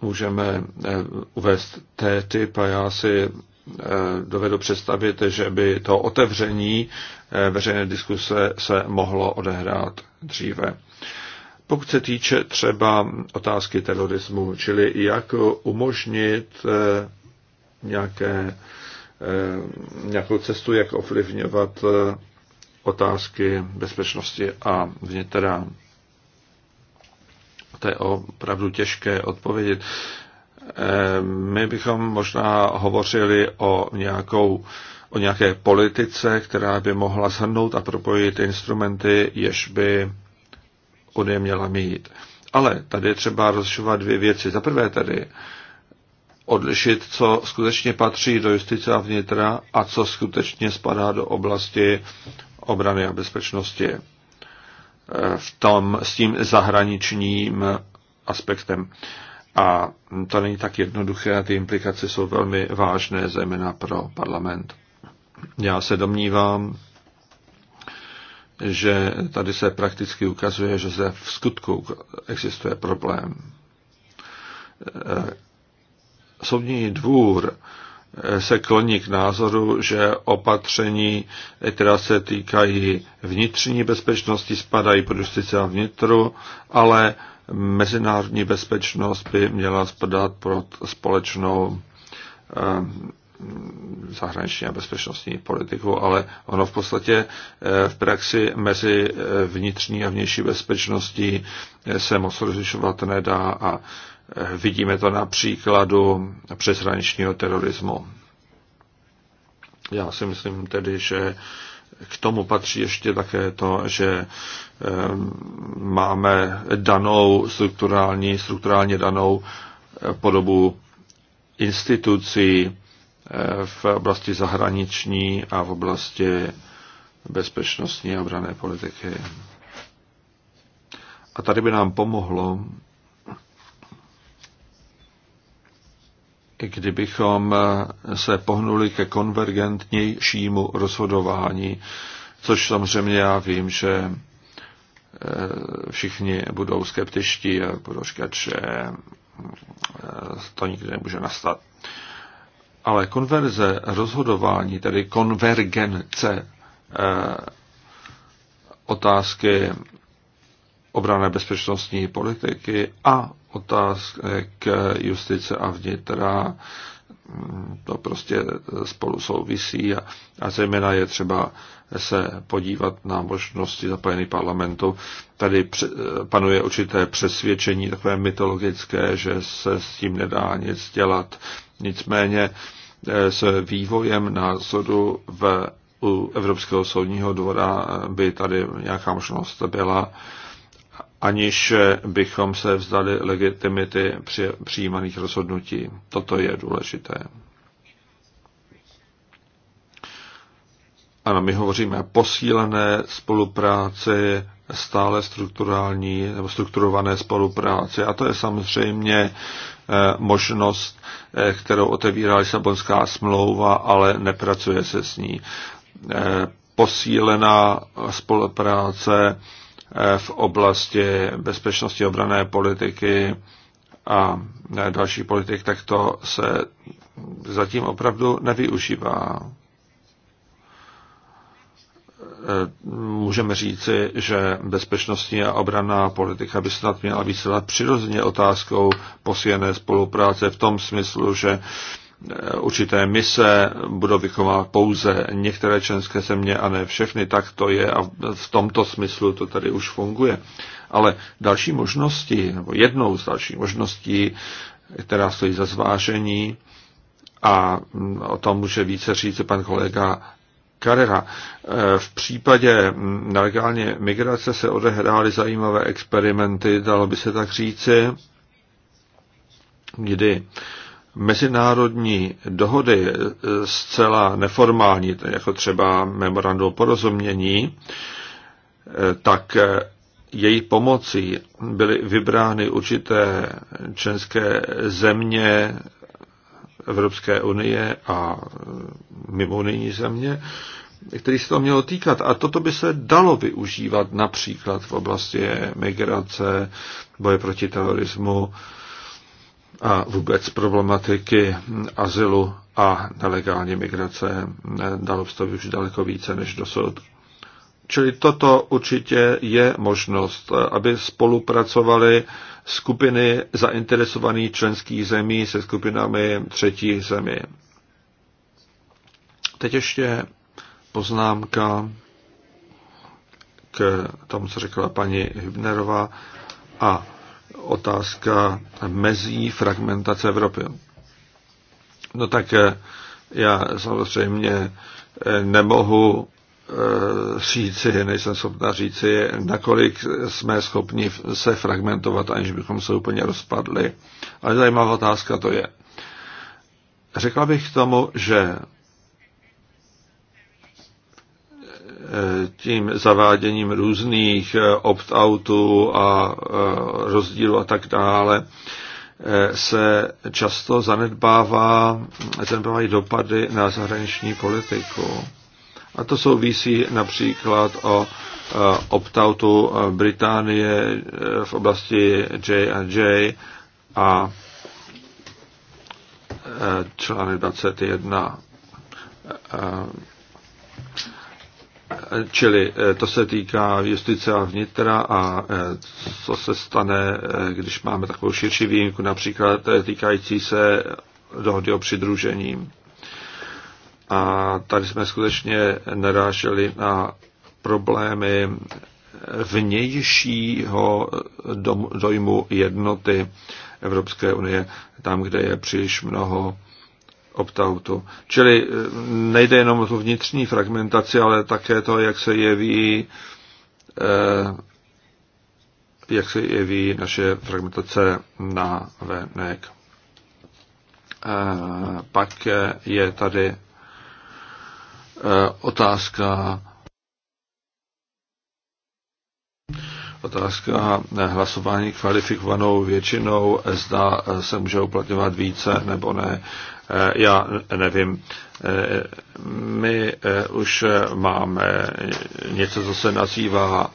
můžeme eh, uvést TTIP a já si eh, dovedu představit, že by to otevření eh, veřejné diskuse se mohlo odehrát dříve. Pokud se týče třeba otázky terorismu, čili jak umožnit nějaké, nějakou cestu, jak ovlivňovat otázky bezpečnosti a vnitra to je opravdu těžké odpovědět. Eh, my bychom možná hovořili o nějakou o nějaké politice, která by mohla shrnout a propojit instrumenty, jež by Unie měla mít. Ale tady je třeba rozšovat dvě věci. Za prvé tady odlišit, co skutečně patří do justice a vnitra a co skutečně spadá do oblasti obrany a bezpečnosti v tom, s tím zahraničním aspektem. A to není tak jednoduché a ty implikace jsou velmi vážné, zejména pro parlament. Já se domnívám, že tady se prakticky ukazuje, že se v skutku existuje problém. Soudní dvůr se kloní k názoru, že opatření, která se týkají vnitřní bezpečnosti, spadají pod justice a vnitru, ale mezinárodní bezpečnost by měla spadat pod společnou eh, zahraniční a bezpečnostní politiku, ale ono v podstatě eh, v praxi mezi eh, vnitřní a vnější bezpečností se moc rozlišovat nedá a Vidíme to na příkladu přeshraničního terorismu. Já si myslím tedy, že k tomu patří ještě také to, že ehm, máme danou strukturální, strukturálně danou eh, podobu institucí eh, v oblasti zahraniční a v oblasti bezpečnostní a obrané politiky. A tady by nám pomohlo, kdybychom eh, se pohnuli ke konvergentnějšímu rozhodování, což samozřejmě já vím, že eh, všichni budou skeptičtí a budou říkat, že eh, to nikdy nemůže nastat. Ale konverze rozhodování, tedy konvergence otázky obrané bezpečnostní politiky a otázek justice a vnitra. To prostě spolu souvisí a, a zejména je třeba se podívat na možnosti zapojení parlamentu. Tady panuje určité přesvědčení, takové mytologické, že se s tím nedá nic dělat. Nicméně eh, s vývojem názoru v, u Evropského soudního dvora by tady nějaká možnost byla aniž bychom se vzdali legitimity při přijímaných rozhodnutí. Toto je důležité. Ano, my hovoříme o posílené spolupráci, stále strukturální nebo strukturované spolupráci. A to je samozřejmě eh, možnost, eh, kterou otevírá Lisabonská smlouva, ale nepracuje se s ní. Eh, posílená spolupráce Eh, v oblasti bezpečnosti obrané politiky a eh, dalších politik, tak to se zatím opravdu nevyužívá. Eh, můžeme říci, že bezpečnostní a obraná politika by snad měla být přirozeně otázkou posílené spolupráce v tom smyslu, že Eh, určité mise budou vychovávat pouze některé členské země a ne všechny, tak to je a v tomto smyslu to tady už funguje. Ale další možnosti, nebo jednou z dalších možností, která stojí za zvážení, a o tom může více říct pan kolega Carrera. Eh, v případě nelegální migrace se odehrály zajímavé experimenty, dalo by se tak říci, kdy mezinárodní dohody e, zcela neformální, jako třeba memorandum porozumění, e, tak e, její pomocí byly vybrány určité členské země Evropské unie a mimo unijní země, který se to mělo týkat. A toto by se dalo využívat například v oblasti migrace, boje proti terorismu, a vůbec problematiky azylu a nelegální migrace eh, dalo vstavit už daleko více než dosud. Čili toto určitě je možnost, eh, aby spolupracovaly skupiny zainteresovaných členských zemí se skupinami třetích zemí. Teď ještě poznámka k tomu, co řekla paní Hübnerová a otázka mezí fragmentace Evropy. No tak eh, já samozřejmě eh, nemohu eh, říci, nejsem schopna říci, nakolik jsme schopni se fragmentovat, aniž bychom se úplně rozpadli. Ale zajímavá otázka to je. Řekla bych k tomu, že tím zaváděním různých eh, opt-outů a eh, rozdílů a tak dále eh, se často zanedbává, zanedbávají dopady na zahraniční politiku. A to souvisí například o opt-outu Británie v oblasti J&J a článek 21 Čili eh, to se týká justice a vnitra a eh, co se stane, eh, když máme takovou širší výjimku, například týkající se dohody o přidružení. A tady jsme skutečně naráželi na problémy vnějšího dojmu jednoty Evropské unie, tam, kde je příliš mnoho optautu. Čili eh, nejde jenom o tu vnitřní fragmentaci, ale také to, jak se jeví eh, jak se jeví naše fragmentace na venek. Eh, pak je tady otázka otázka e, hlasování kvalifikovanou většinou, e, zda e, se může uplatňovat více nebo ne. Já nevím. My už máme něco, co se nazývá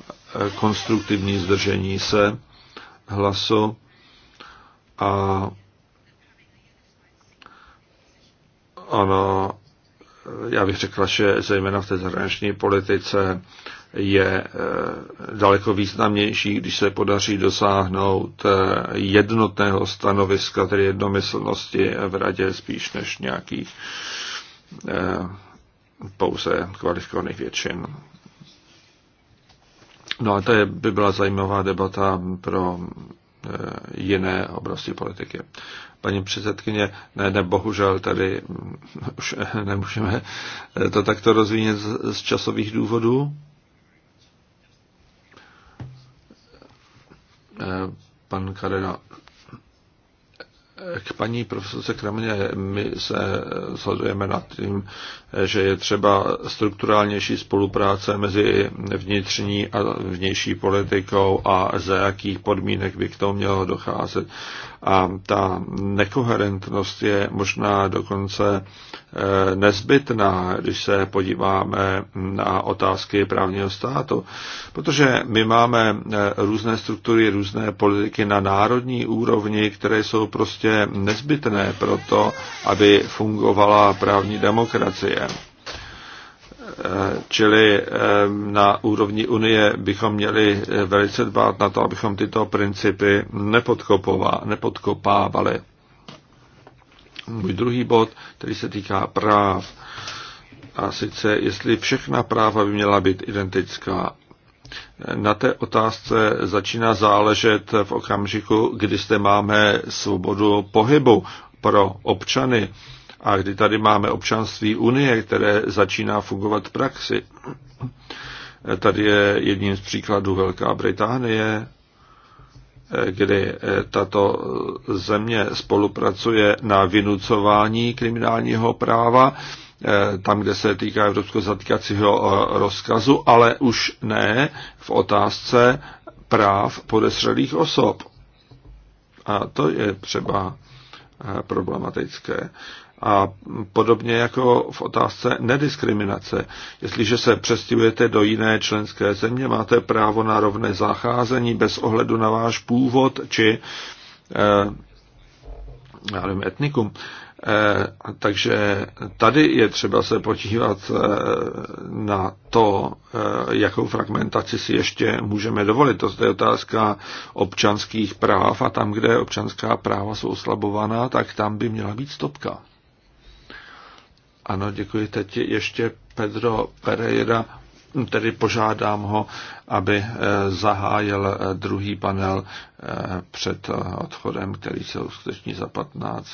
konstruktivní zdržení se hlasu a ono, já bych řekla, že zejména v té zahraniční politice je eh, daleko významnější, když se podaří dosáhnout eh, jednotného stanoviska, tedy jednomyslnosti v radě spíš než nějakých eh, pouze kvalifikovaných většin. No a to je, by byla zajímavá debata pro jiné oblasti politiky. Paní předsedkyně, ne, ne bohužel tady mm, už nemůžeme to takto rozvíjet z, z časových důvodů. Eh, pan Karena. Eh, k paní profesorce Kramně my se shodujeme nad tím, eh, že je třeba strukturálnější spolupráce mezi vnitřní a vnější politikou a za jakých podmínek by k tomu mělo docházet. A ta nekoherentnost je možná dokonce eh, nezbytná, když se podíváme na otázky právního státu, protože my máme eh, různé struktury, různé politiky na národní úrovni, které jsou prostě nezbytné pro to, aby fungovala právní demokracie. Čili na úrovni Unie bychom měli eh, velice dbát na to, abychom tyto principy nepodkopávali. Můj druhý bod, který se týká práv, a sice jestli všechna práva by měla být identická. Na té otázce začíná záležet v okamžiku, kdy zde máme svobodu pohybu pro občany a kdy tady máme občanství Unie, které začíná fungovat v praxi. Tady je jedním z příkladů Velká Británie, kdy tato země spolupracuje na vynucování kriminálního práva, tam, kde se týká evropského zatýkacího rozkazu, ale už ne v otázce práv podezřelých osob. A to je třeba problematické. A podobně jako v otázce nediskriminace. Jestliže se přestěhujete do jiné členské země, máte právo na rovné zacházení bez ohledu na váš původ či eh, já nevím, etnikum. Eh, takže tady je třeba se podívat eh, na to, eh, jakou fragmentaci si ještě můžeme dovolit. To je otázka občanských práv a tam, kde občanská práva jsou oslabovaná, tak tam by měla být stopka. Ano, děkuji. Teď ještě Pedro Pereira, tedy požádám ho, aby eh, zahájil eh, druhý panel eh, před odchodem, který se uskuteční za 15,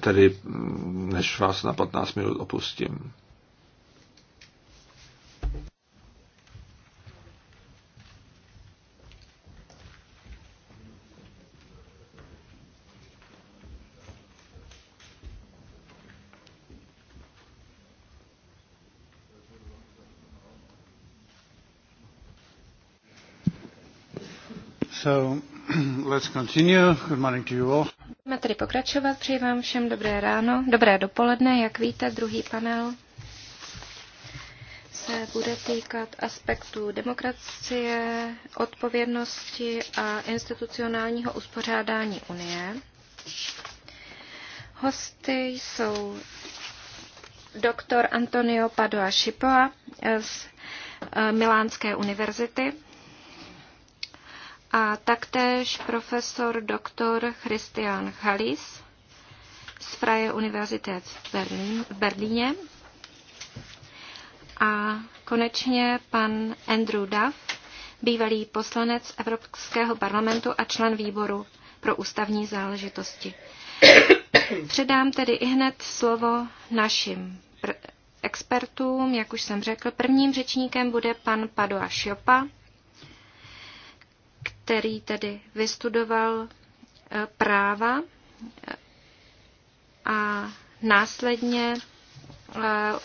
tedy mm, než vás na 15 minut opustím. So, let's continue. Good morning to you all. tedy pokračovat. Přeji vám všem dobré ráno, dobré dopoledne. Jak víte, druhý panel se bude týkat aspektů demokracie, odpovědnosti a institucionálního uspořádání Unie. Hosty jsou doktor Antonio Padoa Šipoa z eh, Milánské univerzity a taktéž profesor doktor Christian Halis z Freie Universität v, v Berlíně a konečně pan Andrew Duff, bývalý poslanec Evropského parlamentu a člen výboru pro ústavní záležitosti. Předám tedy i hned slovo našim expertům, jak už jsem řekl. Prvním řečníkem bude pan Padoa Šiopa, který tedy vystudoval eh, práva eh, a následně eh,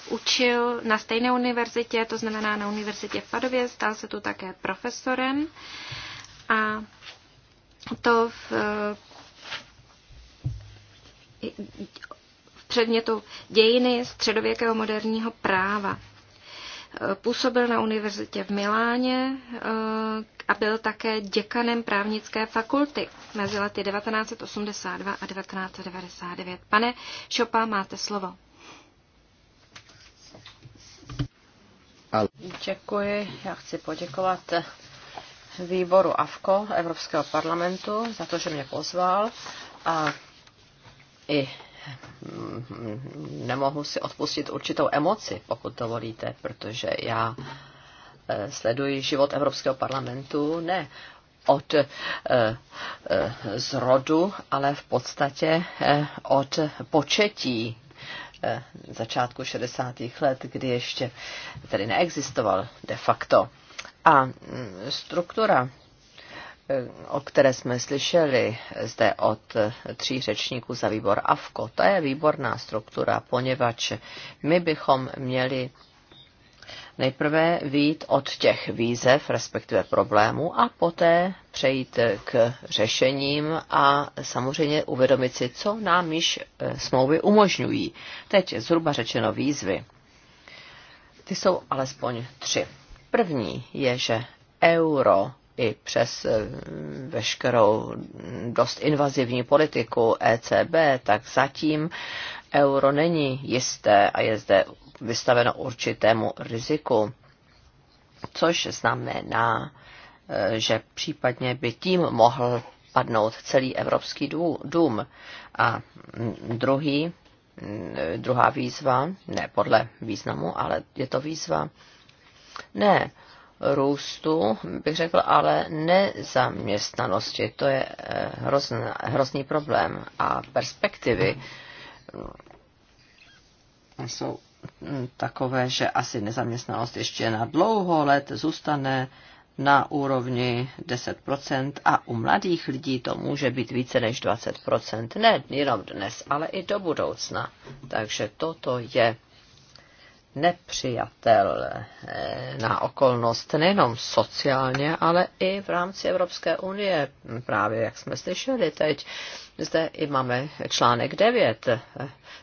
učil na stejné univerzitě, to znamená na univerzitě v Padově, stal se tu také profesorem a to v, v předmětu dějiny středověkého moderního práva. Působil na univerzitě v Miláně eh, a byl také děkanem právnické fakulty mezi lety 1982 a 1999. Pane Šopa, máte slovo. Děkuji. Já chci poděkovat výboru AFKO Evropského parlamentu za to, že mě pozval a i Mm-hmm. nemohu si odpustit určitou emoci, pokud dovolíte, protože já eh, sleduji život Evropského parlamentu ne od eh, eh, zrodu, ale v podstatě od početí začátku 60. let, kdy ještě tedy neexistoval de facto. A mm, struktura o které jsme slyšeli zde od tří řečníků za výbor AFKO, to je výborná struktura, poněvadž my bychom měli nejprve výjít od těch výzev, respektive problémů, a poté přejít k řešením a samozřejmě uvědomit si, co nám již e, smlouvy umožňují. Teď zhruba řečeno výzvy. Ty jsou alespoň tři. První je, že euro i přes eh, veškerou dost invazivní politiku ECB, tak zatím euro není jisté a je zde vystaveno určitému riziku, což znamená, eh, že případně by tím mohl padnout celý Evropský dům. A mm, druhý, mm, druhá výzva, ne podle významu, ale je to výzva, ne růstu, bych řekl, ale nezaměstnanosti. To je eh, hrozný, hrozný problém. A perspektivy mm, jsou mm, takové, že asi nezaměstnanost ještě na dlouho let zůstane na úrovni 10% a u mladých lidí to může být více než 20%. Ne jenom dnes, ale i do budoucna. Takže toto je na okolnost nejenom sociálně, ale i v rámci Evropské unie, právě jak jsme slyšeli teď. Zde i máme článek 9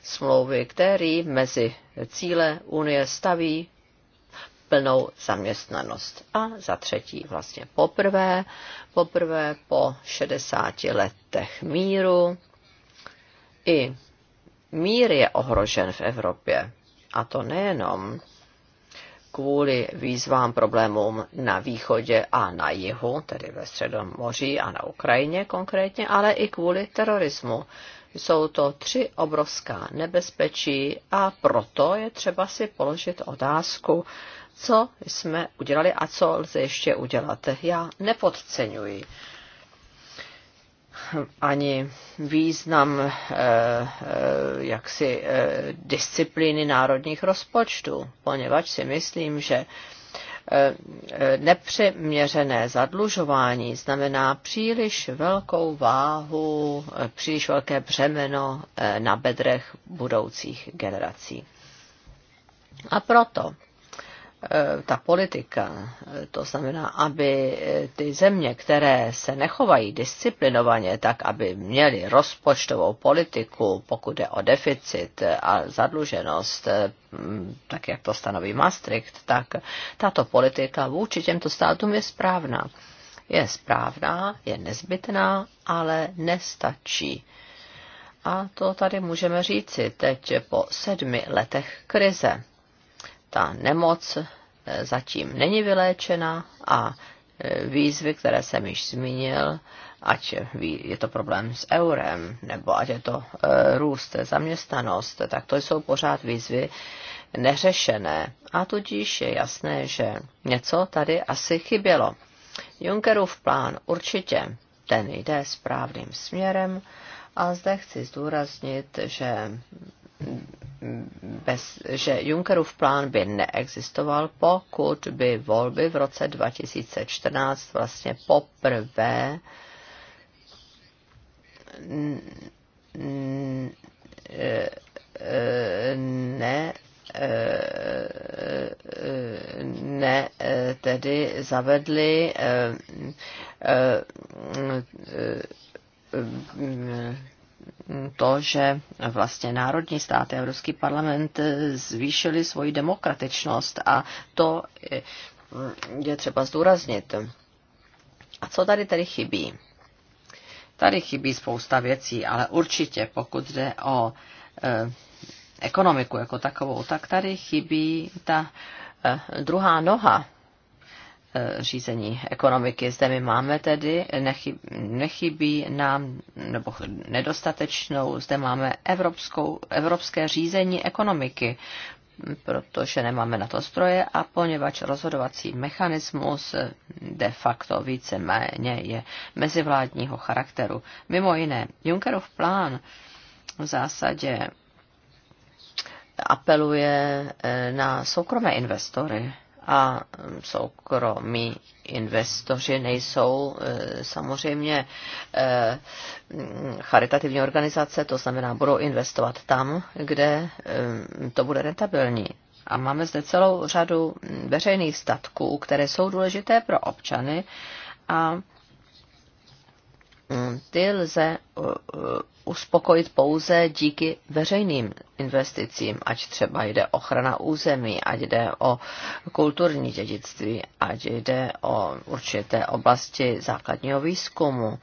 smlouvy, který mezi cíle Unie staví plnou zaměstnanost. A za třetí vlastně poprvé, poprvé po 60 letech míru i mír je ohrožen v Evropě a to nejenom kvůli výzvám, problémům na východě a na jihu, tedy ve moří a na Ukrajině konkrétně, ale i kvůli terorismu. Jsou to tři obrovská nebezpečí a proto je třeba si položit otázku, co jsme udělali a co lze ještě udělat. Já nepodceňuji ani význam eh, eh, jaksi eh, disciplíny národních rozpočtů, poněvadž si myslím, že nepřeměřené zadlužování znamená příliš velkou váhu, příliš velké břemeno na bedrech budoucích generací. A proto Eh, ta politika, eh, to znamená, aby eh, ty země, které se nechovají disciplinovaně, tak aby měly rozpočtovou politiku, pokud jde o deficit a zadluženost, tak jak to stanoví Maastricht, tak tato politika vůči těmto státům je správná. Je správná, je nezbytná, ale nestačí. A to tady můžeme říci teď po sedmi letech krize ta nemoc eh, zatím není vyléčena a eh, výzvy, které jsem již zmínil, ať je to problém s eurem, nebo ať je to eh, růst, zaměstnanost, tak to jsou pořád výzvy neřešené. A tudíž je jasné, že něco tady asi chybělo. Junckerův plán určitě ten jde správným směrem a zde chci zdůraznit, že bez, že Junckerův plán by neexistoval, pokud by volby v roce 2014 vlastně poprvé ne ne tedy zavedli eh, eh, eh, to, že vlastně národní státy a Evropský parlament eh, zvýšili svoji demokratičnost a to eh, je třeba zdůraznit. A co tady tedy chybí? Tady chybí spousta věcí, ale určitě pokud jde o e, ekonomiku jako takovou, tak tady chybí ta e, druhá noha E, řízení ekonomiky. Zde my máme tedy, nechybí, nechybí nám, nebo nedostatečnou, zde máme evropskou, evropské řízení ekonomiky, protože nemáme na to stroje a poněvadž rozhodovací mechanismus de facto více méně je mezivládního charakteru. Mimo jiné, Junckerův plán v zásadě apeluje e, na soukromé investory, a soukromí investoři nejsou e, samozřejmě e, charitativní organizace, to znamená, budou investovat tam, kde e, to bude rentabilní. A máme zde celou řadu veřejných statků, které jsou důležité pro občany a ty lze uh, uh, uspokojit pouze díky veřejným investicím, ať třeba jde o ochrana území, ať jde o kulturní dědictví, ať jde o určité oblasti základního výzkumu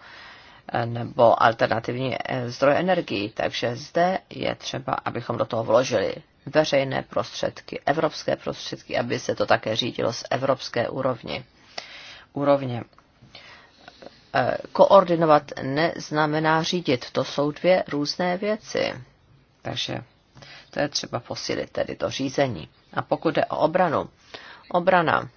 eh, nebo alternativní eh, zdroje energii. Takže zde je třeba, abychom do toho vložili veřejné prostředky, evropské prostředky, aby se to také řídilo z evropské úrovni. úrovně. úrovně. Eh, koordinovat neznamená řídit. To jsou dvě různé věci. Takže to je třeba posílit tedy to řízení. A pokud jde o obranu, obrana,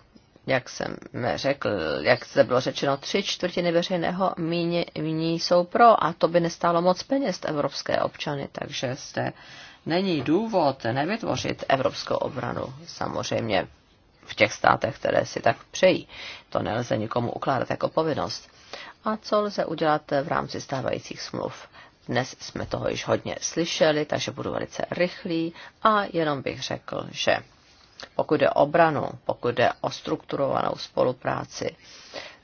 jak jsem řekl, jak se bylo řečeno, tři čtvrtiny veřejného míní, míní jsou pro a to by nestálo moc peněz evropské občany, takže zde není důvod nevytvořit evropskou obranu. Samozřejmě v těch státech, které si tak přejí. To nelze nikomu ukládat jako povinnost a co lze udělat v rámci stávajících smluv. Dnes jsme toho již hodně slyšeli, takže budu velice rychlý a jenom bych řekl, že pokud jde o obranu, pokud jde o strukturovanou spolupráci,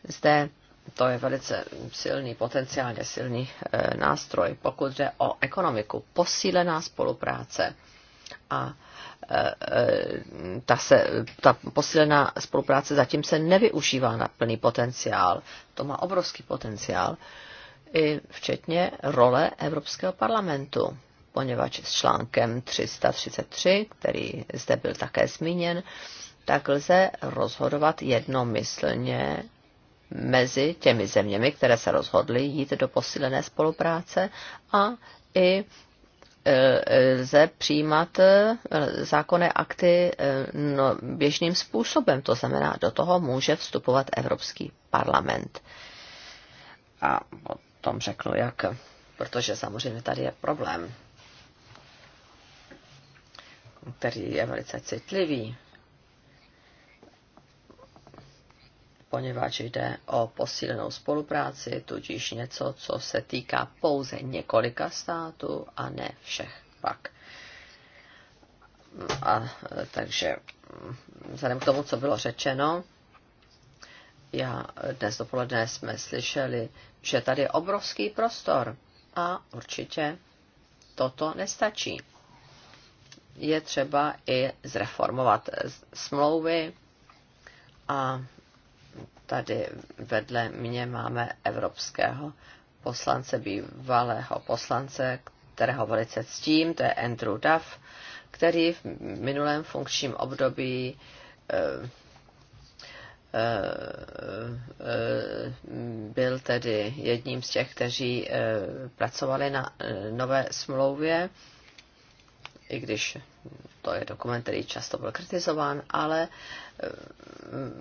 zde to je velice silný, potenciálně silný e, nástroj. Pokud jde o ekonomiku, posílená spolupráce a e, ta, se, ta posílená spolupráce zatím se nevyužívá na plný potenciál. To má obrovský potenciál, i včetně role Evropského parlamentu, poněvadž s článkem 333, který zde byl také zmíněn, tak lze rozhodovat jednomyslně mezi těmi zeměmi, které se rozhodly jít do posílené spolupráce a i lze přijímat eh, zákonné akty eh, no, běžným způsobem. To znamená, do toho může vstupovat Evropský parlament. A o tom řeknu jak, protože samozřejmě tady je problém, který je velice citlivý poněvadž jde o posílenou spolupráci, tudíž něco, co se týká pouze několika států a ne všech pak. A, takže vzhledem k tomu, co bylo řečeno, já dnes dopoledne jsme slyšeli, že tady je obrovský prostor a určitě toto nestačí. Je třeba i zreformovat smlouvy a tady vedle mě máme evropského poslance, bývalého poslance, kterého velice ctím, to je Andrew Duff, který v minulém funkčním období eh, eh, eh, byl tedy jedním z těch, kteří pracovali na nové smlouvě, i když to je dokument, který často byl kritizován, ale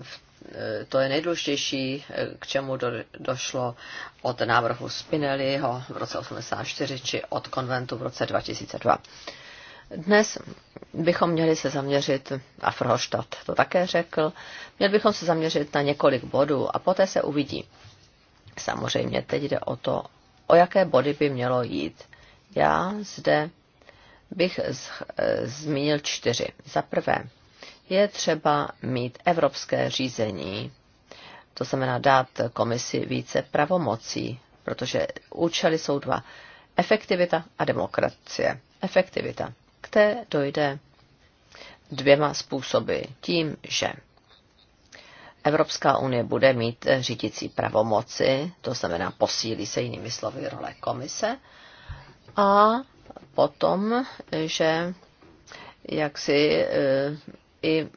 v Eh, to je nejdůležitější, eh, k čemu do, došlo od návrhu Spinelliho v roce 1984 či od konventu v roce 2002. Dnes bychom měli se zaměřit, a Frohoštat to také řekl, měli bychom se zaměřit na několik bodů a poté se uvidí. Samozřejmě teď jde o to, o jaké body by mělo jít. Já zde bych z, e, zmínil čtyři. Za prvé, je třeba mít evropské řízení, to znamená dát komisi více pravomocí, protože účely jsou dva. Efektivita a demokracie. Efektivita. K té dojde dvěma způsoby. Tím, že Evropská unie bude mít řídící pravomoci, to znamená posílí se jinými slovy role komise, a potom, že jak si eh, i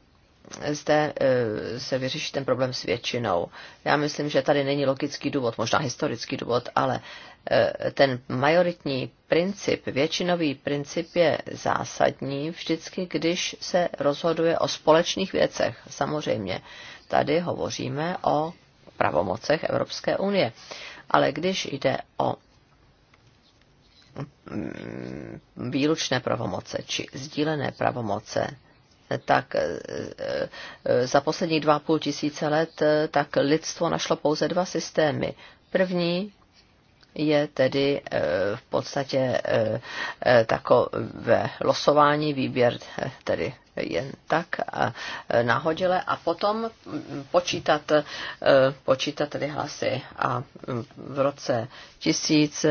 zde e, se vyřeší ten problém s většinou. Já myslím, že tady není logický důvod, možná historický důvod, ale e, ten majoritní princip, většinový princip je zásadní vždycky, když se rozhoduje o společných věcech. Samozřejmě, tady hovoříme o pravomocech Evropské unie. Ale když jde o mm, výlučné pravomoce či sdílené pravomoce, tak eh, eh, za posledních dva půl tisíce let eh, tak lidstvo našlo pouze dva systémy. První je tedy v podstatě takové losování, výběr tedy jen tak nahodile a potom mm, počítat, počítat tedy hlasy. A mm, v roce tisíc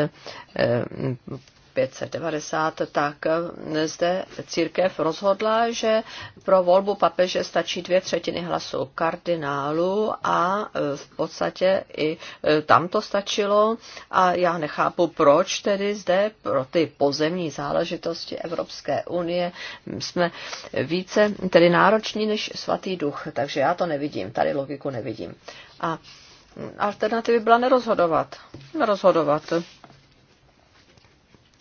590, tak eh, zde církev rozhodla, že pro volbu papeže stačí dvě třetiny hlasů kardinálu a eh, v podstatě i eh, tam to stačilo a já nechápu, proč tedy zde pro ty pozemní záležitosti Evropské unie jsme více tedy nároční než svatý duch, takže já to nevidím, tady logiku nevidím. A mm, alternativy byla nerozhodovat. Nerozhodovat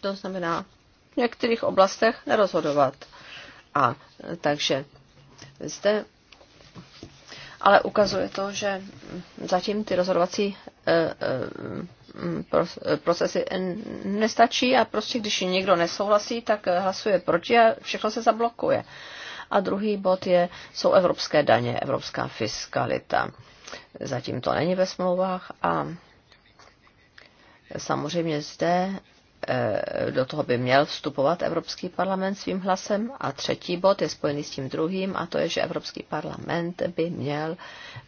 to znamená v některých oblastech nerozhodovat. A takže zde ale ukazuje to, že zatím ty rozhodovací e, e, procesy nestačí a prostě když někdo nesouhlasí, tak hlasuje proti a všechno se zablokuje. A druhý bod je, jsou evropské daně, evropská fiskalita. Zatím to není ve smlouvách a samozřejmě zde Eh, do toho by měl vstupovat Evropský parlament svým hlasem. A třetí bod je spojený s tím druhým, a to je, že Evropský parlament by měl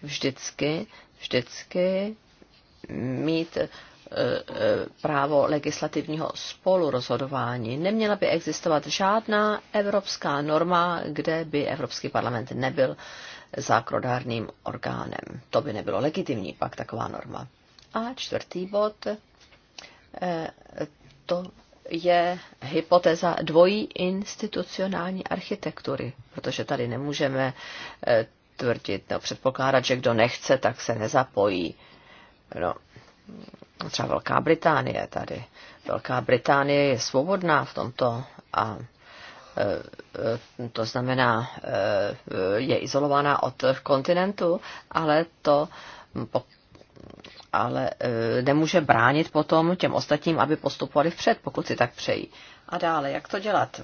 vždycky, vždycky mít eh, eh, právo legislativního spolurozhodování. Neměla by existovat žádná evropská norma, kde by Evropský parlament nebyl zákrodárným orgánem. To by nebylo legitimní pak taková norma. A čtvrtý bod, to je hypotéza dvojí institucionální architektury, protože tady nemůžeme eh, tvrdit nebo předpokládat, že kdo nechce, tak se nezapojí. No, třeba Velká Británie tady. Velká Británie je svobodná v tomto a eh, to znamená, eh, je izolovaná od kontinentu, ale to ale e, nemůže bránit potom těm ostatním, aby postupovali vpřed, pokud si tak přejí. A dále, jak to dělat?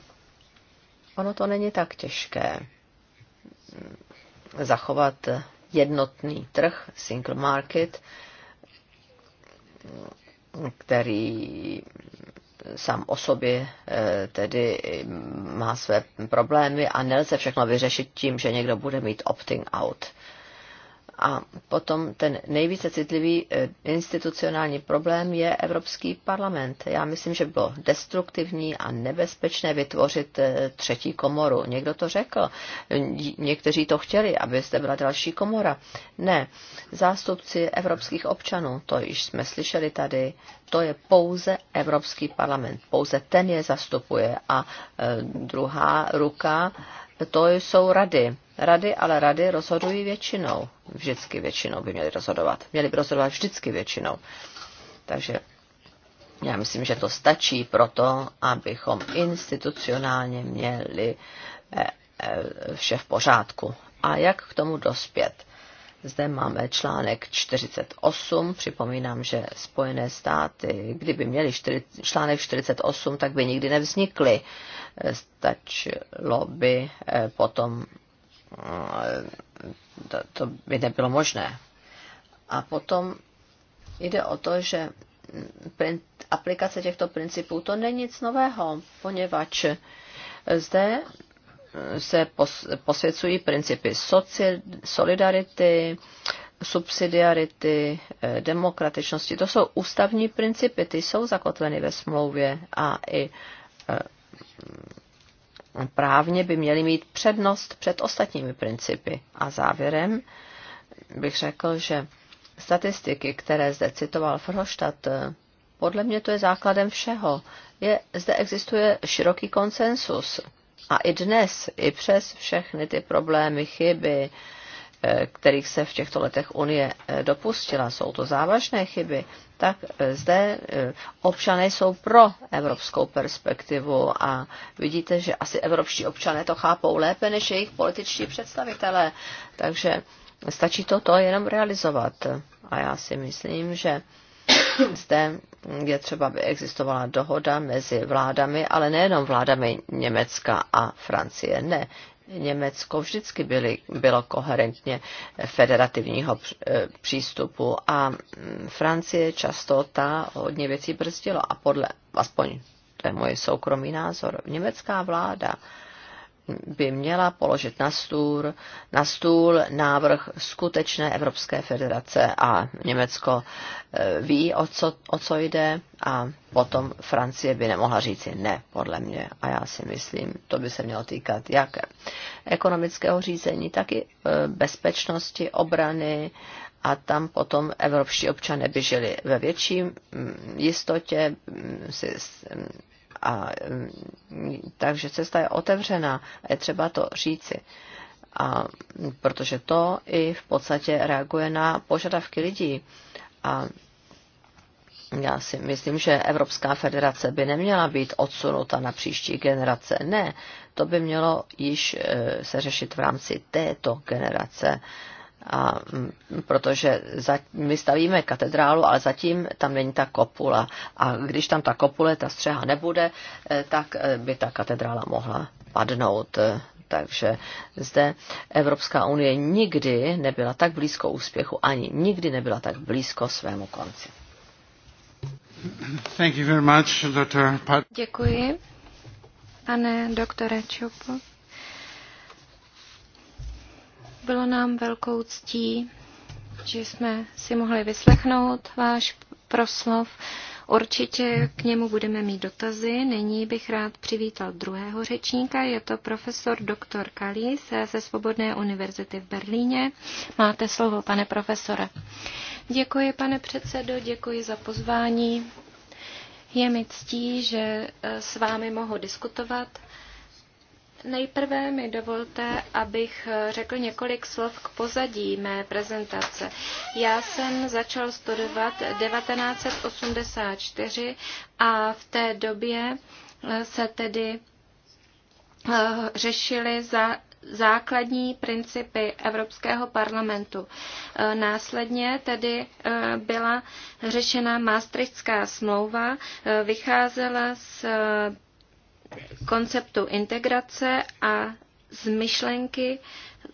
Ono to není tak těžké mm, zachovat jednotný trh, single market, mm, který sám o sobě e, tedy má své problémy a nelze všechno vyřešit tím, že někdo bude mít opting out. A potom ten nejvíce citlivý eh, institucionální problém je Evropský parlament. Já myslím, že bylo destruktivní a nebezpečné vytvořit eh, třetí komoru. Někdo to řekl. Někteří to chtěli, aby zde byla další komora. Ne. Zástupci evropských občanů, to již jsme slyšeli tady, to je pouze Evropský parlament. Pouze ten je zastupuje. A eh, druhá ruka, to jsou rady rady, ale rady rozhodují většinou. Vždycky většinou by měly rozhodovat. Měly by rozhodovat vždycky většinou. Takže já myslím, že to stačí pro to, abychom institucionálně měli eh, eh, vše v pořádku. A jak k tomu dospět? Zde máme článek 48. Připomínám, že Spojené státy, kdyby měli čtyři, článek 48, tak by nikdy nevznikly. Eh, stačilo by potom to by nebylo možné. A potom jde o to, že aplikace těchto principů to není nic nového, poněvadž zde se posvěcují principy solidarity, subsidiarity, eh, demokratičnosti. To jsou ústavní principy, ty jsou zakotveny ve smlouvě a i eh, právně by měly mít přednost před ostatními principy. A závěrem bych řekl, že statistiky, které zde citoval Frohstadt, podle mě to je základem všeho. Je, zde existuje široký konsensus. A i dnes, i přes všechny ty problémy, chyby, Eh, kterých se v těchto letech Unie eh, dopustila, jsou to závažné chyby, tak eh, zde občané jsou pro evropskou perspektivu a vidíte, že asi evropští občané to chápou lépe než jejich političtí představitelé. Takže stačí toto jenom realizovat. A já si myslím, že zde je třeba, aby existovala dohoda mezi vládami, ale nejenom vládami Německa a Francie. Ne, Německo vždycky byly, bylo koherentně federativního eh, přístupu a mm, Francie často ta hodně věcí brzdila a podle, aspoň to je můj soukromý názor, německá vláda by měla položit na stůl, na stůl návrh skutečné Evropské federace a Německo eh, ví, o co, o co jde a potom Francie by nemohla říci ne, podle mě. A já si myslím, to by se mělo týkat jak ekonomického řízení, tak i eh, bezpečnosti, obrany a tam potom evropští občané by žili ve větší mm, jistotě, mm, si mm, a, mm, takže cesta je otevřená a je třeba to říci. A, mm, protože to i v podstatě reaguje na požadavky lidí. A já si myslím, že Evropská federace by neměla být odsunuta na příští generace. Ne, to by mělo již e, se řešit v rámci této generace a protože za, my stavíme katedrálu, ale zatím tam není ta kopula. A když tam ta kopule, ta střeha nebude, eh, tak eh, by ta katedrála mohla padnout. Eh, takže zde Evropská unie nikdy nebyla tak blízko úspěchu, ani nikdy nebyla tak blízko svému konci. Thank you very much, Děkuji, pane doktore Čupo. Bylo nám velkou ctí, že jsme si mohli vyslechnout váš proslov. Určitě k němu budeme mít dotazy. Nyní bych rád přivítal druhého řečníka. Je to profesor doktor Kalís ze Svobodné univerzity v Berlíně. Máte slovo, pane profesore. Děkuji, pane předsedo, děkuji za pozvání. Je mi ctí, že eh, s vámi mohu diskutovat Nejprve mi dovolte, abych řekl několik slov k pozadí mé prezentace. Já jsem začal studovat 1984 a v té době eh, se tedy eh, řešily za základní principy Evropského parlamentu. Eh, následně tedy byla řešena Maastrichtská smlouva, vycházela z konceptu integrace a z myšlenky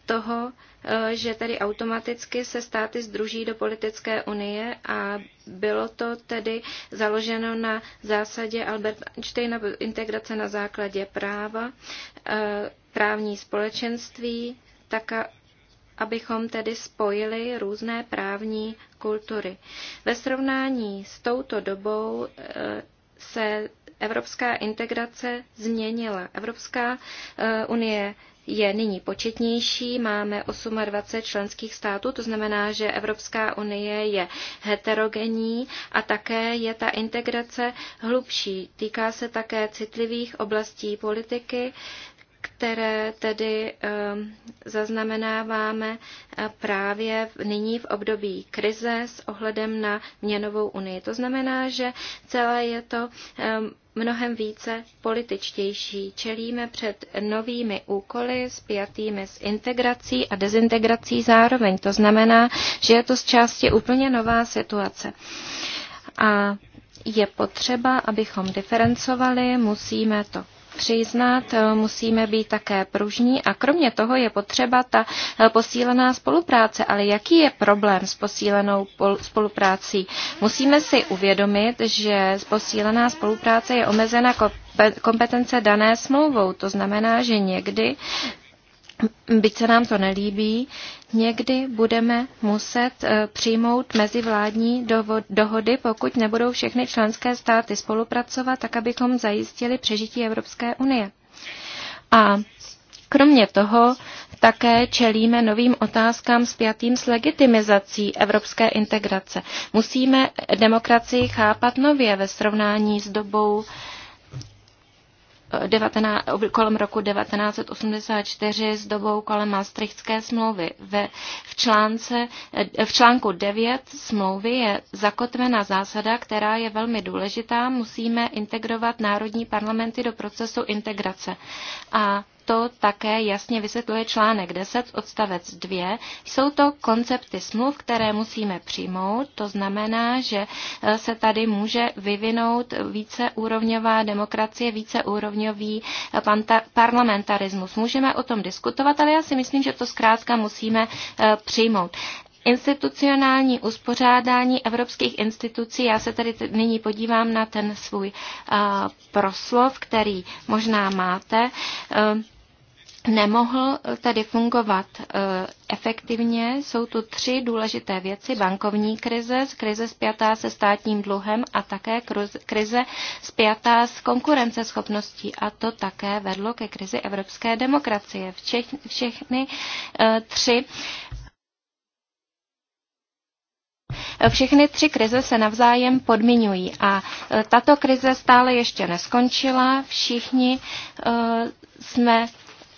toho, eh, že tedy automaticky se státy združí do politické unie a bylo to tedy založeno na zásadě Albert Einsteina integrace na základě práva, eh, právní společenství, tak abychom tedy spojili různé právní kultury. Ve srovnání s touto dobou eh, se evropská integrace změnila. Evropská eh, unie je nyní početnější, máme 28 členských států, to znamená, že Evropská unie je heterogenní a také je ta integrace hlubší. Týká se také citlivých oblastí politiky, které tedy ehm, zaznamenáváme eh, právě nyní v období krize s ohledem na měnovou unii. To znamená, že celé je to ehm, mnohem více političtější. Čelíme před novými úkoly spjatými s integrací a dezintegrací zároveň. To znamená, že je to z části úplně nová situace. A je potřeba, abychom diferencovali, musíme to přiznat, eh, musíme být také pružní a kromě toho je potřeba ta eh, posílená spolupráce. Ale jaký je problém s posílenou spoluprácí? Musíme si uvědomit, že posílená spolupráce je omezena kompetence dané smlouvou. To znamená, že někdy byť se nám to nelíbí, někdy budeme muset eh, přijmout mezivládní dohody, pokud nebudou všechny členské státy spolupracovat, tak abychom zajistili přežití Evropské unie. A kromě toho také čelíme novým otázkám spjatým s legitimizací evropské integrace. Musíme demokracii chápat nově ve srovnání s dobou 19, kolem roku 1984 s dobou kolem Maastrichtské smlouvy. Ve, v, článce, v článku 9 smlouvy je zakotvena zásada, která je velmi důležitá. Musíme integrovat národní parlamenty do procesu integrace. A to také jasně vysvětluje článek 10 odstavec 2. Jsou to koncepty smluv, které musíme přijmout. To znamená, že e, se tady může vyvinout víceúrovňová demokracie, víceúrovňový e, parlamentarismus. Můžeme o tom diskutovat, ale já si myslím, že to zkrátka musíme e, přijmout. Institucionální uspořádání evropských institucí, já se tady nyní podívám na ten svůj uh, proslov, který možná máte. Uh, nemohl tedy fungovat eh, efektivně. Jsou tu tři důležité věci. Bankovní krize, krize spjatá se státním dluhem a také krize spjatá s konkurenceschopností. A to také vedlo ke krizi evropské demokracie. Všechny, eh, tři všechny tři krize se navzájem podmiňují a eh, tato krize stále ještě neskončila. Všichni jsme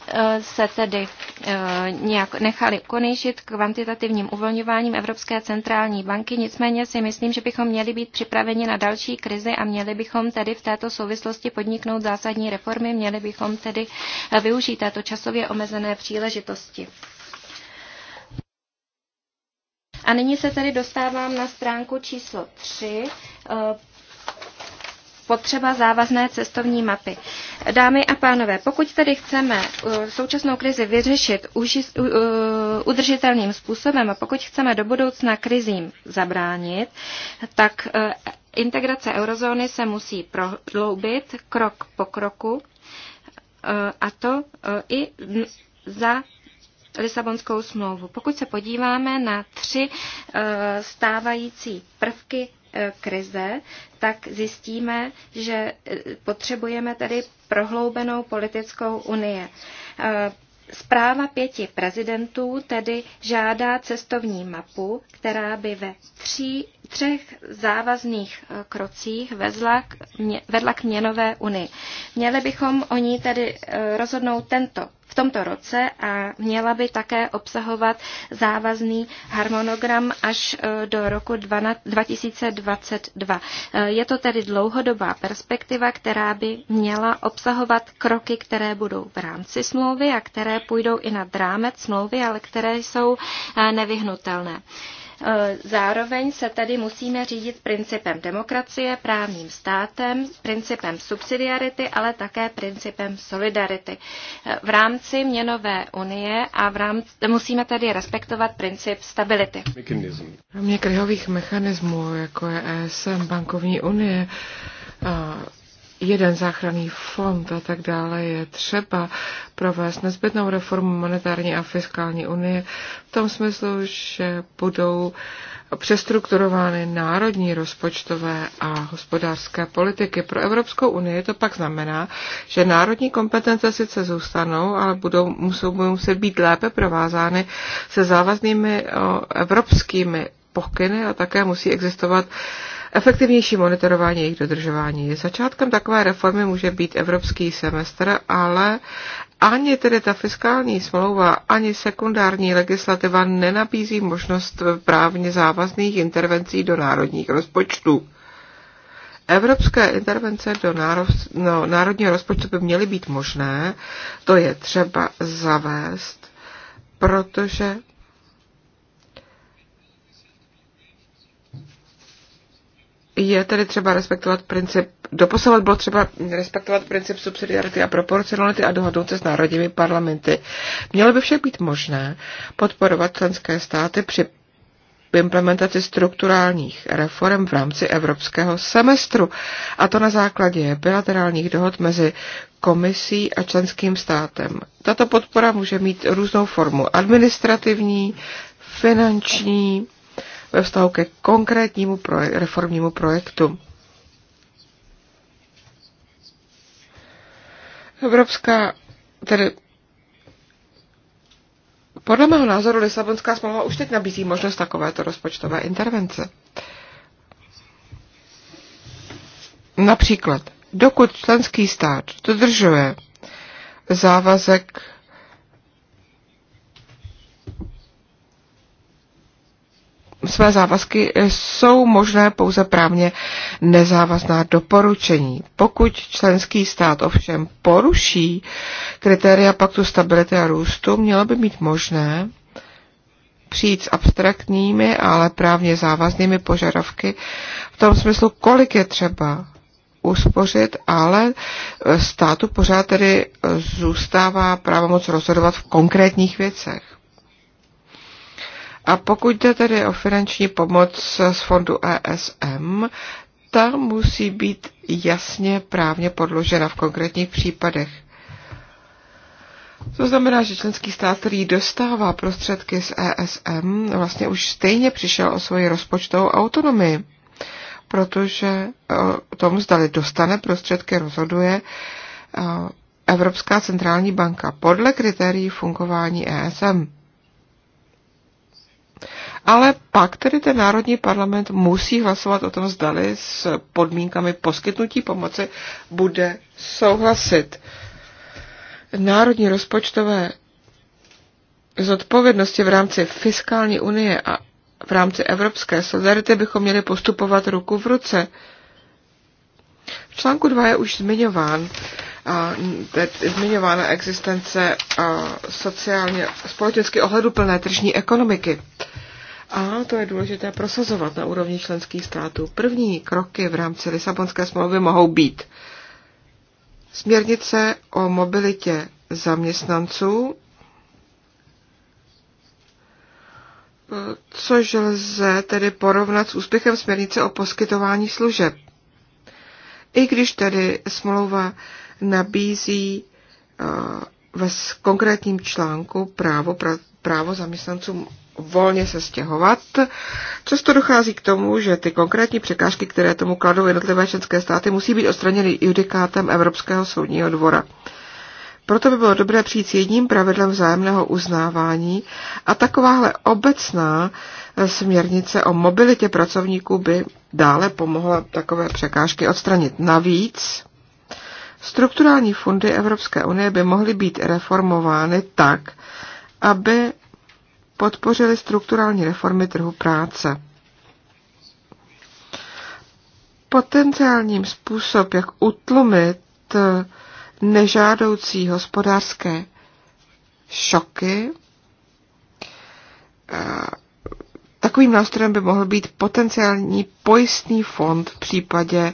Eh, se tedy eh, nějak nechali konejšit kvantitativním uvolňováním Evropské centrální banky, nicméně si myslím, že bychom měli být připraveni na další krizi a měli bychom tedy v této souvislosti podniknout zásadní reformy, měli bychom tedy eh, využít této časově omezené příležitosti. A nyní se tedy dostávám na stránku číslo 3 potřeba závazné cestovní mapy. Dámy a pánové, pokud tedy chceme uh, současnou krizi vyřešit uh, uh, udržitelným způsobem a pokud chceme do budoucna krizím zabránit, tak integrace eurozóny se musí prohloubit krok po kroku a to i za Lisabonskou smlouvu. Pokud se podíváme na tři stávající prvky krize, tak zjistíme, že e, potřebujeme tedy prohloubenou politickou unie. E, Zpráva pěti prezidentů tedy žádá cestovní mapu, která by ve tří třech závazných eh, krocích vezla k, vedla k měnové unii. Měli bychom o ní tedy eh, rozhodnout tento, v tomto roce a měla by také obsahovat závazný harmonogram až eh, do roku 2022. Je to tedy dlouhodobá perspektiva, která by měla obsahovat kroky, které budou v rámci smlouvy a které půjdou i nad rámec smlouvy, ale které jsou nevyhnutelné. Zároveň se tedy musíme řídit principem demokracie, právním státem, principem subsidiarity, ale také principem solidarity. V rámci měnové unie a v rámci, musíme tedy respektovat princip stability. Kromě kryhových mechanismů, jako je ESM, bankovní unie, jeden záchranný fond a tak dále je třeba provést nezbytnou reformu monetární a fiskální unie v tom smyslu, že budou přestrukturovány národní rozpočtové a hospodářské politiky. Pro Evropskou unii to pak znamená, že národní kompetence sice zůstanou, ale budou, musou, budou muset být lépe provázány se závaznými evropskými pokyny a také musí existovat uh, Efektivnější monitorování jejich dodržování. Začátkem takové reformy může být evropský semestr, ale ani tedy ta fiskální smlouva, ani sekundární legislativa nenabízí možnost právně závazných intervencí do národních rozpočtů. Evropské intervence do náro... no, národního rozpočtu by měly být možné, to je třeba zavést, protože je tedy třeba respektovat princip, doposovat bylo třeba respektovat princip subsidiarity a proporcionality a dohodnout se s národními parlamenty. Mělo by však být možné podporovat členské státy při implementaci strukturálních reform v rámci evropského semestru, a to na základě bilaterálních dohod mezi komisí a členským státem. Tato podpora může mít různou formu administrativní, finanční, ve vztahu ke konkrétnímu projek- reformnímu projektu. Evropská, tedy podle mého názoru Lisabonská smlouva už teď nabízí možnost takovéto rozpočtové intervence. Například, dokud členský stát dodržuje závazek své závazky eh, jsou možné pouze právně nezávazná doporučení. Pokud členský stát ovšem poruší kritéria paktu stability a růstu, mělo by mít možné přijít s abstraktními, ale právně závaznými požadavky v tom smyslu, kolik je třeba uspořit, ale eh, státu pořád tedy eh, zůstává právomoc rozhodovat v konkrétních věcech. A pokud jde tedy o finanční pomoc z fondu ESM, ta musí být jasně právně podložena v konkrétních případech. To znamená, že členský stát, který dostává prostředky z ESM, vlastně už stejně přišel o svoji rozpočtovou autonomii, protože eh, o tom, zdali dostane prostředky, rozhoduje eh, Evropská centrální banka podle kritérií fungování ESM. Ale pak tedy ten Národní parlament musí hlasovat o tom, zdali s podmínkami poskytnutí pomoci bude souhlasit. Národní rozpočtové zodpovědnosti v rámci fiskální unie a v rámci evropské solidarity bychom měli postupovat ruku v ruce. V článku 2 je už zmiňován, a, zmiňována existence a sociálně, společensky ohleduplné tržní ekonomiky a to je důležité prosazovat na úrovni členských států. První kroky v rámci Lisabonské smlouvy mohou být směrnice o mobilitě zaměstnanců, což lze tedy porovnat s úspěchem směrnice o poskytování služeb. I když tedy smlouva nabízí eh, ve konkrétním článku právo, právo zaměstnancům volně se stěhovat. Často dochází k tomu, že ty konkrétní překážky, které tomu kladou jednotlivé členské státy, musí být odstraněny judikátem Evropského soudního dvora. Proto by bylo dobré přijít s jedním pravidlem vzájemného uznávání a takováhle obecná směrnice o mobilitě pracovníků by dále pomohla takové překážky odstranit. Navíc strukturální fondy Evropské unie by mohly být reformovány tak, aby podpořili strukturální reformy trhu práce. Potenciálním způsob, jak utlumit eh, nežádoucí hospodářské šoky, eh, Takovým nástrojem by mohl být potenciální pojistný fond v případě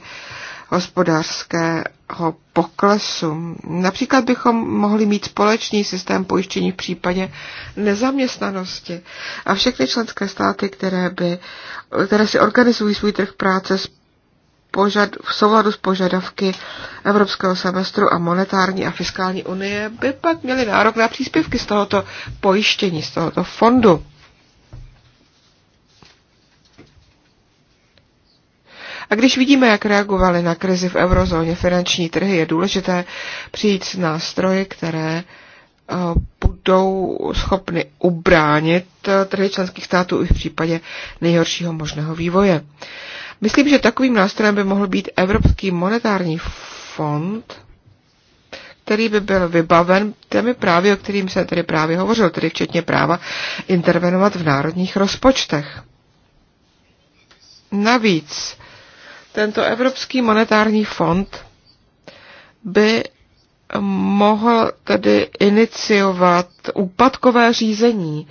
hospodářského poklesu. Například bychom mohli mít společný systém pojištění v případě nezaměstnanosti a všechny členské státy, které, by, které si organizují svůj trh práce požad, v souladu s požadavky Evropského semestru a monetární a fiskální unie, by pak měly nárok na příspěvky z tohoto pojištění, z tohoto fondu. A když vidíme, jak reagovali na krizi v eurozóně finanční trhy, je důležité přijít s nástroji, které eh, budou schopny ubránit eh, trhy členských států i v případě nejhoršího možného vývoje. Myslím, že takovým nástrojem by mohl být Evropský monetární fond, který by byl vybaven těmi právy, o kterým se tedy právě hovořil, tedy včetně práva intervenovat v národních rozpočtech. Navíc tento Evropský monetární fond by mohl tedy iniciovat úpadkové řízení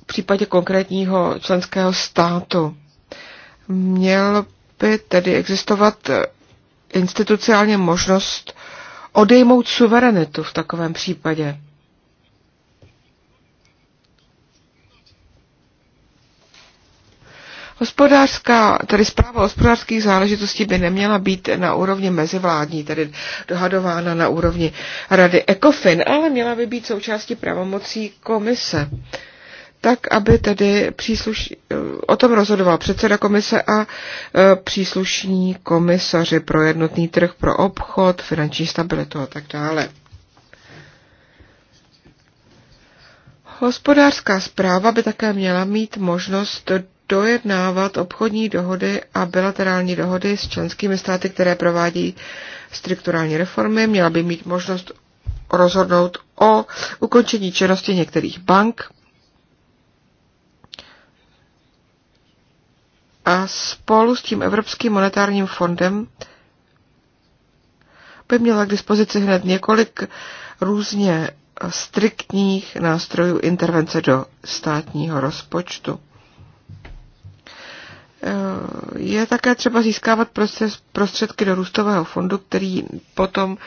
v případě konkrétního členského státu. Měl by tedy existovat institucionálně možnost odejmout suverenitu v takovém případě. Hospodářská, tedy zpráva hospodářských záležitostí by neměla být na úrovni mezivládní, tedy dohadována na úrovni Rady ECOFIN, ale měla by být součástí pravomocí komise tak, aby tedy přísluš... Eh, o tom rozhodoval předseda komise a eh, příslušní komisaři pro jednotný trh, pro obchod, finanční stabilitu a tak dále. Hospodářská zpráva by také měla mít možnost dojednávat obchodní dohody a bilaterální dohody s členskými státy, které provádí strukturální reformy. Měla by mít možnost rozhodnout o ukončení činnosti některých bank a spolu s tím Evropským monetárním fondem by měla k dispozici hned několik různě striktních nástrojů intervence do státního rozpočtu je také třeba získávat prostředky do růstového fondu, který potom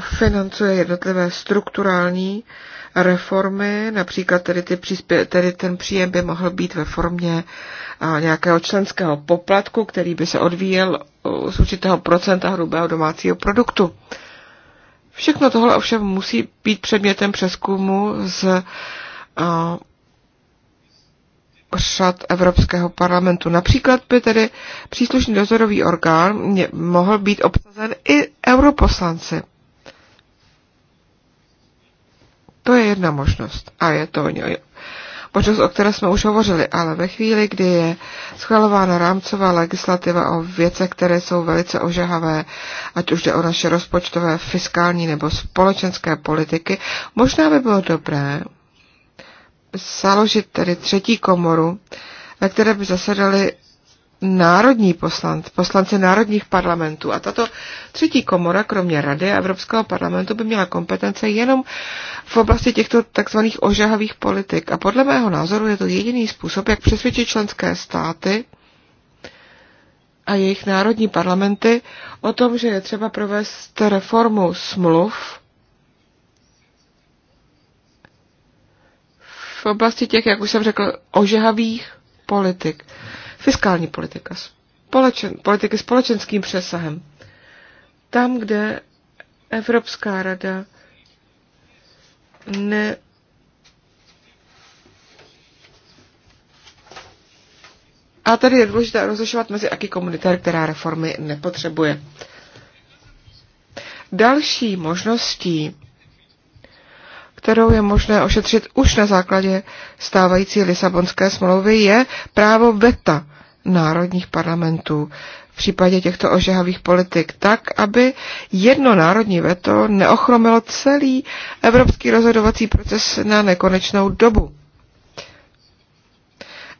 financuje jednotlivé strukturální reformy, například tedy, ty příspě- tedy ten příjem by mohl být ve formě nějakého členského poplatku, který by se odvíjel z určitého procenta hrubého domácího produktu. Všechno tohle ovšem musí být předmětem přeskumu z řad Evropského parlamentu. Například by tedy příslušný dozorový orgán mohl být obsazen i europoslanci. To je jedna možnost a je to možnost, o které jsme už hovořili, ale ve chvíli, kdy je schvalována rámcová legislativa o věcech, které jsou velice ožahavé, ať už jde o naše rozpočtové, fiskální nebo společenské politiky, možná by bylo dobré založit tedy třetí komoru, ve které by zasedali národní poslanci, poslanci národních parlamentů. A tato třetí komora, kromě Rady a Evropského parlamentu, by měla kompetence jenom v oblasti těchto takzvaných ožahavých politik. A podle mého názoru je to jediný způsob, jak přesvědčit členské státy a jejich národní parlamenty o tom, že je třeba provést reformu smluv, v oblasti těch, jak už jsem řekl, ožehavých politik. Fiskální politika, společen, politiky společenským přesahem. Tam, kde Evropská rada ne A tady je důležité rozlišovat mezi aký komunitár, která reformy nepotřebuje. Další možností kterou je možné ošetřit už na základě stávající Lisabonské smlouvy, je právo veta národních parlamentů v případě těchto ožehavých politik, tak, aby jedno národní veto neochromilo celý evropský rozhodovací proces na nekonečnou dobu.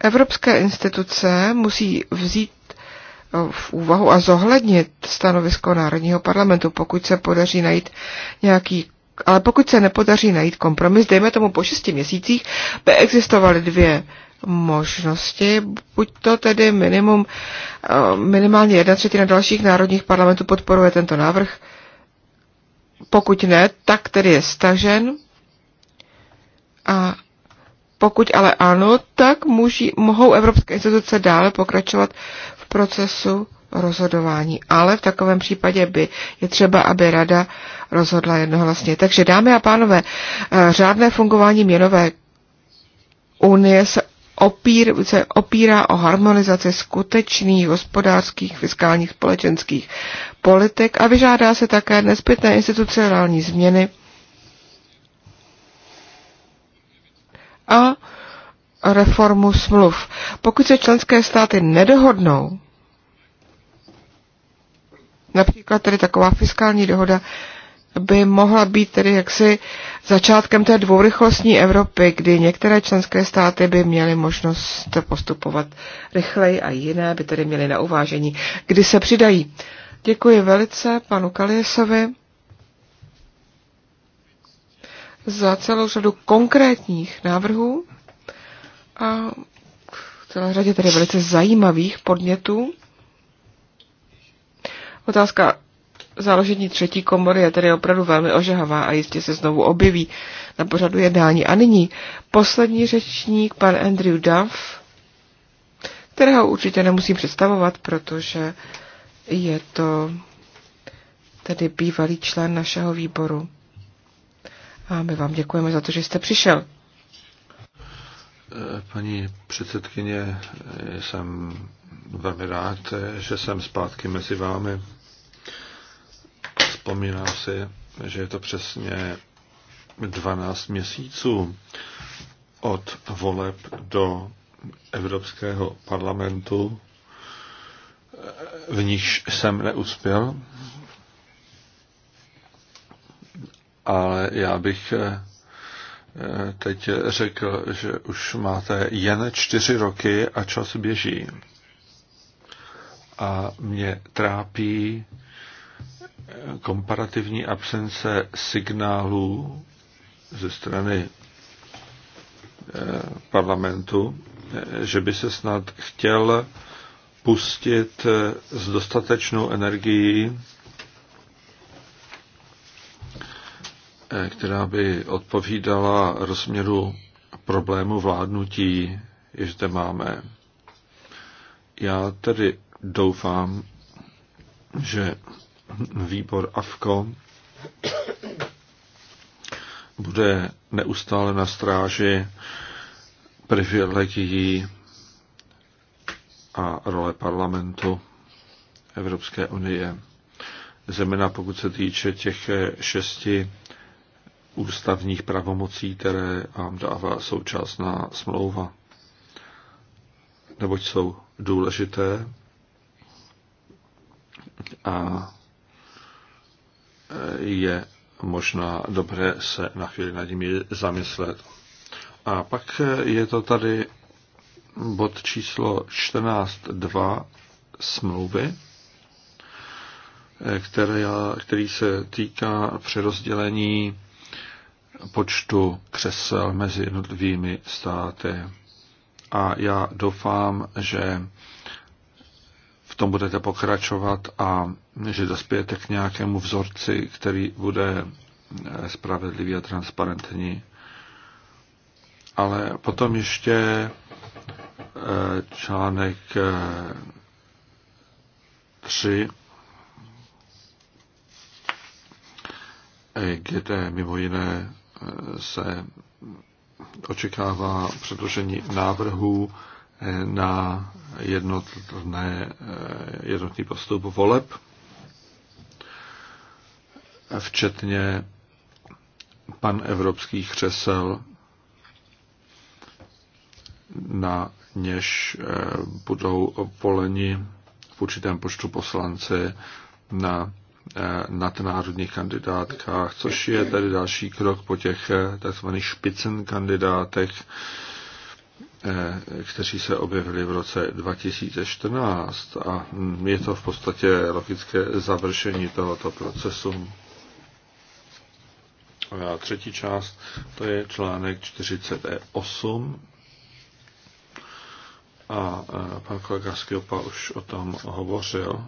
Evropské instituce musí vzít v úvahu a zohlednit stanovisko Národního parlamentu, pokud se podaří najít nějaký ale pokud se nepodaří najít kompromis, dejme tomu po šesti měsících, by existovaly dvě možnosti, buď to tedy minimum, eh, minimálně jedna třetina dalších národních parlamentů podporuje tento návrh, pokud ne, tak tedy je stažen a pokud ale ano, tak můží, mohou evropské instituce dále pokračovat v procesu rozhodování. Ale v takovém případě by je třeba, aby rada rozhodla jednohlasně. Takže dámy a pánové, eh, řádné fungování měnové unie se, opír, se opírá o harmonizaci skutečných hospodářských, fiskálních, společenských politik a vyžádá se také nezbytné institucionální změny a reformu smluv. Pokud se členské státy nedohodnou, například tedy taková fiskální dohoda by mohla být tedy jaksi začátkem té dvourychlostní Evropy, kdy některé členské státy by měly možnost postupovat rychleji a jiné by tedy měly na uvážení, kdy se přidají. Děkuji velice panu Kaliesovi za celou řadu konkrétních návrhů a v celé řadě tedy velice zajímavých podnětů. Otázka založení třetí komory je tedy opravdu velmi ožehavá a jistě se znovu objeví na pořadu jednání. A nyní poslední řečník, pan Andrew Duff, kterého určitě nemusím představovat, protože je to tedy bývalý člen našeho výboru. A my vám děkujeme za to, že jste přišel. Paní předsedkyně, jsem velmi rád, že jsem zpátky mezi vámi. Vzpomínám si, že je to přesně 12 měsíců od voleb do Evropského parlamentu, v níž jsem neuspěl, ale já bych eh, teď řekl, že už máte jen čtyři roky a čas běží. A mě trápí komparativní absence signálů ze strany eh, parlamentu, eh, že by se snad chtěl pustit eh, s dostatečnou energií, která by odpovídala rozměru problému vládnutí, jež zde máme. Já tedy doufám, že výbor AFKO bude neustále na stráži privilegií a role parlamentu Evropské unie. Zeměna pokud se týče těch šesti ústavních pravomocí, které vám dává současná smlouva, neboť jsou důležité a je možná dobré se na chvíli nad nimi zamyslet. A pak je to tady bod číslo 14.2 smlouvy, které, který se týká přerozdělení počtu křesel mezi jednotlivými státy. A já doufám, že tom budete pokračovat a že dospějete k nějakému vzorci, který bude eh, spravedlivý a transparentní. Ale potom ještě eh, článek 3, eh, kde mimo jiné se očekává předložení návrhů na jednotné, jednotný postup voleb, včetně pan evropských křesel, na něž eh, budou voleni v určitém počtu poslanci na eh, nadnárodních kandidátkách, což je tedy další krok po těch eh, tzv. špicen kandidátech, Eh, kteří se objevili v roce 2014 a je to v podstatě logické završení tohoto procesu. A třetí část to je článek 48 a eh, pan kolega Skiopa už o tom hovořil.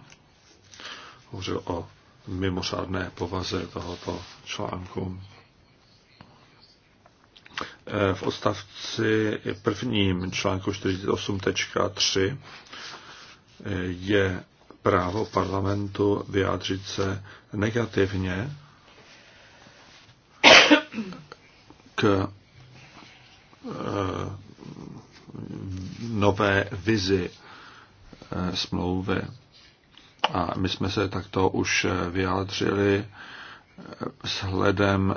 Hovořil o mimořádné povaze tohoto článku. Eh, v odstavci prvním článku 48.3 eh, je právo parlamentu vyjádřit se negativně k eh, nové vizi smlouvy. A my jsme se takto už vyjádřili vzhledem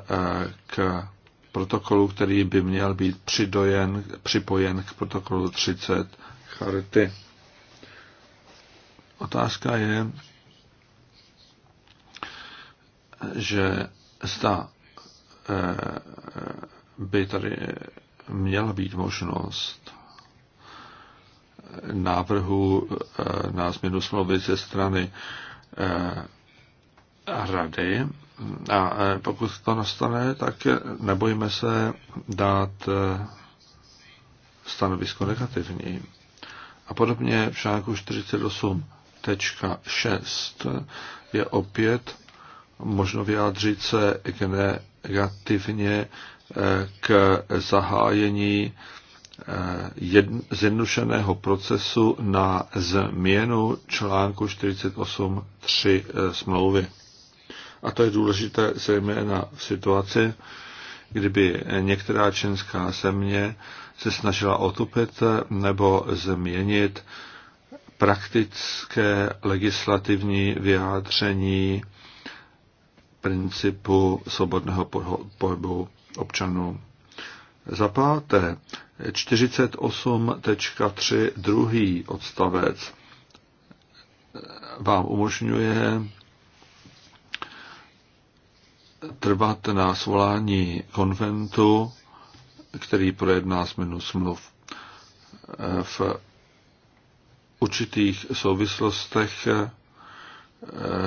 k protokolu, který by měl být přidojen, připojen k protokolu 30 charty. Otázka je, že zda eh, by tady měla být možnost návrhu eh, na změnu smlouvy ze strany eh, rady, a e, pokud to nastane, tak e, nebojíme se dát e, stanovisko negativní. A podobně v článku 48.6 je opět možno vyjádřit se negativně k zahájení zjednodušeného procesu na změnu článku 48.3 smlouvy. A to je důležité zejména v situaci, kdyby některá čínská země se snažila otupit nebo změnit praktické legislativní vyjádření principu svobodného pohybu občanů. Za páté, 48.3 druhý odstavec eh, vám umožňuje trvat na svolání konventu, který projedná změnu smluv. V určitých souvislostech eh,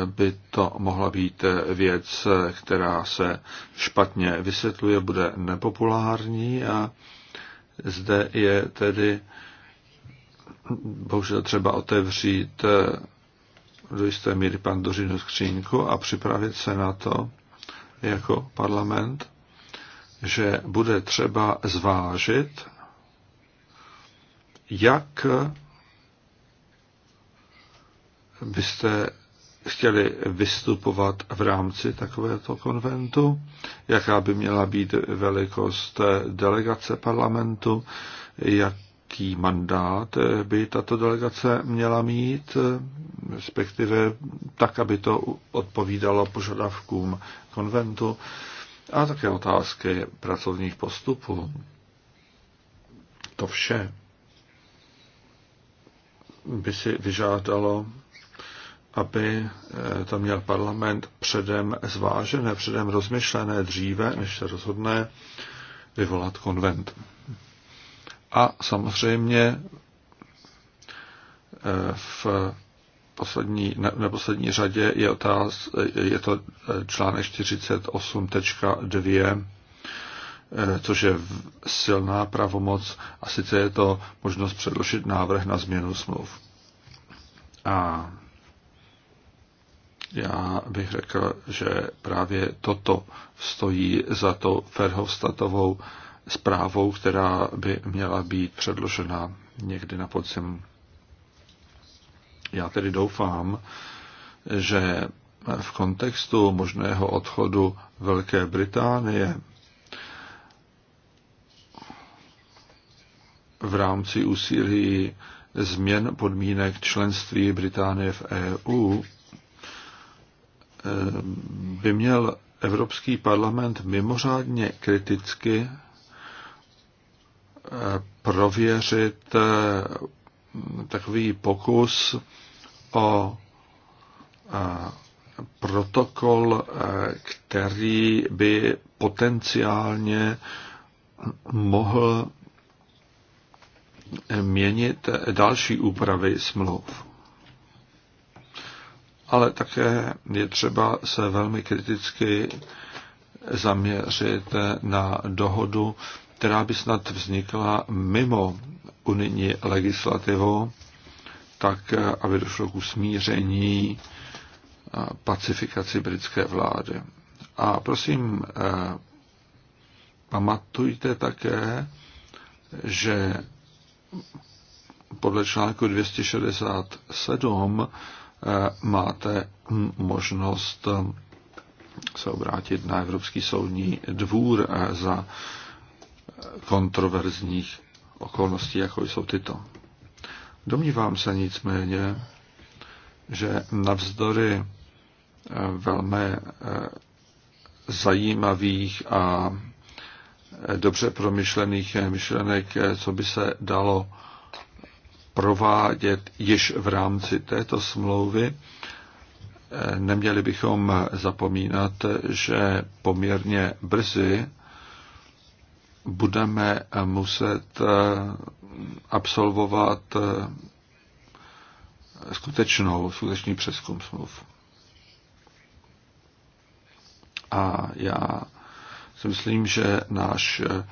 by to mohla být věc, která se špatně vysvětluje, bude nepopulární a zde je tedy bohužel třeba otevřít eh, do jisté míry pandořinu skřínku a připravit se na to, jako parlament, že bude třeba zvážit, jak byste chtěli vystupovat v rámci takovéto konventu, jaká by měla být velikost delegace parlamentu, jak jaký mandát by tato delegace měla mít, respektive tak, aby to odpovídalo požadavkům konventu a také otázky pracovních postupů. To vše by si vyžádalo, aby eh, to měl parlament předem zvážené, předem rozmyšlené dříve, než se rozhodne vyvolat konvent. A samozřejmě eh, v poslední, ne, neposlední řadě je, otáz, eh, je to eh, článek 48.2, což je silná pravomoc a sice je to možnost předložit návrh na změnu smluv. A já bych řekl, že právě toto stojí za to Ferhovstatovou zprávou, která by měla být předložena někdy na podzim. Já tedy doufám, že v kontextu možného odchodu Velké Británie v rámci úsilí změn podmínek členství Británie v EU eh, by měl Evropský parlament mimořádně kriticky prověřit eh, takový pokus o eh, protokol, eh, který by potenciálně mohl měnit další úpravy smluv. Ale také je třeba se velmi kriticky zaměřit na dohodu která by snad vznikla mimo unijní legislativu, tak eh, aby došlo k usmíření eh, pacifikaci britské vlády. A prosím, eh, pamatujte také, že podle článku 267 máte možnost se obrátit na Evropský soudní dvůr za kontroverzních okolností, jako jsou tyto. Domnívám se nicméně, že navzdory eh, velmi eh, zajímavých a eh, dobře promyšlených myšlenek, co by se dalo provádět již v rámci této smlouvy, neměli bychom zapomínat, že poměrně brzy budeme muset eh, absolvovat eh, skutečnou, skutečný přeskum smluv. A já si myslím, že náš eh,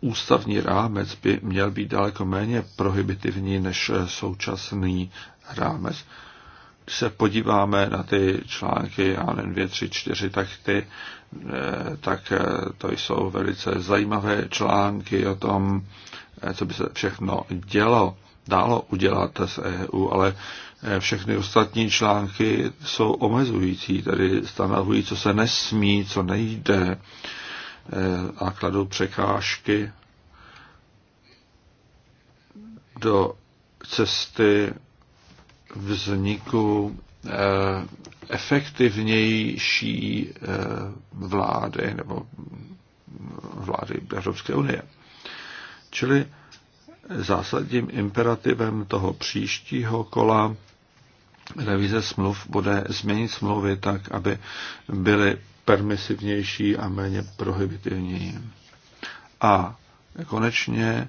ústavní rámec by měl být daleko méně prohibitivní než současný rámec. Když se podíváme na ty články, já nevím, dvě, tři, čtyři, tak ty, eh, tak eh, to jsou velice zajímavé články o tom, eh, co by se všechno dělo, dalo udělat z EU, ale všechny ostatní články jsou omezující, tedy stanovují, co se nesmí, co nejde a kladou překážky do cesty vzniku eh, efektivnější eh, vlády nebo vlády Evropské unie. Čili zásadním imperativem toho příštího kola revize smluv bude změnit smlouvy tak, aby byly permisivnější a méně prohibitivní. A konečně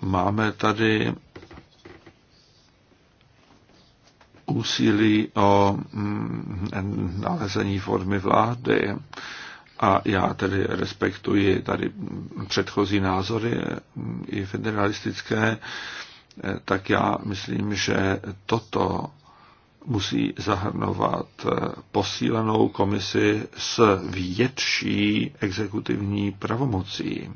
máme tady úsilí o mm, nalezení formy vlády. A já tedy respektuji tady předchozí názory mm, i federalistické, tak já myslím, že toto musí zahrnovat posílenou komisi s větší exekutivní pravomocí,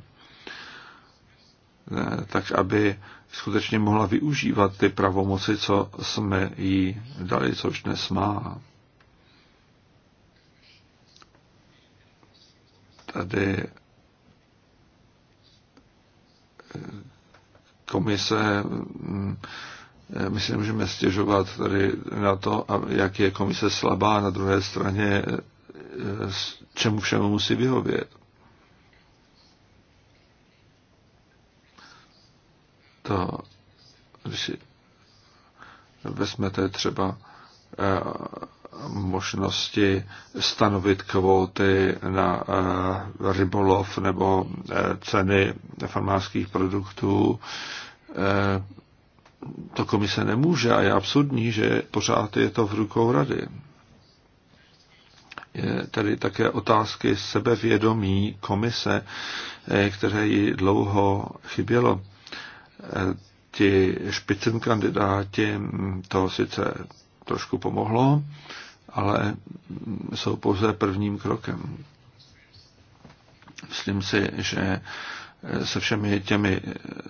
tak aby skutečně mohla využívat ty pravomoci, co jsme jí dali, což dnes má. Tady eh, komise, hm, eh, my si nemůžeme stěžovat tady na to, jak je komise slabá, na druhé straně eh, čemu všemu musí vyhovět. to, když si vezmete třeba eh, možnosti stanovit kvóty na eh, rybolov nebo eh, ceny farmářských produktů, to komise nemůže a je absurdní, že pořád je to v rukou rady. Je tady také otázky sebevědomí komise, které jí dlouho chybělo ti špicen kandidáti, to sice trošku pomohlo, ale jsou pouze prvním krokem. Myslím si, že se všemi těmi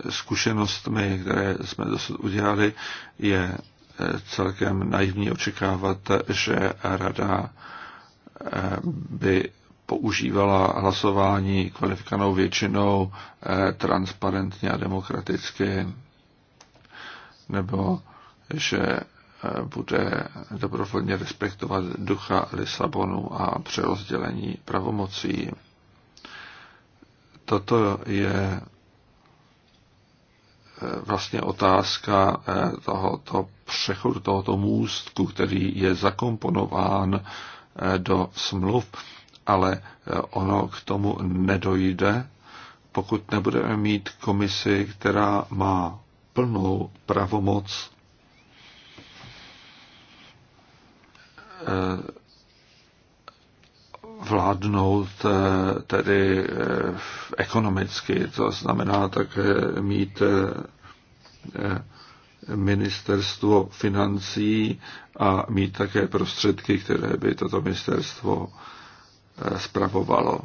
zkušenostmi, které jsme dosud udělali, je celkem naivní očekávat, že rada by používala hlasování kvalifikovanou většinou eh, transparentně a demokraticky, nebo že eh, bude dobrovolně respektovat ducha Lisabonu a přerozdělení pravomocí. Toto je eh, vlastně otázka tohoto přechodu, tohoto můstku, který je zakomponován do smluv ale eh, ono k tomu nedojde, pokud nebudeme mít komisi, která má plnou pravomoc eh, vládnout eh, tedy ekonomicky, to znamená také mít ministerstvo financí a mít také prostředky, které by toto ministerstvo Eh, spravovalo.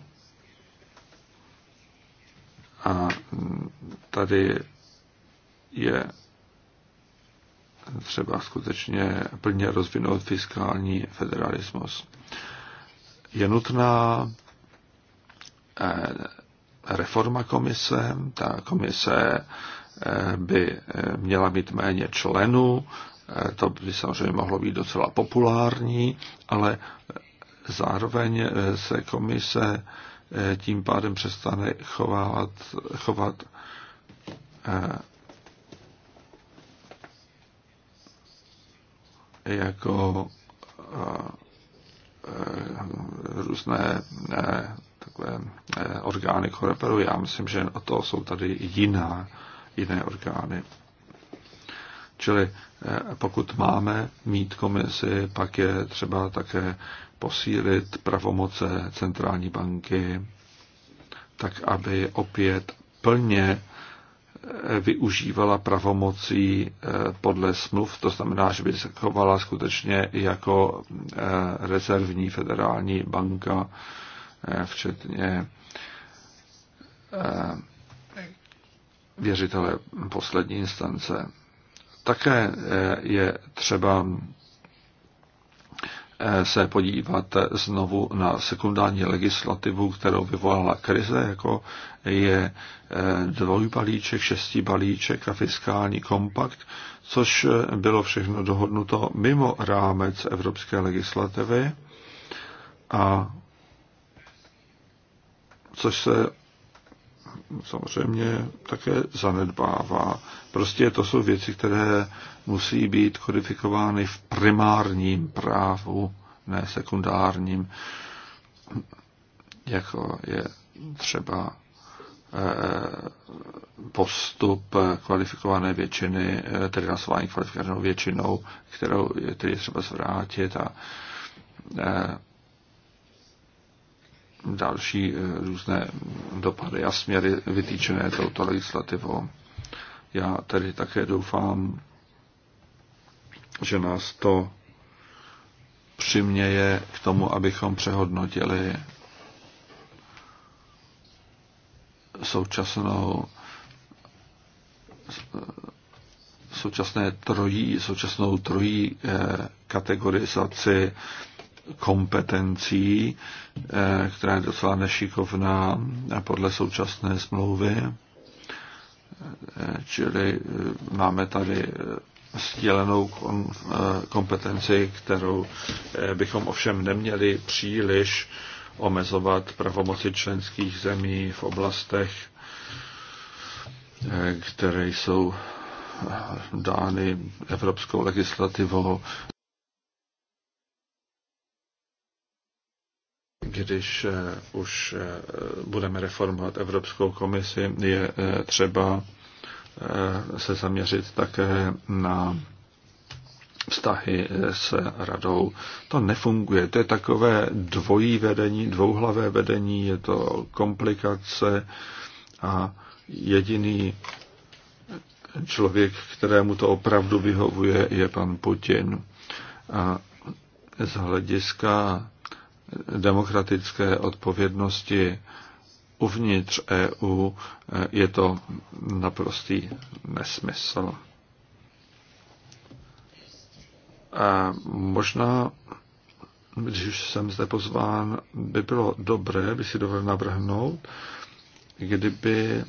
A tady je třeba skutečně plně rozvinout fiskální federalismus. Je nutná eh, reforma komise. Ta komise eh, by měla mít méně členů, to by samozřejmě mohlo být docela populární, ale zároveň eh, se komise eh, tím pádem přestane chovat, chovat eh, jako různé takové orgány koreperu. Já myslím, že o to jsou tady jiná, jiné orgány. Čili pokud máme mít komisi, pak je třeba také posílit pravomoce centrální banky, tak aby opět plně eh, využívala pravomocí eh, podle smluv, to znamená, že by se chovala skutečně jako eh, rezervní federální banka, včetně věřitele poslední instance. Také je třeba se podívat znovu na sekundární legislativu, kterou vyvolala krize, jako je eh, dvojbalíček, šestý balíček a fiskální kompakt, což eh, bylo všechno dohodnuto mimo rámec evropské legislativy a což se samozřejmě také zanedbává. Prostě to jsou věci, které musí být kodifikovány v primárním právu, ne sekundárním, jako je třeba eh, postup kvalifikované většiny, eh, tedy hlasování kvalifikovanou většinou, kterou je třeba zvrátit a eh, další eh, různé dopady a směry vytýčené touto legislativou. Já tedy také doufám, že nás to přiměje k tomu, abychom přehodnotili současnou současné trojí, současnou trojí eh, kategorizaci kompetencí, eh, která je docela nešikovná podle současné smlouvy. Eh, čili eh, máme tady sdělenou kompetenci, kterou bychom ovšem neměli příliš omezovat pravomoci členských zemí v oblastech, které jsou dány evropskou legislativou. když eh, už eh, budeme reformovat Evropskou komisi, je eh, třeba se zaměřit také na vztahy s radou. To nefunguje. To je takové dvojí vedení, dvouhlavé vedení, je to komplikace a jediný člověk, kterému to opravdu vyhovuje, je pan Putin. A z hlediska demokratické odpovědnosti uvnitř EU, eh, je to naprostý nesmysl. A možná, když už jsem zde pozván, by bylo dobré, by si dovolil navrhnout, kdyby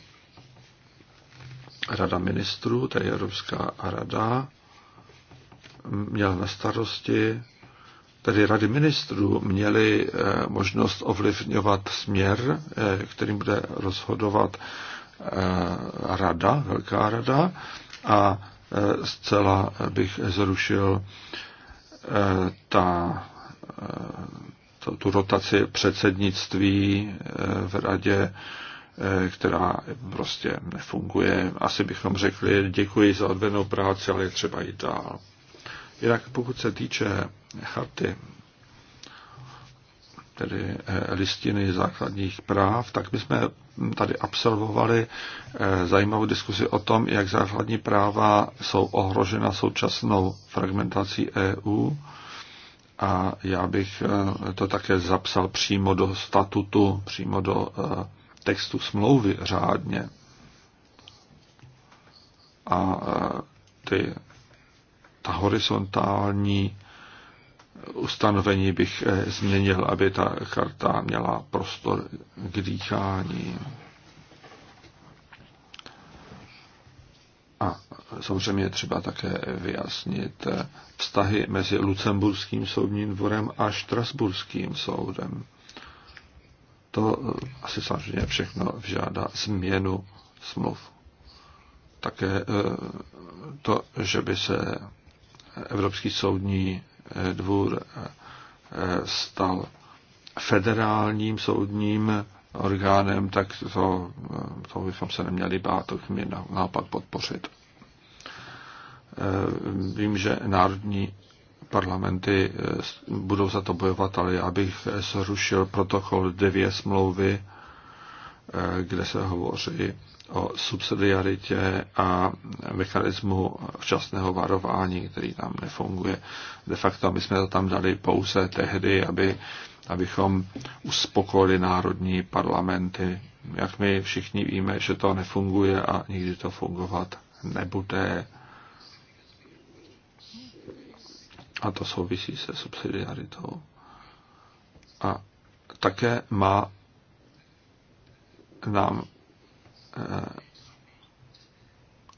Rada ministrů, tedy Evropská rada, měla na starosti tedy rady ministrů měly eh, možnost ovlivňovat směr, eh, kterým bude rozhodovat eh, rada, velká rada a zcela bych zrušil ta, tu rotaci předsednictví v radě, která prostě nefunguje. Asi bychom řekli, děkuji za odvedenou práci, ale je třeba jít dál. Jinak pokud se týče charty, tedy eh, listiny základních práv, tak my jsme tady absolvovali eh, zajímavou diskusi o tom, jak základní práva jsou ohrožena současnou fragmentací EU. A já bych eh, to také zapsal přímo do statutu, přímo do textu smlouvy řádně. A ty, ta horizontální ustanovení bych eh, změnil, aby ta charta měla prostor k dýchání. A samozřejmě je třeba také vyjasnit eh, vztahy mezi Lucemburským soudním dvorem a Štrasburským soudem. To eh, asi samozřejmě všechno vžádá změnu smluv. Také to, že by se Evropský soudní dvůr eh, stal federálním soudním orgánem, tak to, eh, to bychom se neměli bát, to mě nápad podpořit. Eh, vím, že národní parlamenty budou za to bojovat, ale já bych zrušil protokol dvě smlouvy kde se hovoří o subsidiaritě a mechanismu včasného varování, který tam nefunguje. De facto my jsme to tam dali pouze tehdy, aby, abychom uspokojili národní parlamenty. Jak my všichni víme, že to nefunguje a nikdy to fungovat nebude. A to souvisí se subsidiaritou. A také má nám eh,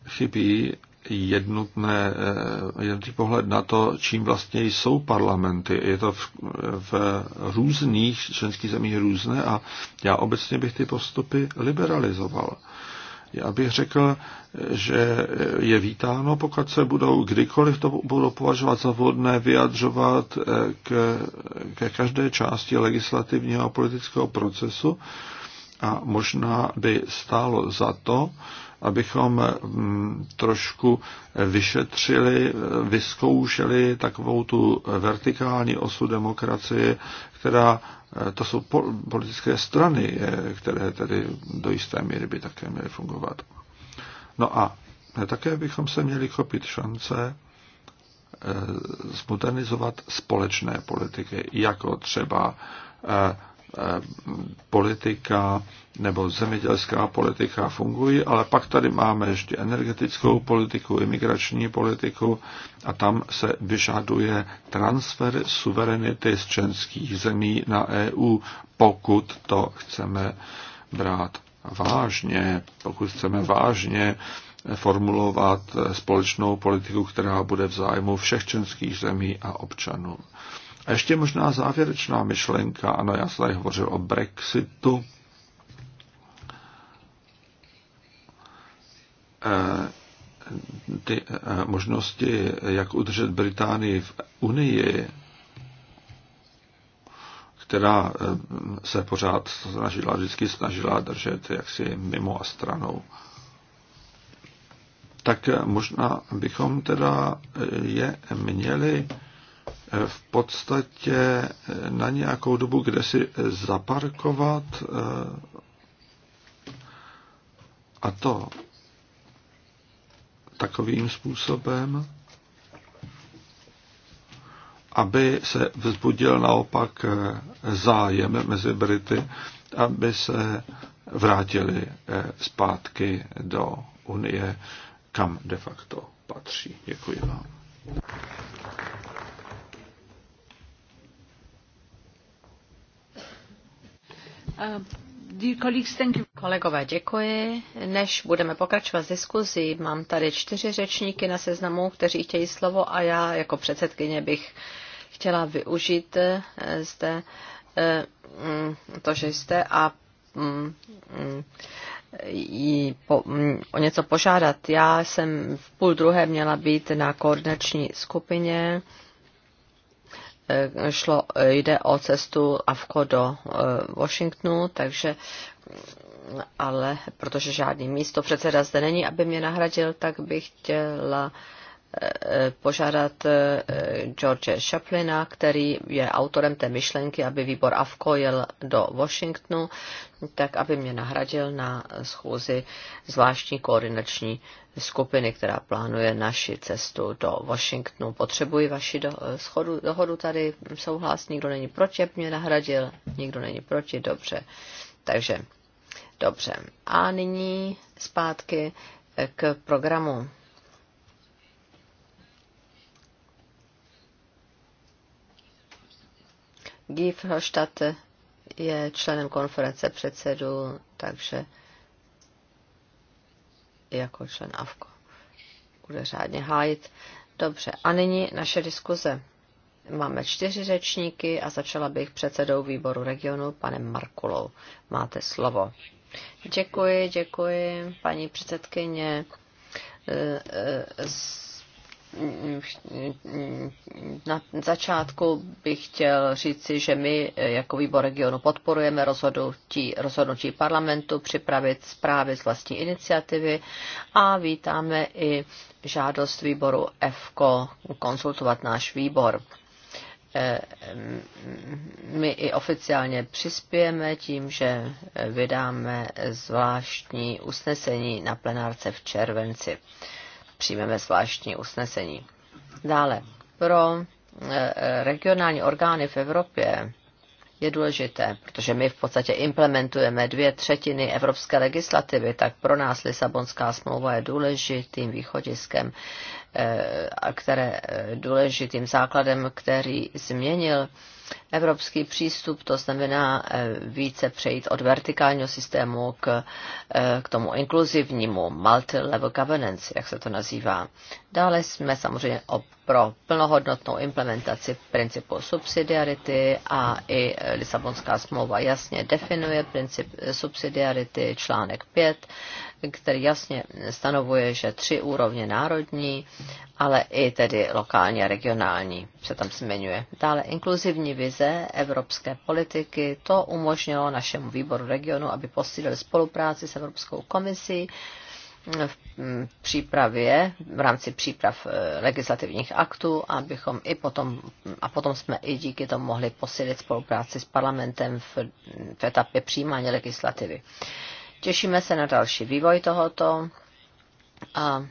chybí jednotné, eh, jednotný pohled na to, čím vlastně jsou parlamenty. Je to v, v různých členských zemích různé a já obecně bych ty postupy liberalizoval. Já bych řekl, že je vítáno, pokud se budou kdykoliv to budou považovat za vhodné vyjadřovat eh, ke každé části legislativního a politického procesu, a možná by stálo za to, abychom mm, trošku vyšetřili, vyzkoušeli takovou tu vertikální osu demokracie, která, eh, to jsou politické strany, eh, které tedy do jisté míry by také měly fungovat. No a eh, také bychom se měli chopit šance zmodernizovat společné politiky, jako třeba politika nebo zemědělská politika fungují, ale pak tady máme ještě energetickou politiku, imigrační politiku a tam se vyžaduje transfer suverenity z členských zemí na EU, pokud to chceme brát vážně, pokud chceme vážně formulovat společnou politiku, která bude v zájmu všech členských zemí a občanů. A ještě možná závěrečná myšlenka, ano, já jsem tady hovořil o Brexitu. Eh, ty eh, možnosti, jak udržet Británii v Unii, která eh, se pořád snažila, vždycky snažila držet jaksi mimo a stranou. Tak možná bychom teda je měli v podstatě na nějakou dobu kde si zaparkovat eh, a to takovým způsobem, aby se vzbudil naopak eh, zájem mezi Brity, aby se vrátili eh, zpátky do Unie, kam de facto patří. Děkuji vám. Uh, Kolegové, děkuji. Než budeme pokračovat s diskuzí, mám tady čtyři řečníky na seznamu, kteří chtějí slovo a já jako předsedkyně bych chtěla využít eh, zde eh, mm, to, že jste a mm, mm, jí po, o něco požádat. Já jsem v půl druhé měla být na koordinační skupině Eh, šlo, eh, jde o cestu Avko do eh, Washingtonu, takže ale protože žádný místo předseda zde není, aby mě nahradil, tak bych chtěla požádat eh, George Chaplina, který je autorem té myšlenky, aby výbor AFCO jel do Washingtonu, tak aby mě nahradil na schůzi zvláštní koordinační skupiny, která plánuje naši cestu do Washingtonu. Potřebuji vaši do, eh, schodu, dohodu tady, souhlas, nikdo není proti, aby mě nahradil, nikdo není proti, dobře. Takže, dobře. A nyní zpátky eh, k programu Guy Verhofstadt je členem konference předsedu, takže jako člen Afko. bude řádně hájit. Dobře, a nyní naše diskuze. Máme čtyři řečníky a začala bych předsedou výboru regionu, panem Markulou. Máte slovo. Děkuji, děkuji, paní předsedkyně. E, e, na začátku bych chtěl říci, že my jako výbor regionu podporujeme rozhodnutí, rozhodnutí parlamentu připravit zprávy z vlastní iniciativy a vítáme i žádost výboru EFKO konsultovat náš výbor eh, mm, my i oficiálně přispějeme tím, že vydáme zvláštní usnesení na plenárce v červenci přijmeme zvláštní usnesení. Dále, pro eh, eh, regionální orgány v Evropě je důležité, protože my v podstatě implementujeme dvě třetiny evropské legislativy, tak pro nás Lisabonská smlouva je důležitým východiskem, eh, které, důležitým základem, který změnil evropský přístup, to znamená eh, více přejít od vertikálního systému k, eh, k tomu inkluzivnímu multi-level governance, jak se to nazývá. Dále jsme samozřejmě pro plnohodnotnou implementaci principu subsidiarity a i Lisabonská smlouva jasně definuje princip subsidiarity článek 5, který jasně stanovuje, že tři úrovně národní, ale i tedy lokální a regionální se tam zmiňuje. Dále inkluzivní vize rámce evropské politiky. To umožnilo našemu výboru regionu, aby posílil spolupráci s Evropskou komisí v mm, přípravě, v rámci příprav e, legislativních aktů, abychom i potom, a potom jsme i díky tomu mohli posílit spolupráci s parlamentem v, v etapě přijímání legislativy. Těšíme se na další vývoj tohoto a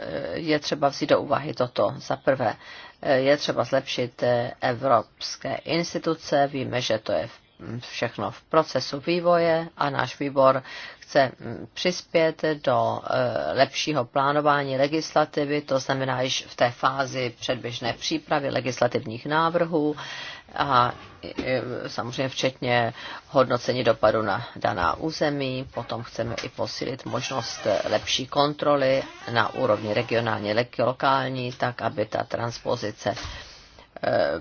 e, je třeba vzít do úvahy toto. Za prvé je třeba zlepšit eh, evropské instituce. Víme, že to je všechno v procesu vývoje a náš výbor chce mm, přispět do eh, lepšího plánování legislativy, to znamená již v té fázi předběžné přípravy legislativních návrhů a e, samozřejmě včetně hodnocení dopadu na daná území. Potom chceme i posílit možnost lepší kontroly na úrovni regionální, lokální, tak aby ta transpozice e,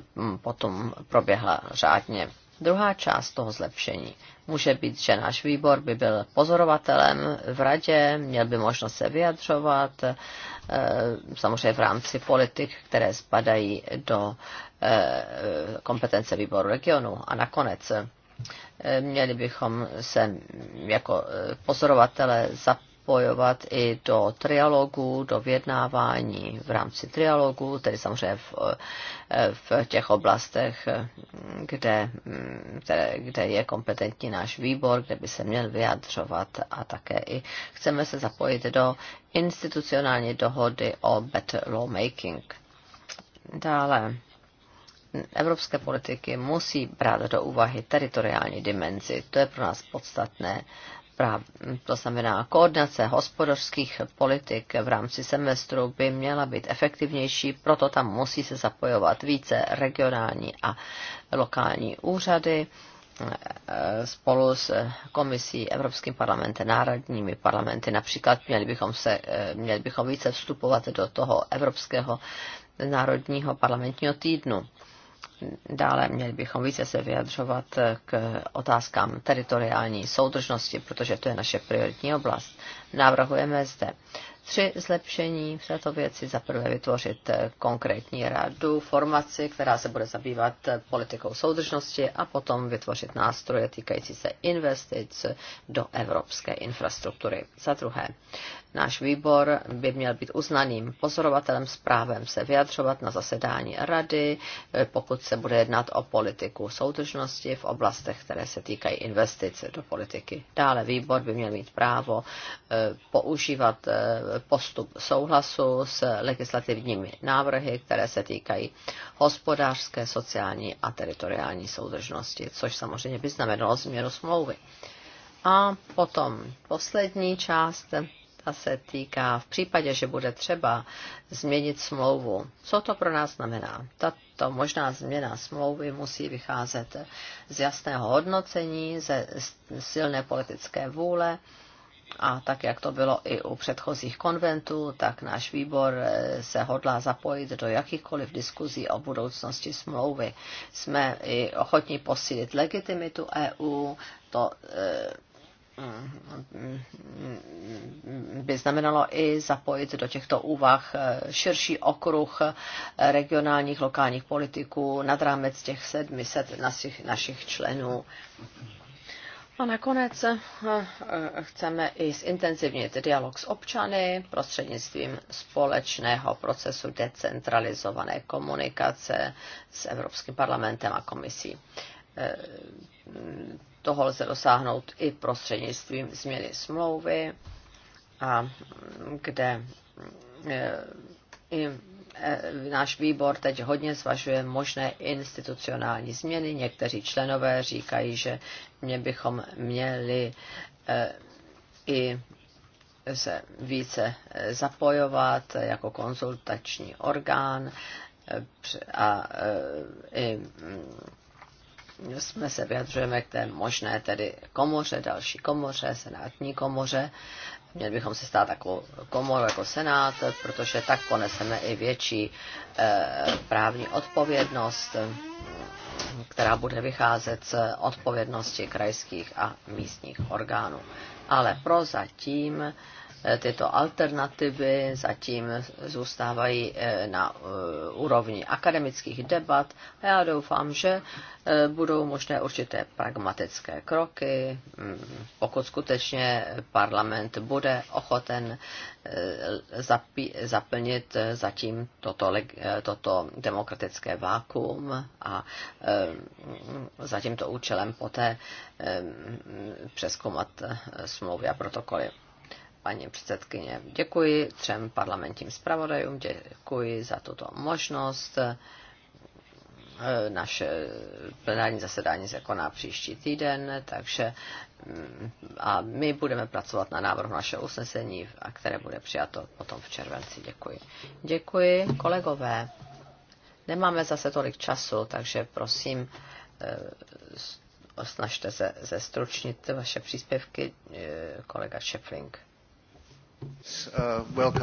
potom proběhla řádně. Druhá část toho zlepšení může být, že náš výbor by byl pozorovatelem v radě, měl by možnost se vyjadřovat, e, samozřejmě v rámci politik, které spadají do Eh, kompetence výboru regionu. A nakonec eh, měli bychom se jako eh, pozorovatele zapojovat i do trialogu, do vyjednávání v rámci trialogu, tedy samozřejmě v, v těch oblastech, kde, mm, které, kde je kompetentní náš výbor, kde by se měl vyjadřovat a také i chceme se zapojit do institucionální dohody o better lawmaking. Dále evropské politiky musí brát do úvahy teritoriální dimenzi. To je pro nás podstatné. To znamená, koordinace hospodářských politik v rámci semestru by měla být efektivnější, proto tam musí se zapojovat více regionální a lokální úřady eh, spolu s komisí, Evropským parlamentem, národními parlamenty. Například měli bychom, se, eh, měli bychom více vstupovat do toho Evropského národního parlamentního týdnu dále měli bychom více se vyjadřovat k otázkám teritoriální soudržnosti, protože to je naše prioritní oblast. Navrhujeme zde tři zlepšení v této věci. Za prvé vytvořit konkrétní radu, formaci, která se bude zabývat politikou soudržnosti a potom vytvořit nástroje týkající se investic do evropské infrastruktury. Za druhé, Náš výbor by měl být uznaným pozorovatelem s právem se vyjadřovat na zasedání rady, eh, pokud se bude jednat o politiku soudržnosti v oblastech, které se týkají investice do politiky. Dále výbor by měl mít právo eh, používat eh, postup souhlasu s legislativními návrhy, které se týkají hospodářské, sociální a teritoriální soudržnosti, což samozřejmě by znamenalo změnu smlouvy. A potom poslední část ta se týká v případě, že bude třeba změnit smlouvu. Co to pro nás znamená? Tato možná změna smlouvy musí vycházet z jasného hodnocení, ze silné politické vůle, a tak, jak to bylo i u předchozích konventů, tak náš výbor eh, se hodlá zapojit do jakýchkoliv diskuzí o budoucnosti smlouvy. Jsme i ochotní posílit legitimitu EU, to eh, by znamenalo i zapojit do těchto úvah eh, širší okruh eh, regionálních, lokálních politiků nad rámec těch 700 našich, našich členů. A nakonec eh, chceme i zintenzivnit dialog s občany prostřednictvím společného procesu decentralizované komunikace s Evropským parlamentem a komisí toho lze dosáhnout i prostřednictvím změny smlouvy, a kde e, i e, náš výbor teď hodně zvažuje možné institucionální změny. Někteří členové říkají, že mě bychom měli e, i se více zapojovat jako konzultační orgán a i jsme se vyjadřujeme k té možné tedy komoře, další komoře, senátní komoře. Měli bychom se stát takovou komoru jako senát, protože tak poneseme i větší e, právní odpovědnost, která bude vycházet z odpovědnosti krajských a místních orgánů. Ale prozatím zatím Eh, tyto alternativy zatím zůstávají eh, na eh, úrovni akademických debat a já doufám, že budou možné určité pragmatické kroky, mm, pokud skutečně parlament bude ochoten zaplnit zatím toto, toto demokratické vákuum a za tímto účelem poté přeskoumat smlouvy a protokoly paní předsedkyně. Děkuji třem parlamentním zpravodajům, děkuji za tuto možnost. Naše plenární zasedání se koná příští týden, takže mm, a my budeme pracovat na návrhu našeho usnesení, a které bude přijato potom v červenci. Děkuji. Děkuji, kolegové. Nemáme zase tolik času, takže prosím, eh, snažte se zestručnit vaše příspěvky, eh, kolega Šefling.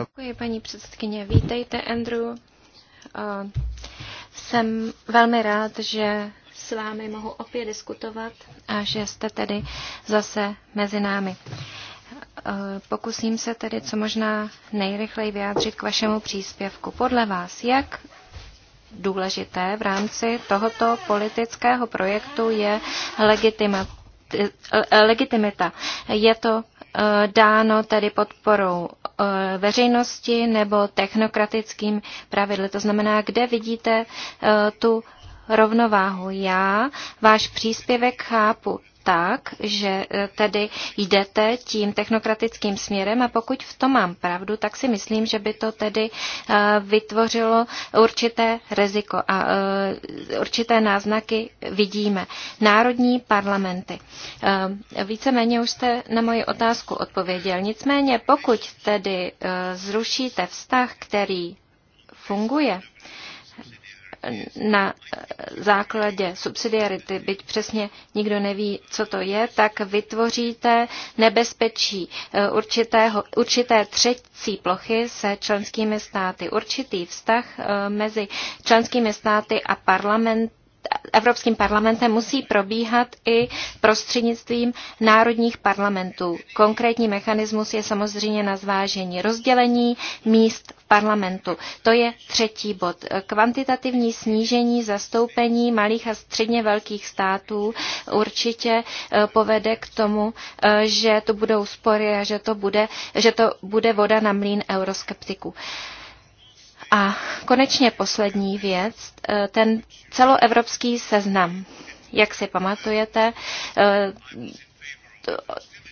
Děkuji, paní předsedkyně. Vítejte, Andrew. jsem velmi rád, že s vámi mohu opět diskutovat a že jste tedy zase mezi námi. Pokusím se tedy co možná nejrychleji vyjádřit k vašemu příspěvku. Podle vás, jak důležité v rámci tohoto politického projektu je legitima, eh, legitimita? Je to Eh, dáno tedy podporou eh, veřejnosti nebo technokratickým pravidly. To znamená, kde vidíte eh, tu rovnováhu. Já váš příspěvek chápu tak, že e, tedy jdete tím technokratickým směrem a pokud v tom mám pravdu, tak si myslím, že by to tedy e, vytvořilo určité riziko a e, určité náznaky vidíme. Národní parlamenty. Víceméně už jste na moji otázku odpověděl. Nicméně pokud tedy zrušíte vztah, který funguje, na základě subsidiarity, byť přesně nikdo neví, co to je, tak vytvoříte nebezpečí eh, určitého, určité třetí plochy se členskými státy. Určitý vztah eh, mezi členskými státy a parlament Evropským parlamentem musí probíhat i prostřednictvím národních parlamentů. Konkrétní mechanismus je samozřejmě na zvážení rozdělení míst parlamentu. To je třetí bod. Kvantitativní snížení zastoupení malých a středně velkých států určitě eh, povede k tomu, eh, že to budou spory a že to bude, že to bude voda na mlín euroskeptiku. A konečně poslední věc, eh, ten celoevropský seznam. Jak si pamatujete,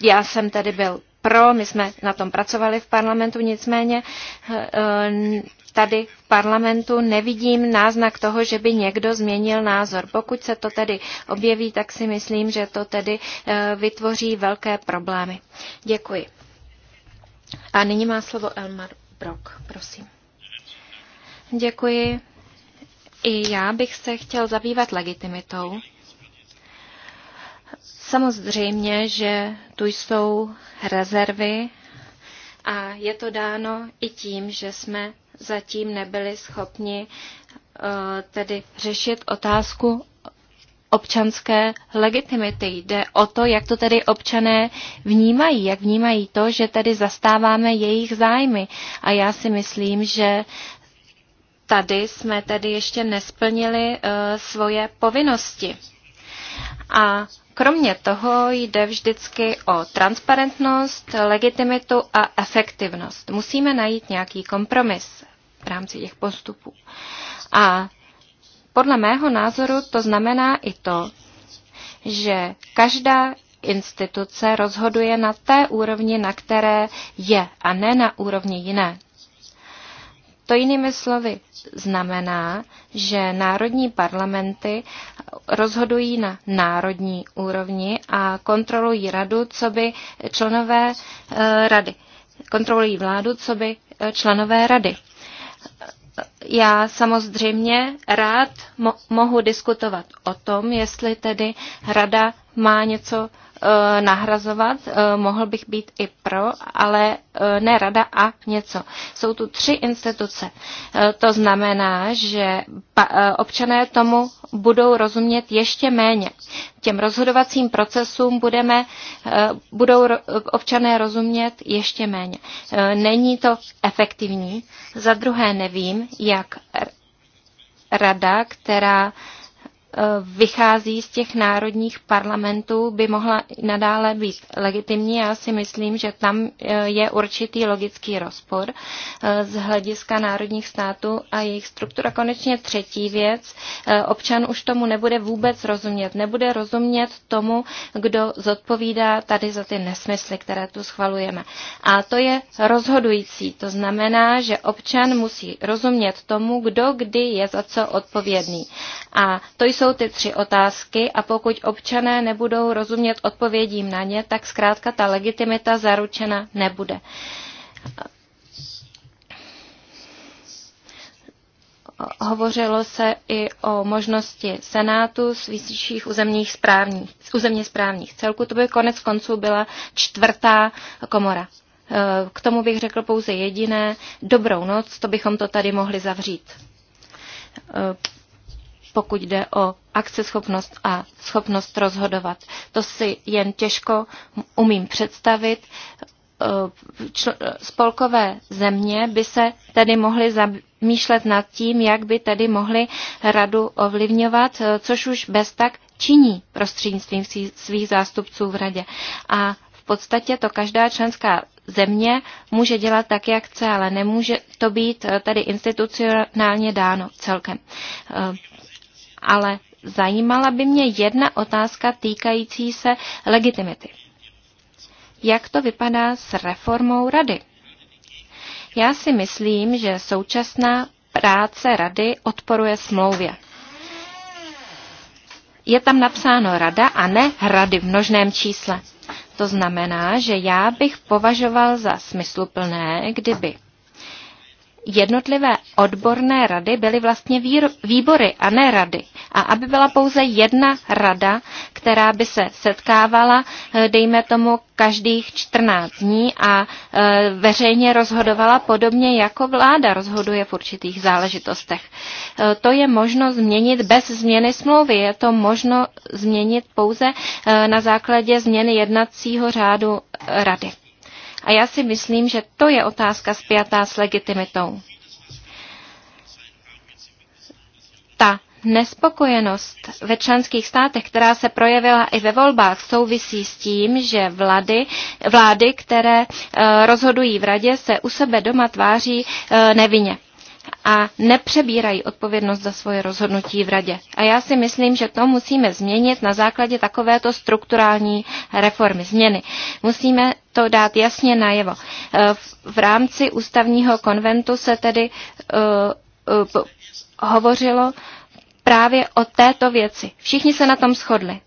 já jsem tady byl pro, my jsme na tom pracovali v parlamentu, nicméně eh, tady v parlamentu nevidím náznak toho, že by někdo změnil názor. Pokud se to tedy objeví, tak si myslím, že to tedy eh, vytvoří velké problémy. Děkuji. A nyní má slovo Elmar Brok, prosím. Děkuji. I já bych se chtěl zabývat legitimitou Samozřejmě, že tu jsou rezervy a je to dáno i tím, že jsme zatím nebyli schopni eh, tedy řešit otázku občanské legitimity. Jde o to, jak to tedy občané vnímají, jak vnímají to, že tedy zastáváme jejich zájmy. A já si myslím, že tady jsme tedy ještě nesplnili uh, svoje povinnosti. A Kromě toho jde vždycky o transparentnost, legitimitu a efektivnost. Musíme najít nějaký kompromis v rámci těch postupů. A podle mého názoru to znamená i to, že každá instituce rozhoduje na té úrovni, na které je, a ne na úrovni jiné. To jinými slovy znamená, že národní parlamenty rozhodují na národní úrovni a kontrolují radu, co by členové eh, rady. Kontrolují vládu, co by eh, členové rady. Já samozřejmě rád mo- mohu diskutovat o tom, jestli tedy rada má něco eh, nahrazovat, eh, mohl bych být i pro, ale eh, ne rada a něco. Jsou tu tři instituce. To znamená, že občané tomu budou rozumět ještě méně. Těm rozhodovacím procesům budeme, budou občané rozumět ještě méně. Není to efektivní. Za druhé nevím, jak rada, která Eh, vychází z těch národních parlamentů, by mohla nadále být legitimní. Já si myslím, že tam eh, je určitý logický rozpor eh, z hlediska národních států a jejich struktura. Konečně třetí věc, občan už tomu nebude vůbec rozumět. Nebude rozumět tomu, kdo zodpovídá tady za ty nesmysly, které tu schvalujeme. A to je rozhodující. To znamená, že občan musí rozumět tomu, kdo kdy je za co odpovědný. A to jsou jsou ty tři otázky a pokud občané nebudou rozumět odpovědím na ně, tak zkrátka ta legitimita zaručena nebude. Hovořilo se i o možnosti Senátu z vyšších územních správních, z územně správních celků. To by konec konců byla čtvrtá komora. K tomu bych řekl pouze jediné. Dobrou noc, to bychom to tady mohli zavřít pokud jde o akceschopnost a schopnost rozhodovat. To si jen těžko umím představit. Eh, spolkové země by se tedy mohly zamýšlet nad tím, jak by tedy mohly radu ovlivňovat, eh, což už bez tak činí prostřednictvím svých zástupců v radě. A v podstatě to každá členská země může dělat tak, jak chce, ale nemůže to být eh, tady institucionálně dáno celkem ale zajímala by mě jedna otázka týkající se legitimity. Jak to vypadá s reformou rady? Já si myslím, že současná práce rady odporuje smlouvě. Je tam napsáno rada a ne rady v množném čísle. To znamená, že já bych považoval za smysluplné, kdyby jednotlivé odborné rady byly vlastně výbory a ne rady. A aby byla pouze jedna rada, která by se setkávala, eh, dejme tomu, každých 14 dní a eh, veřejně rozhodovala podobně jako vláda rozhoduje v určitých záležitostech. Eh, to je možno změnit bez změny smlouvy. Je to možno změnit pouze na základě změny jednacího řádu rady. A já si myslím, že to je otázka spjatá s legitimitou. Ta Nespokojenost ve členských státech, která se projevila i ve volbách, souvisí s tím, že vlády, vlády které eh, rozhodují v radě, se u sebe doma tváří eh, nevině a nepřebírají odpovědnost za svoje rozhodnutí v radě. A já si myslím, že to musíme změnit na základě takovéto strukturální reformy, změny. Musíme to dát jasně najevo. E, v rámci ústavního konventu se tedy e, e, hovořilo právě o této věci. Všichni se na tom shodli.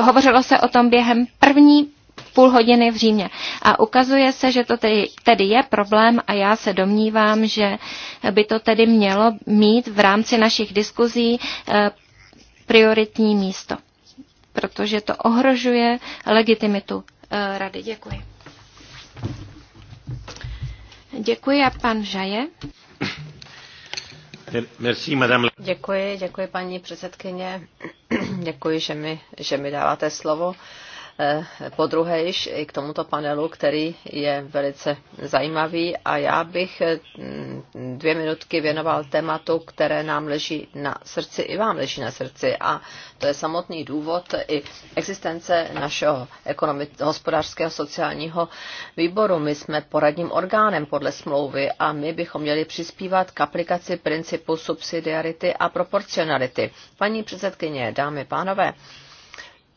Hovořilo se o tom během první půl hodiny v Římě. A ukazuje se, že to tedy, tedy je problém a já se domnívám, že by to tedy mělo mít v rámci našich diskuzí eh, prioritní místo, protože to ohrožuje legitimitu eh, rady. Děkuji. Děkuji a pan Žaje. Děkuji, děkuji paní předsedkyně. Děkuji, že mi, že mi dáváte slovo. Eh, po druhé již i k tomuto panelu, který je velice zajímavý a já bych mm, dvě minutky věnoval tématu, které nám leží na srdci i vám leží na srdci a to je samotný důvod i existence našeho hospodářského sociálního výboru. My jsme poradním orgánem podle smlouvy a my bychom měli přispívat k aplikaci principu subsidiarity a proporcionality. Paní předsedkyně, dámy, pánové,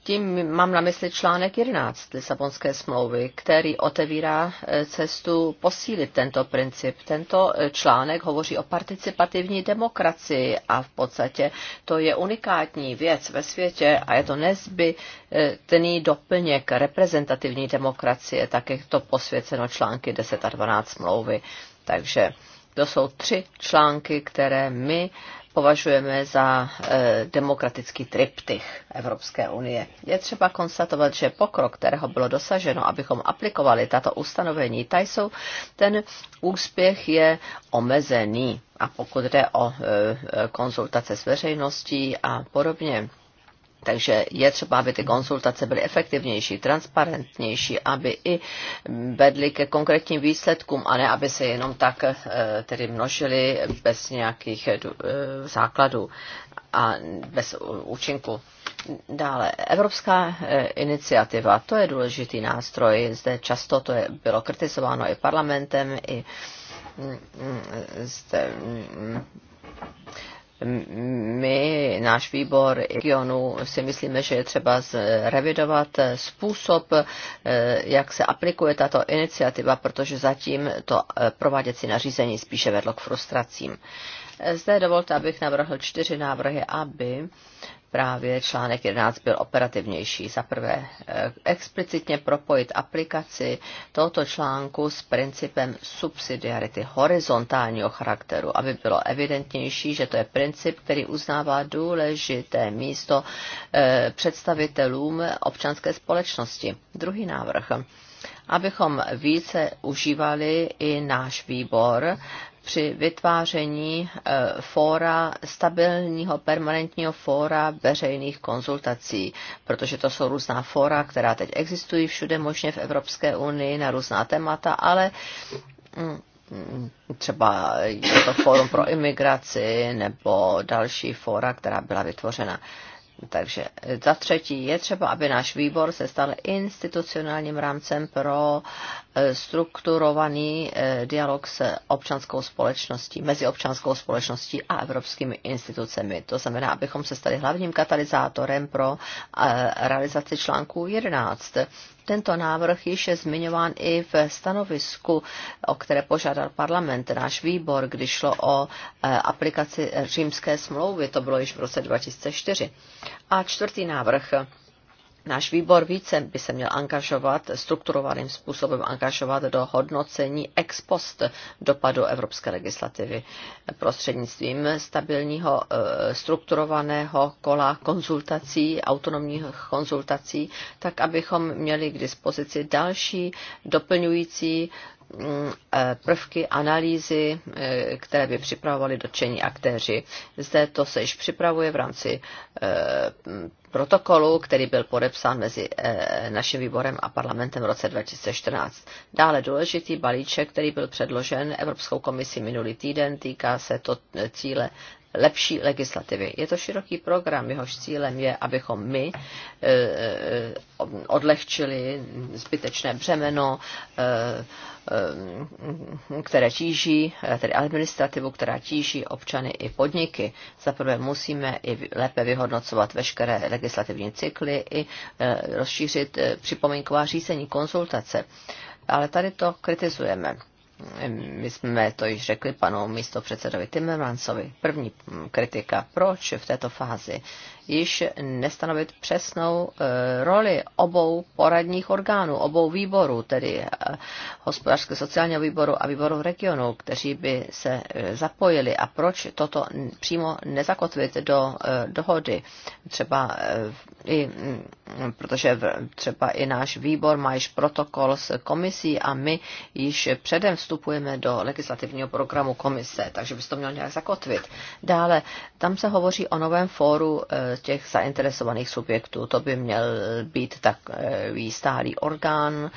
tím mám na mysli článek 11 Lisabonské smlouvy, který otevírá e, cestu posílit tento princip. Tento e, článek hovoří o participativní demokracii a v podstatě to je unikátní věc ve světě a je to nezbytný doplněk reprezentativní demokracie, tak je to posvěceno články 10 a 12 smlouvy. Takže to jsou tři články, které my považujeme za eh, demokratický triptych Evropské unie. Je třeba konstatovat, že pokrok, kterého bylo dosaženo, abychom aplikovali tato ustanovení, ta jsou, ten úspěch je omezený. A pokud jde o eh, konzultace s veřejností a podobně, takže je třeba, aby ty konzultace byly efektivnější, transparentnější, aby i vedly ke konkrétním výsledkům a ne, aby se jenom tak eh, tedy množily bez nějakých eh, eh, základů a bez účinku. Dále, Evropská iniciativa, to je důležitý nástroj. Zde často to je, bylo kritizováno i parlamentem, i mm, mm, zde, mm, my, náš výbor regionu, si myslíme, že je třeba zrevidovat eh, způsob, eh, jak se aplikuje tato iniciativa, protože zatím to eh, prováděcí nařízení spíše vedlo k frustracím. Zde dovolte, abych navrhl čtyři návrhy, aby právě článek 11 byl operativnější. Za prvé, eh, explicitně propojit aplikaci tohoto článku s principem subsidiarity horizontálního charakteru, aby bylo evidentnější, že to je princip, který uznává důležité místo eh, představitelům občanské společnosti. Druhý návrh abychom více užívali i náš výbor při vytváření e, fóra, stabilního permanentního fóra veřejných konzultací, protože to jsou různá fóra, která teď existují všude možně v Evropské unii na různá témata, ale mm, mm, třeba je to fórum pro imigraci nebo další fóra, která byla vytvořena takže za třetí je třeba, aby náš výbor se stal institucionálním rámcem pro e, strukturovaný e, dialog s občanskou společností, mezi občanskou společností a evropskými institucemi. To znamená, abychom se stali hlavním katalyzátorem pro e, realizaci článku 11 tento návrh již je zmiňován i v stanovisku, o které požádal parlament, náš výbor, když šlo o e, aplikaci římské smlouvy, to bylo již v roce 2004. A čtvrtý návrh náš výbor více by se měl angažovat, strukturovaným způsobem angažovat do hodnocení ex post dopadu evropské legislativy prostřednictvím stabilního eh, strukturovaného kola konzultací, autonomních konzultací, tak abychom měli k dispozici další doplňující Mm, eh, prvky, analýzy, eh, které by připravovali dotčení aktéři. Zde to se již připravuje v rámci eh, protokolu, který byl podepsán mezi naším výborem a parlamentem v roce 2014. Dále důležitý balíček, který byl předložen Evropskou komisi minulý týden, týká se to cíle lepší legislativy. Je to široký program, jehož cílem je, abychom my e, e, odlehčili zbytečné břemeno, e, které tíží, tedy administrativu, která tíží občany i podniky. Za prvé musíme i lépe vyhodnocovat veškeré legislativní cykly i rozšířit připomínková řízení, konzultace. Ale tady to kritizujeme my jsme to již řekli panu místo předsedovi Timmermansovi. První kritika, proč v této fázi již nestanovit přesnou eh, roli obou poradních orgánů, obou výborů, tedy eh, hospodářského sociálního výboru a výboru regionu, kteří by se eh, zapojili a proč toto přímo nezakotvit do dohody. Třeba i, mm, protože třeba i náš výbor má již protokol s komisí a my již předem vstupujeme do legislativního programu komise, takže by to měl nějak zakotvit. Dále, tam se hovoří o novém fóru těch zainteresovaných subjektů. To by měl být takový stálý orgán,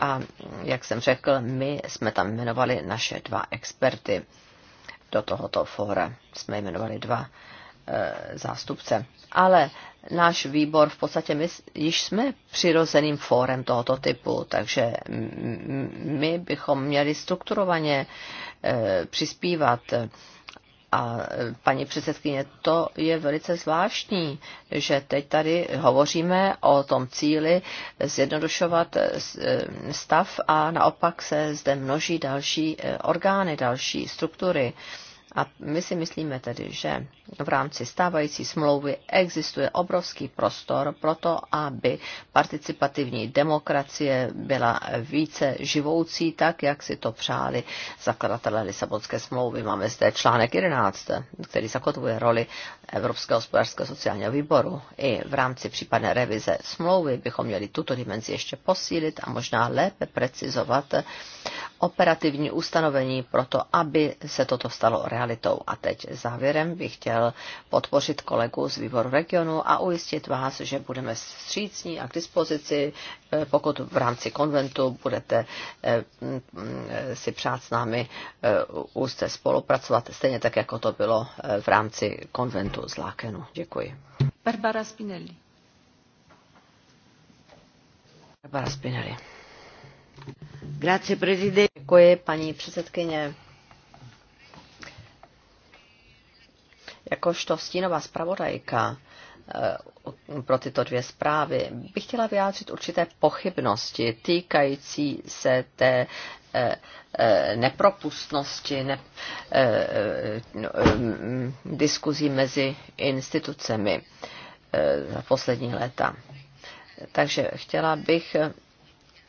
a jak jsem řekl, my jsme tam jmenovali naše dva experty. Do tohoto fóra jsme jmenovali dva e, zástupce. Ale náš výbor v podstatě my již jsme přirozeným fórem tohoto typu, takže my bychom měli strukturovaně e, přispívat a paní předsedkyně, to je velice zvláštní, že teď tady hovoříme o tom cíli zjednodušovat eh, eh, stav a naopak se zde množí další eh, orgány, další struktury. A my si myslíme tedy, že v rámci stávající smlouvy existuje obrovský prostor pro to, aby participativní demokracie byla více živoucí, tak jak si to přáli zakladatelé Lisabonské smlouvy. Máme zde článek 11, který zakotvuje roli Evropského hospodářského sociálního výboru. I v rámci případné revize smlouvy bychom měli tuto dimenzi ještě posílit a možná lépe precizovat operativní ustanovení pro to, aby se toto stalo realitou realitou. A teď závěrem bych chtěl podpořit kolegu z výboru regionu a ujistit vás, že budeme střícní a k dispozici, eh, pokud v rámci konventu budete eh, mm, eh, si přát s námi úzce spolupracovat, stejně tak, jako to bylo v rámci konventu z Lákenu. Děkuji. Barbara Spinelli. Barbara Spinelli. Grazie, Děkuji, paní předsedkyně. Jakožto stínová zpravodajka eh, pro tyto dvě zprávy bych chtěla vyjádřit určité pochybnosti týkající se té eh, eh, nepropustnosti ne, no, diskuzí mezi institucemi za poslední léta. Takže chtěla bych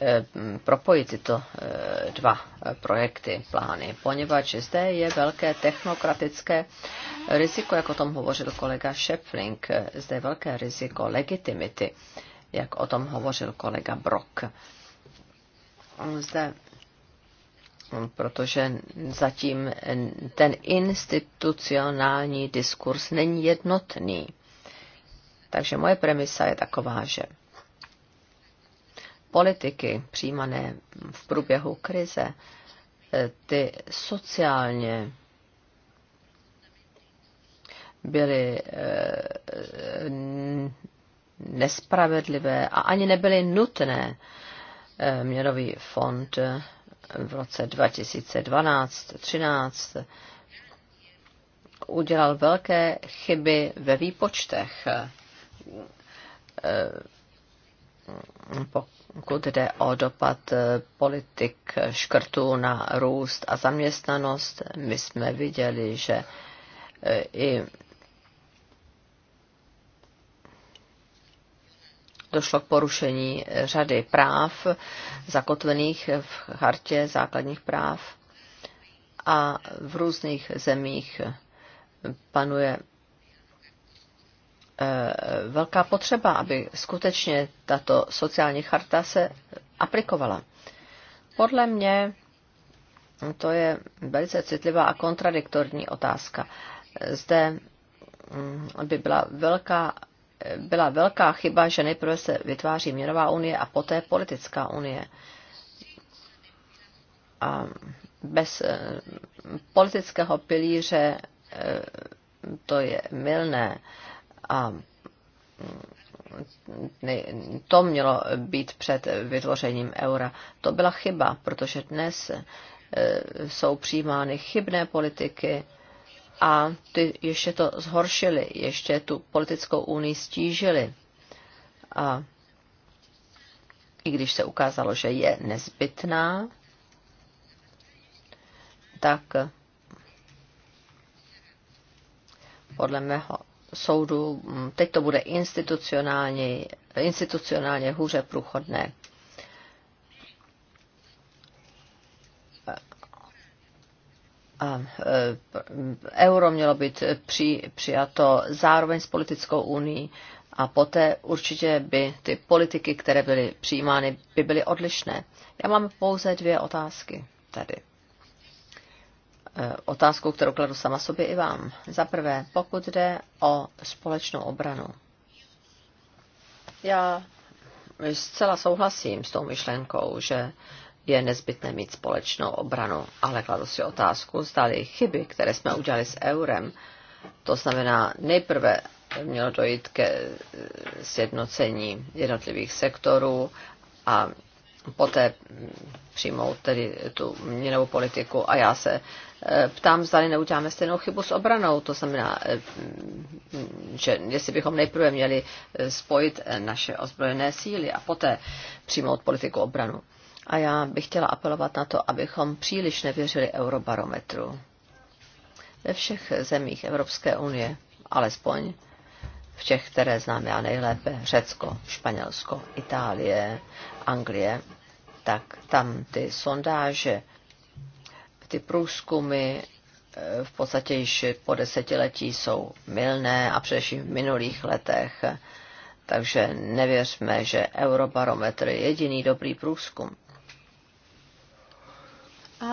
Eh, propojit tyto eh, dva eh, projekty, plány, poněvadž zde je velké technokratické riziko, jak o tom hovořil kolega Šepfling, zde je velké riziko legitimity, jak o tom hovořil kolega Brock. Zde hm, protože zatím ten institucionální diskurs není jednotný. Takže moje premisa je taková, že politiky přijímané v průběhu krize, eh, ty sociálně byly eh, nespravedlivé a ani nebyly nutné. Eh, měnový fond v roce 2012-13 udělal velké chyby ve výpočtech pokud jde o dopad eh, politik škrtů na růst a zaměstnanost. My jsme viděli, že eh, i došlo k porušení řady práv zakotvených v chartě základních práv a v různých zemích panuje Eh, velká potřeba, aby skutečně tato sociální charta se aplikovala. Podle mě to je velice citlivá a kontradiktorní otázka. Zde mm, by byla velká, byla velká chyba, že nejprve se vytváří měnová unie a poté politická unie. A bez eh, politického pilíře eh, to je milné a to mělo být před vytvořením eura. To byla chyba, protože dnes e, jsou přijímány chybné politiky a ty ještě to zhoršili, ještě tu politickou unii stížili. A i když se ukázalo, že je nezbytná, tak podle mého Soudu. Mm, teď to bude institucionálně, institucionálně hůře průchodné. A e, euro mělo být při, přijato zároveň s politickou unii a poté určitě by ty politiky, které byly přijímány, by byly odlišné. Já mám pouze dvě otázky tady. Eh, otázku, kterou kladu sama sobě i vám. Za prvé, pokud jde o společnou obranu. Já zcela souhlasím s tou myšlenkou, že je nezbytné mít společnou obranu, ale kladu si otázku, zdali chyby, které jsme udělali s eurem, to znamená nejprve mělo dojít ke sjednocení jednotlivých sektorů a poté přijmout tedy tu měnovou politiku. A já se eh, ptám, zda neuděláme stejnou chybu s obranou. To znamená, eh, že jestli bychom nejprve měli eh, spojit naše ozbrojené síly a poté přijmout politiku obranu. A já bych chtěla apelovat na to, abychom příliš nevěřili eurobarometru. Ve všech zemích Evropské unie, alespoň v těch, které znám já nejlépe, Řecko, Španělsko, Itálie, Anglie, tak tam ty sondáže, ty průzkumy eh, v podstatě již po desetiletí jsou milné a především v minulých letech. Takže nevěřme, že Eurobarometr je jediný dobrý průzkum.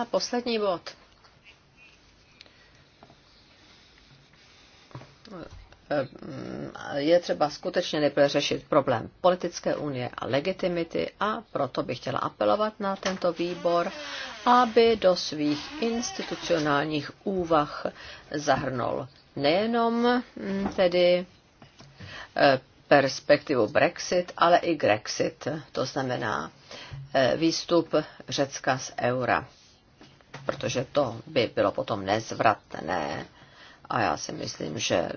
A poslední bod. Ehm, je třeba skutečně nejprve řešit problém politické unie a legitimity a proto bych chtěla apelovat na tento výbor, aby do svých institucionálních úvah zahrnul nejenom hm, tedy e, perspektivu Brexit, ale i Grexit, to znamená e, výstup Řecka z eura, protože to by bylo potom nezvratné. A já si myslím, že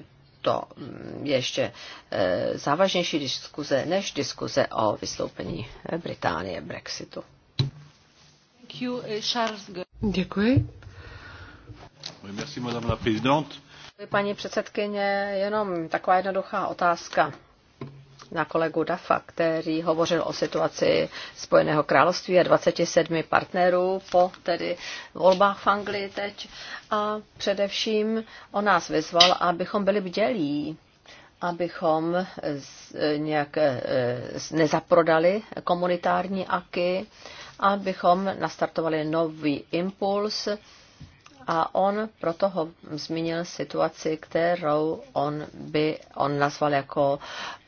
to mm, ještě eh, závažnější diskuze než diskuze o vystoupení Británie Brexitu. Eh, Děkuji. Paní předsedkyně, jenom taková jednoduchá otázka na kolegu Dafa, který hovořil o situaci Spojeného království a 27 partnerů po tedy volbách v Anglii teď. A především o nás vyzval, abychom byli bdělí, abychom nějak e, nezaprodali komunitární aky, abychom nastartovali nový impuls a on proto ho zmínil situaci, kterou on by on nazval jako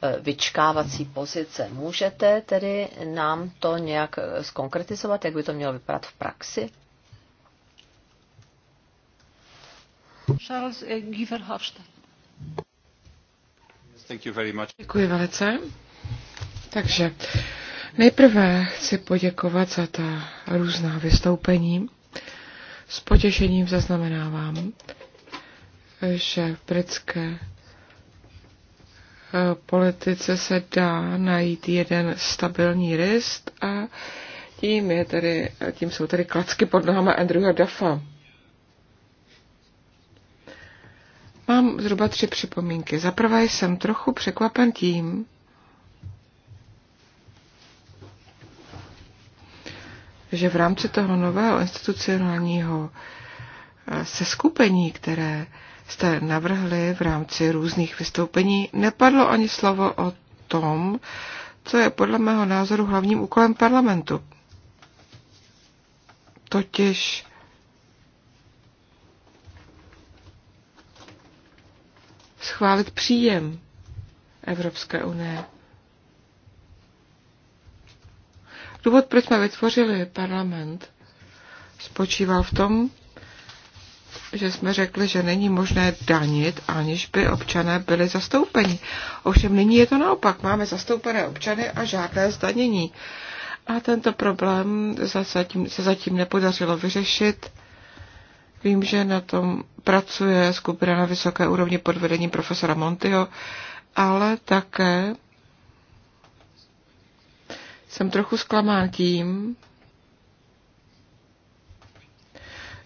e, vyčkávací pozice. Můžete tedy nám to nějak e, zkonkretizovat, jak by to mělo vypadat v praxi? Charles e, Giverhofstadt. Děkuji velice. Takže nejprve chci poděkovat za ta různá vystoupení. S potěšením zaznamenávám, že v britské eh, politice se dá najít jeden stabilní rist a tím, je tady, tím jsou tady klacky pod nohama Andrewa Duffa. Mám zhruba tři připomínky. Za prvé jsem trochu překvapen tím, že v rámci toho nového institucionálního eh, seskupení, které jste navrhli v rámci různých vystoupení, nepadlo ani slovo o tom, co je podle mého názoru hlavním úkolem parlamentu. Totiž schválit příjem Evropské unie. Důvod, proč jsme vytvořili parlament, spočíval v tom, že jsme řekli, že není možné danit, aniž by občané byli zastoupeni. Ovšem nyní je to naopak. Máme zastoupené občany a žádné zdanění. A tento problém se zatím, se zatím nepodařilo vyřešit. Vím, že na tom pracuje skupina na vysoké úrovni pod vedením profesora Montyho, ale také jsem trochu zklamán tím,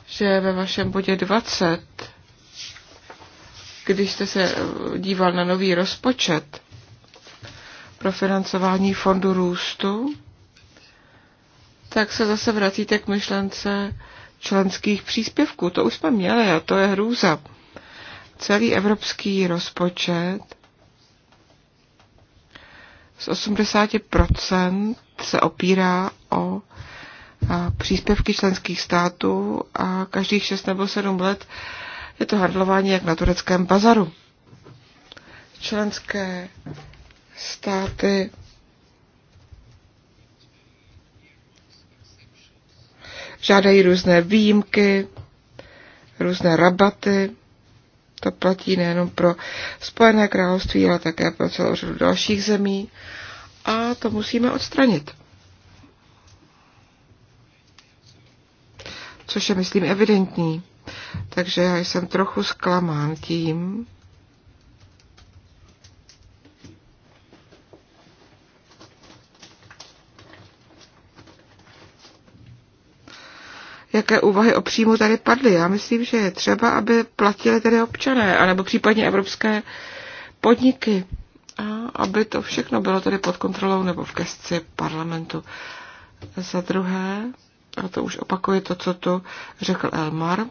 že ve vašem bodě 20, když jste se díval na nový rozpočet pro financování fondu růstu, tak se zase vracíte k myšlence členských příspěvků. To už jsme měli a to je hrůza. Celý evropský rozpočet z 80% se opírá o příspěvky členských států a každých 6 nebo 7 let je to handlování jak na tureckém bazaru. Členské státy žádají různé výjimky, různé rabaty, to platí nejenom pro Spojené království, ale také pro celou řadu dalších zemí. A to musíme odstranit. Což je, myslím, evidentní. Takže já jsem trochu zklamán tím, jaké úvahy o příjmu tady padly. Já myslím, že je třeba, aby platili tedy občané, anebo případně evropské podniky, a aby to všechno bylo tedy pod kontrolou nebo v gesci parlamentu. Za druhé, a to už opakuje to, co tu řekl Elmar,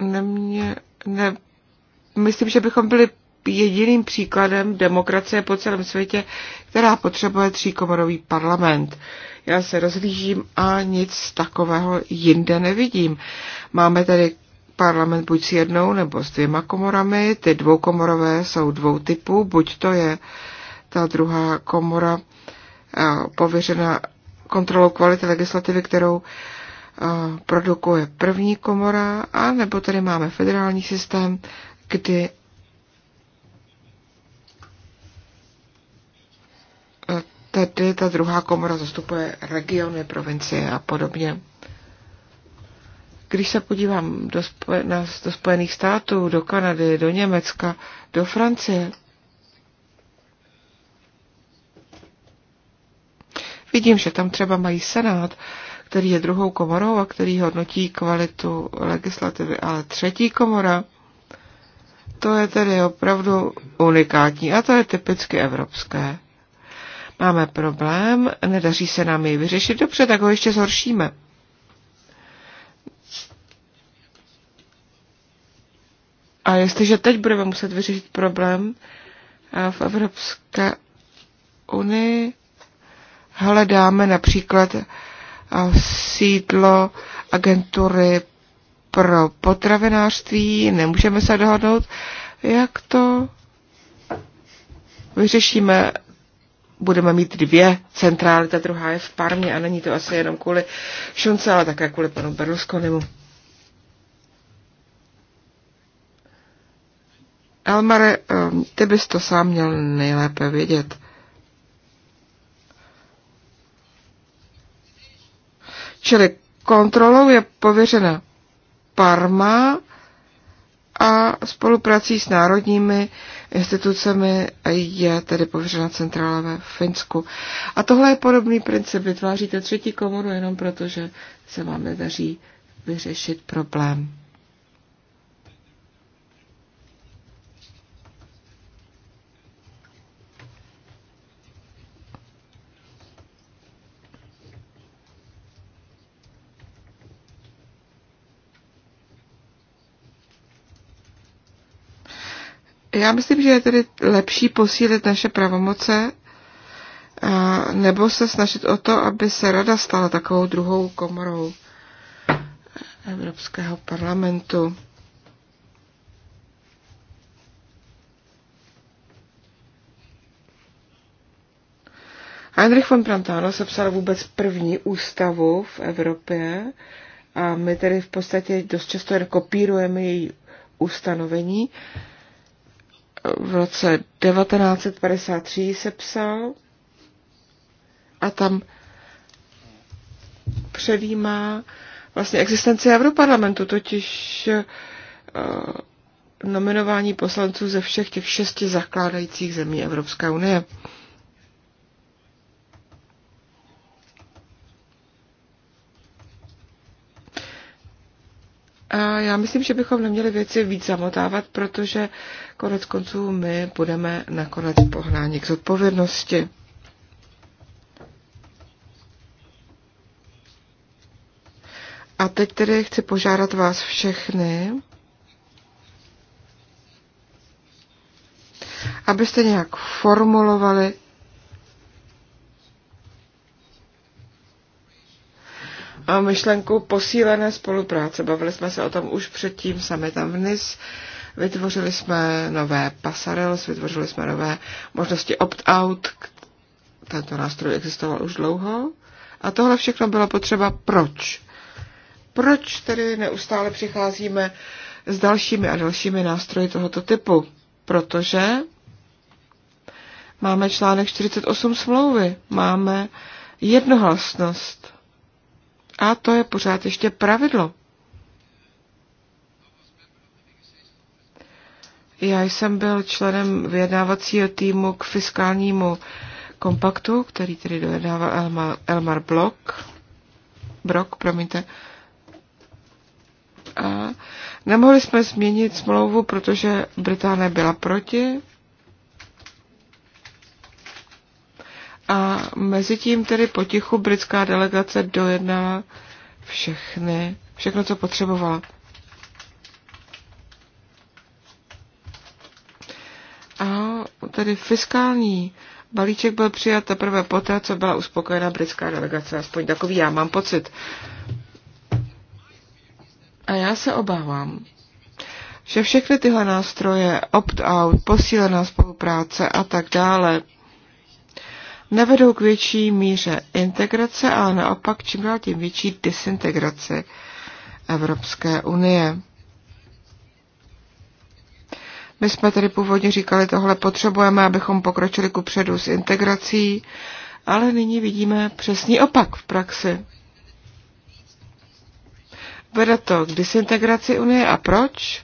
nemě, ne, myslím, že bychom byli jediným příkladem demokracie po celém světě, která potřebuje tříkomorový parlament. Já se rozlížím a nic takového jinde nevidím. Máme tady parlament buď s jednou nebo s dvěma komorami. Ty dvoukomorové jsou dvou typů. Buď to je ta druhá komora eh, pověřena kontrolou kvality legislativy, kterou eh, produkuje první komora, a nebo tady máme federální systém, kdy Tedy ta druhá komora zastupuje regiony, provincie a podobně. Když se podívám do, na, do Spojených států, do Kanady, do Německa, do Francie, vidím, že tam třeba mají senát, který je druhou komorou a který hodnotí kvalitu legislativy. Ale třetí komora, to je tedy opravdu unikátní a to je typicky evropské. Máme problém, nedaří se nám jej vyřešit dobře, tak ho ještě zhoršíme. A jestliže teď budeme muset vyřešit problém eh, v Evropské unii, hledáme například eh, sídlo agentury pro potravinářství, nemůžeme se dohodnout, jak to vyřešíme budeme mít dvě centrály, ta druhá je v Parmě a není to asi jenom kvůli Šunce, ale také kvůli panu Berlusconimu. Elmare, ehm, ty bys to sám měl nejlépe vědět. Čili kontrolou je pověřena Parma, a spoluprací s národními institucemi je tedy pověřena centrála ve Finsku. A tohle je podobný princip. Vytváříte třetí komoru jenom proto, že se vám nedaří vyřešit problém. Já myslím, že je tedy lepší posílit naše pravomoce nebo se snažit o to, aby se rada stala takovou druhou komorou Evropského parlamentu. Heinrich von Brantano sepsal vůbec první ústavu v Evropě a my tedy v podstatě dost často kopírujeme její ustanovení. Uh, v roce 1953 psal a tam předjímá vlastně existenci Europarlamentu, totiž eh, nominování poslanců ze všech těch šesti zakládajících zemí Evropské unie. A já myslím, že bychom neměli věci víc zamotávat, protože konec konců my budeme nakonec pohnáni k zodpovědnosti. A teď tedy chci požádat vás všechny, abyste nějak formulovali A myšlenku posílené spolupráce. Bavili jsme se o tom už předtím sami tam v NIS. Vytvořili jsme nové pasarels, vytvořili jsme nové možnosti opt-out. Tento nástroj existoval už dlouho. A tohle všechno bylo potřeba. Proč? Proč tedy neustále přicházíme s dalšími a dalšími nástroji tohoto typu? Protože máme článek 48 smlouvy, máme jednohlasnost. A to je pořád ještě pravidlo. Já jsem byl členem vyjednávacího týmu k fiskálnímu kompaktu, který tedy dojednával Elmar, Elmar Block. Brock, promiňte. A nemohli jsme změnit smlouvu, protože Británie byla proti, A mezi tím tedy potichu britská delegace dojednala všechny, všechno, co potřebovala. A tedy fiskální balíček byl přijat teprve poté, co byla uspokojena britská delegace, aspoň takový já mám pocit. A já se obávám, že všechny tyhle nástroje, opt-out, posílená spolupráce a tak dále, nevedou k větší míře integrace, ale naopak čím dál tím větší disintegrace Evropské unie. My jsme tedy původně říkali, tohle potřebujeme, abychom pokročili ku předu s integrací, ale nyní vidíme přesný opak v praxi. Vede to k disintegraci Unie a proč?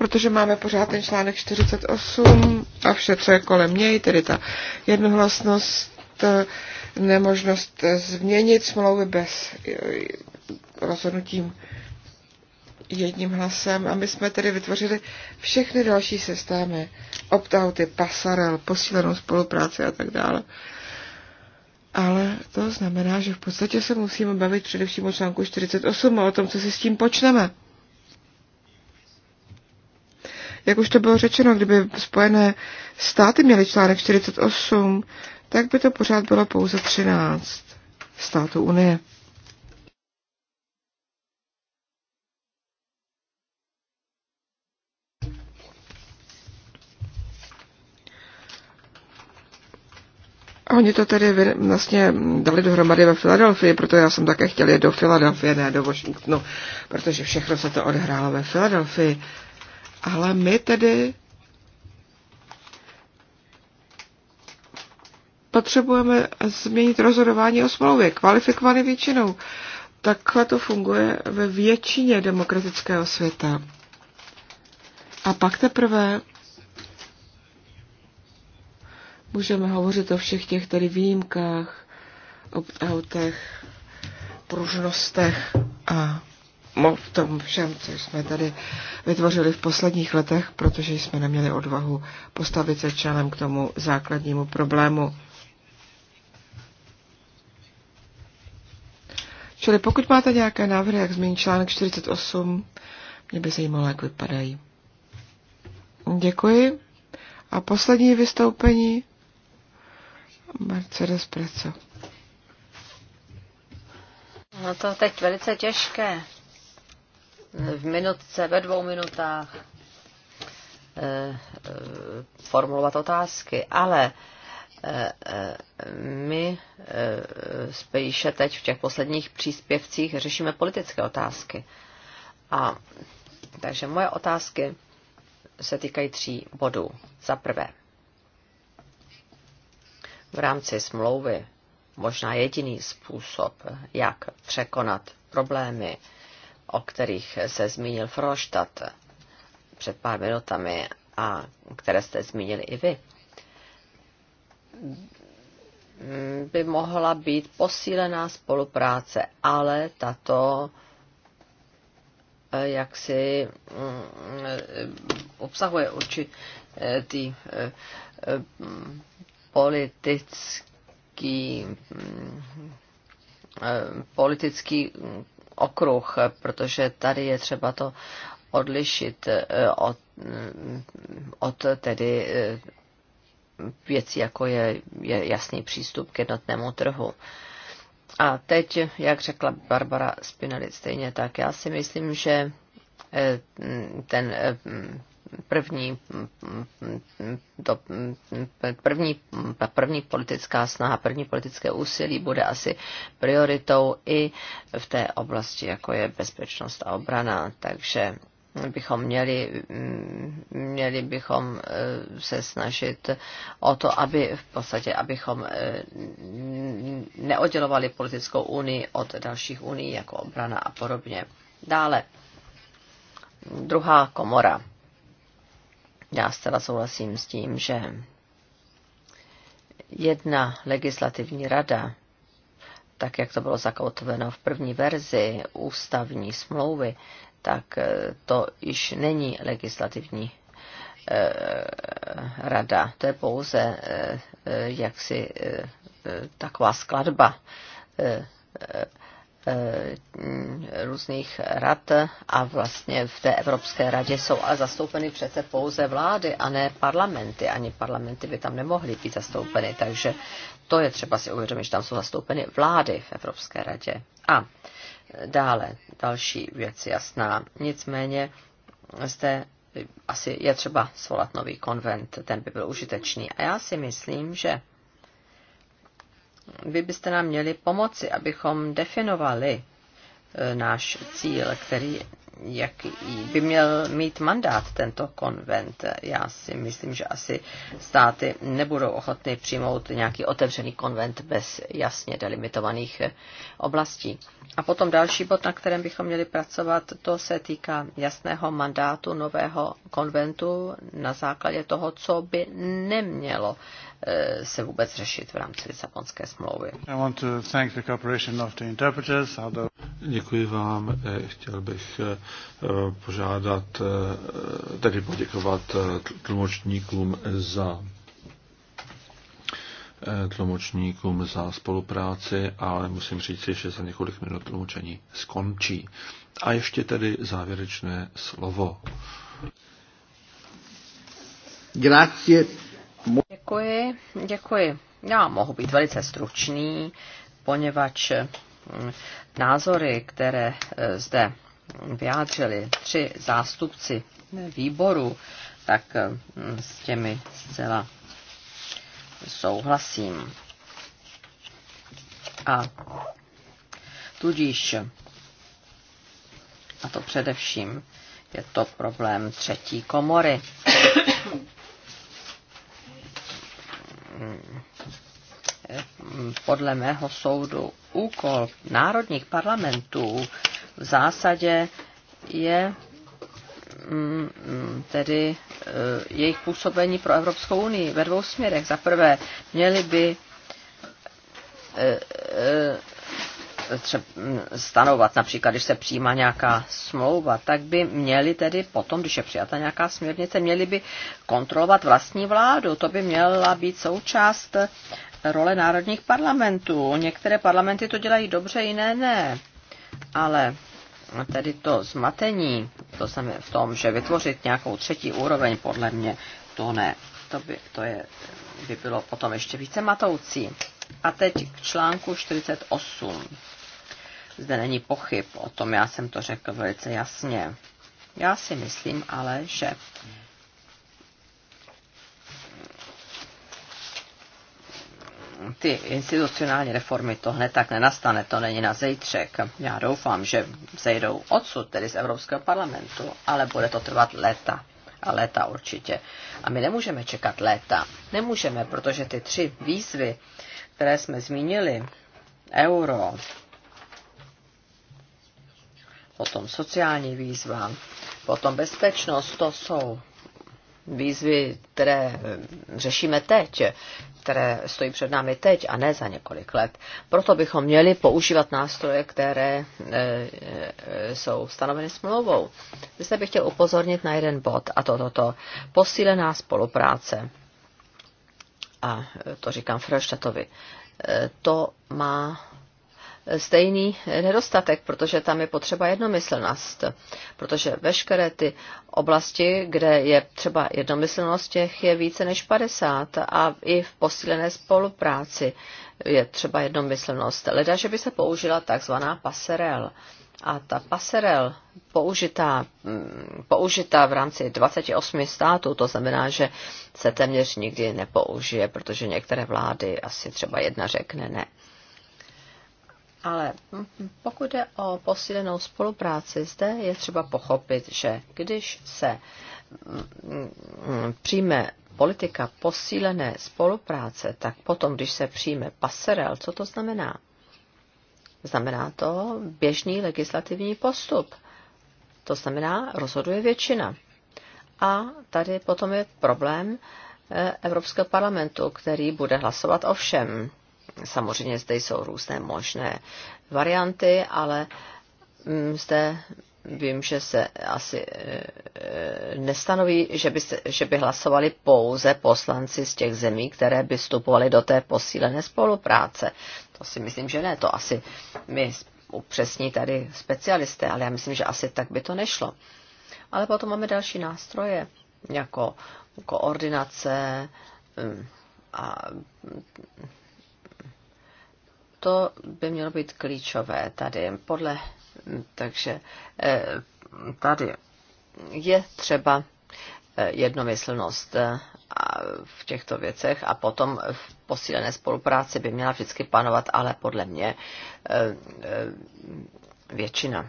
protože máme pořád ten článek 48 a vše, co je kolem něj, tedy ta jednohlasnost, nemožnost změnit smlouvy bez eh, rozhodnutím jedním hlasem a my jsme tedy vytvořili všechny další systémy, opt-outy, pasarel, posílenou spolupráci a tak dále. Ale to znamená, že v podstatě se musíme bavit především o článku 48 a o tom, co si s tím počneme. Jak už to bylo řečeno, kdyby Spojené státy měly článek 48, tak by to pořád bylo pouze 13 států Unie. A oni to tedy vlastně dali dohromady ve Filadelfii, proto já jsem také chtěl jít do Filadelfie, ne do Washingtonu, protože všechno se to odehrálo ve Filadelfii. Ale my tedy potřebujeme změnit rozhodování o smlouvě kvalifikovaný většinou. Takhle to funguje ve většině demokratického světa. A pak teprve můžeme hovořit o všech těch tedy výjimkách, o těch pružnostech a v tom všem, co jsme tady vytvořili v posledních letech, protože jsme neměli odvahu postavit se čelem k tomu základnímu problému. Čili pokud máte nějaké návrhy, jak změnit článek 48, mě by zajímalo, jak vypadají. Děkuji. A poslední vystoupení Mercedes Preco. No to teď velice těžké v minutce, ve dvou minutách eh, eh, formulovat otázky, ale eh, my spíše teď v těch posledních příspěvcích řešíme politické otázky. A takže moje otázky se týkají tří bodů. Za prvé, v rámci smlouvy možná jediný způsob, jak překonat problémy, o kterých se zmínil Froštat před pár minutami a které jste zmínili i vy, by mohla být posílená spolupráce, ale tato eh, jak si mm, obsahuje určitý eh, eh, politický mm, politický okruh, protože tady je třeba to odlišit eh, od, mm, od tedy eh, věcí, jako je, je jasný přístup k jednotnému trhu. A teď, jak řekla Barbara Spinelli, stejně tak, já si myslím, že eh, ten první, to, první, první politická snaha, první politické úsilí bude asi prioritou i v té oblasti, jako je bezpečnost a obrana. Takže bychom měli, měli bychom eh, se snažit o to, aby v podstatě, abychom eh, neoddělovali politickou unii od dalších unii, jako obrana a podobně. Dále, druhá komora já zcela souhlasím s tím, že jedna legislativní rada, tak jak to bylo zakotveno v první verzi ústavní smlouvy, tak eh, to již není legislativní eh, rada. To je pouze eh, jaksi taková skladba Eh, různých rad a vlastně v té Evropské radě jsou a zastoupeny přece pouze vlády a ne parlamenty. Ani parlamenty by tam nemohly být zastoupeny, takže to je třeba si uvědomit, že tam jsou zastoupeny vlády v Evropské radě. A dále, další věc jasná. Nicméně zde asi je třeba svolat nový konvent, ten by byl užitečný. A já si myslím, že vy byste nám měli pomoci, abychom definovali e, náš cíl, který jak by měl mít mandát tento konvent. Já si myslím, že asi státy nebudou ochotny přijmout nějaký otevřený konvent bez jasně delimitovaných e, oblastí. A potom další bod, na kterém bychom měli pracovat, to se týká jasného mandátu nového konventu na základě toho, co by nemělo E, se vůbec řešit v rámci Lisabonské smlouvy. Děkuji vám. E, chtěl bych e, požádat, tedy poděkovat tlumočníkům za tlumočníkům za spolupráci, ale musím říct, že za několik minut tlumočení skončí. A ještě tedy závěrečné slovo. Grazie Děkuji, děkuji. Já mohu být velice stručný, poněvadž mm, názory, které e, zde vyjádřili tři zástupci výboru, tak e, mm, s těmi zcela souhlasím. A tudíž, a to především, je to problém třetí komory podle mého soudu úkol národních parlamentů v zásadě je mm, mm, tedy eh, jejich působení pro Evropskou unii ve dvou směrech. Za prvé, měli by eh, eh, třeba stanovat, například když se přijímá nějaká smlouva, tak by měli tedy potom, když je přijata nějaká směrnice, měli by kontrolovat vlastní vládu. To by měla být součást role národních parlamentů. Některé parlamenty to dělají dobře, jiné ne. Ale tedy to zmatení, to jsem v tom, že vytvořit nějakou třetí úroveň, podle mě to ne. To by, to je, by bylo potom ještě více matoucí. A teď k článku 48. Zde není pochyb o tom, já jsem to řekl velice jasně. Já si myslím ale, že ty institucionální reformy to hned tak nenastane, to není na zejtřek. Já doufám, že zejdou odsud, tedy z Evropského parlamentu, ale bude to trvat léta. A léta určitě. A my nemůžeme čekat léta. Nemůžeme, protože ty tři výzvy, které jsme zmínili, euro, potom sociální výzva, potom bezpečnost, to jsou výzvy, které eh, řešíme teď, které stojí před námi teď a ne za několik let. Proto bychom měli používat nástroje, které e, e, jsou stanoveny smlouvou. Zde bych chtěl upozornit na jeden bod a to toto. To. Posílená spolupráce. A to říkám Froštatovi. E, to má stejný nedostatek, protože tam je potřeba jednomyslnost. Protože veškeré ty oblasti, kde je třeba jednomyslnost, těch je více než 50 a i v posílené spolupráci je třeba jednomyslnost. Leda, že by se použila takzvaná paserel. A ta paserel použitá, mm, použitá v rámci 28 států, to znamená, že se téměř nikdy nepoužije, protože některé vlády asi třeba jedna řekne ne. Ale pokud je o posílenou spolupráci, zde je třeba pochopit, že když se mm, mm, přijme politika posílené spolupráce, tak potom, když se přijme paserel, co to znamená? Znamená to běžný legislativní postup. To znamená, rozhoduje většina. A tady potom je problém eh, Evropského parlamentu, který bude hlasovat o všem. Samozřejmě zde jsou různé možné varianty, ale mm, zde vím, že se asi e, e, nestanoví, že by, se, že by hlasovali pouze poslanci z těch zemí, které by vstupovaly do té posílené spolupráce. To si myslím, že ne. To asi my upřesní tady specialisté, ale já myslím, že asi tak by to nešlo. Ale potom máme další nástroje, jako koordinace mm, a to by mělo být klíčové tady. Podle, takže eh, tady je třeba eh, jednomyslnost eh, v těchto věcech a potom v posílené spolupráci by měla vždycky panovat, ale podle mě většina,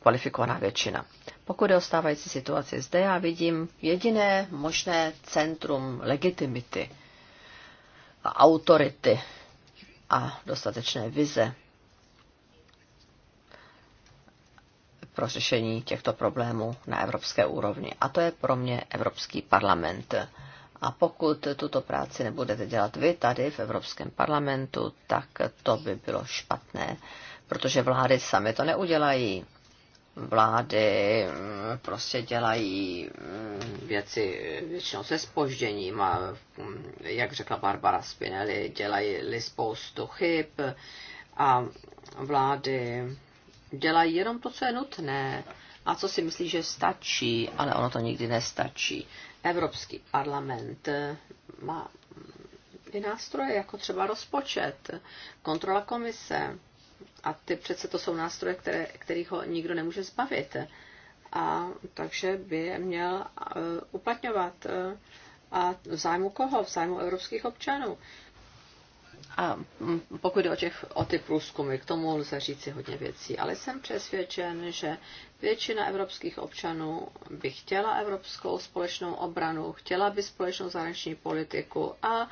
kvalifikovaná většina. Pokud je o stávající situaci zde, já vidím jediné možné centrum legitimity a autority a dostatečné vize pro řešení těchto problémů na evropské úrovni. A to je pro mě Evropský parlament. A pokud tuto práci nebudete dělat vy tady v Evropském parlamentu, tak to by bylo špatné, protože vlády sami to neudělají vlády mm, prostě dělají mm, věci většinou se spožděním a, mm, jak řekla Barbara Spinelli, dělají spoustu chyb a vlády dělají jenom to, co je nutné a co si myslí, že stačí, ale ono to nikdy nestačí. Evropský parlament má i nástroje, jako třeba rozpočet, kontrola komise, a ty přece to jsou nástroje, které, kterých ho nikdo nemůže zbavit. A takže by je měl eh, uplatňovat. Eh, a v zájmu koho? V zájmu evropských občanů. A mm, pokud jde o, těch, o ty průzkumy, k tomu lze říci hodně věcí, ale jsem přesvědčen, že většina evropských občanů by chtěla evropskou společnou obranu, chtěla by společnou zahraniční politiku a uh,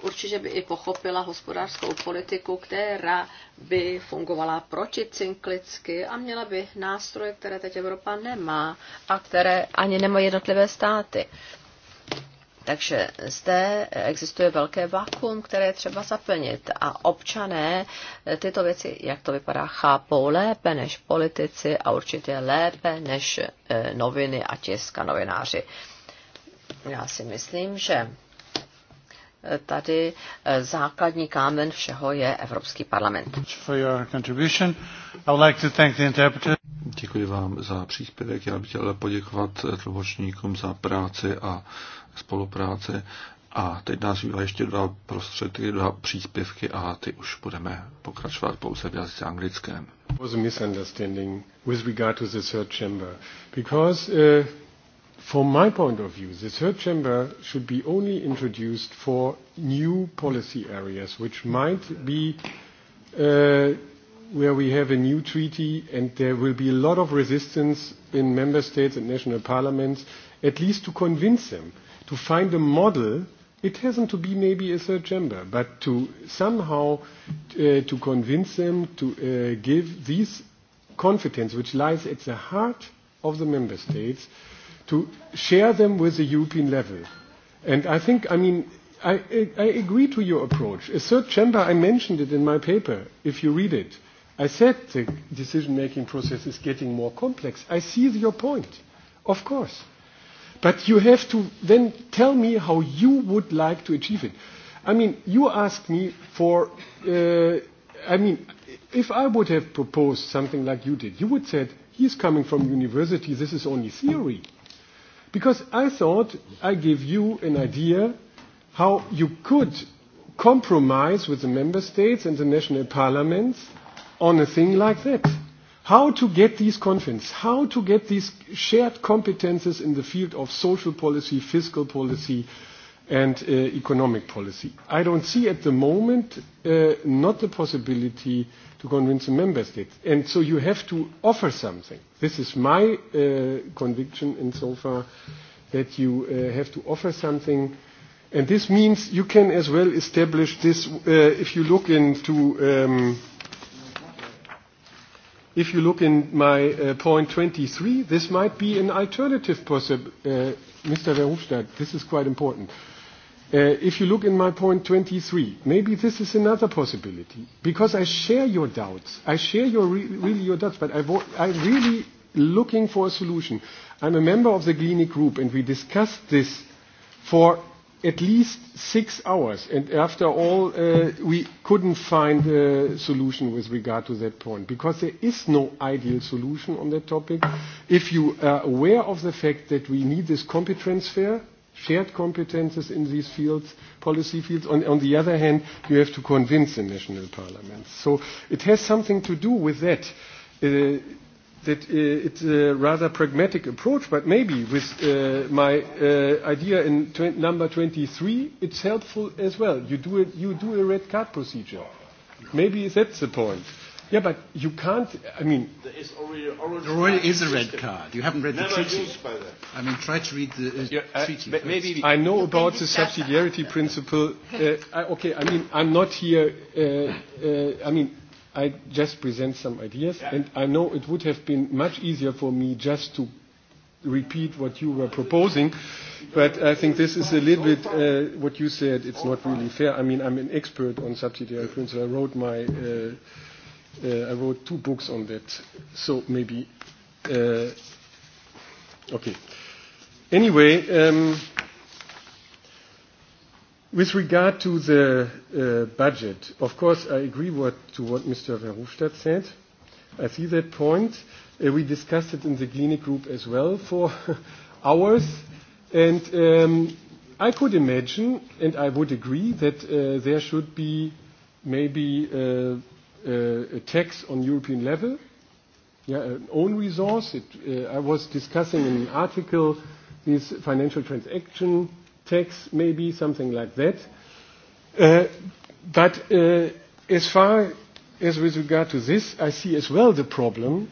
určitě by i pochopila hospodářskou politiku, která by fungovala proticyklicky a měla by nástroje, které teď Evropa nemá a které ani nemají jednotlivé státy. Takže zde existuje velké vakuum, které je třeba zaplnit a občané tyto věci, jak to vypadá, chápou lépe než politici a určitě lépe než eh, noviny a tisk a novináři. Já si myslím, že tady eh, základní kámen všeho je Evropský parlament. Děkuji vám za příspěvek. Já bych chtěl poděkovat eh, tlumočníkům za práci a spolupráci. A teď nás zbývá ještě dva prostředky, dva příspěvky a ty už budeme pokračovat pouze v jazyce anglickém. was a misunderstanding with regard to the third chamber because uh, From my point of view, the third chamber should be only introduced for new policy areas, which might be uh, where we have a new treaty and there will be a lot of resistance in member states and national parliaments, at least to convince them to find a model. It hasn't to be maybe a third chamber, but to somehow uh, to convince them to uh, give this confidence which lies at the heart of the member states to share them with the European level. And I think, I mean, I, I I agree to your approach. A third chamber, I mentioned it in my paper, if you read it. I said the decision-making process is getting more complex. I see your point, of course. But you have to then tell me how you would like to achieve it. I mean, you asked me for, uh, I mean, if I would have proposed something like you did, you would have said, he's coming from university, this is only theory. Because I thought I give you an idea how you could compromise with the member states and the national parliaments on a thing like that. How to get these confidence, how to get these shared competences in the field of social policy, fiscal policy, uh, and uh, economic policy. I don't see at the moment uh, not the possibility to convince the member states. And so you have to offer something. This is my uh, conviction insofar that you uh, have to offer something. And this means you can as well establish this, uh, if you look into um, if you look in my uh, point 23, this might be an alternative possible. Uh, Mr. Verhofstadt, this is quite important. Uh, if you look in my point 23, maybe this is another possibility because I share your doubts. I share your re- really your doubts, but I vo- I'm really looking for a solution. I'm a member of the Gleanic group, and we discussed this for at least six hours. And after all, uh, we couldn't find a solution with regard to that point because there is no ideal solution on that topic. If you are aware of the fact that we need this competence transfer, shared competences in these fields, policy fields. On, on the other hand, you have to convince the national parliaments. So it has something to do with that. Uh, that uh, it's a rather pragmatic approach, but maybe with uh, my uh, idea in tw- number 23, it's helpful as well. You do, a, you do a red card procedure. Maybe that's the point. Yeah, but you can't. I mean, there is already, already there already is a red system. card. You haven't read Never the treaty. by that. I mean, try to read the uh, yeah, uh, treaty. But maybe I know about the subsidiarity that. principle. Uh, I, okay, I mean, I'm not here. Uh, uh, I mean, I just present some ideas, yeah. and I know it would have been much easier for me just to repeat what you were proposing, but I think this is a little bit uh, what you said. It's not really fair. I mean, I'm an expert on subsidiary principle. I wrote my. Uh, Uh, I wrote two books on that, so maybe. Uh, okay. Anyway, um, with regard to the uh, budget, of course, I agree what, to what Mr. Verhofstadt said. I see that point. Uh, we discussed it in the clinic group as well for hours, and um, I could imagine, and I would agree, that uh, there should be maybe. Uh, uh, a tax on European level, yeah, an own resource. It, uh, I was discussing in an article this financial transaction tax, maybe something like that. Uh, but uh, as far as with regard to this, I see as well the problem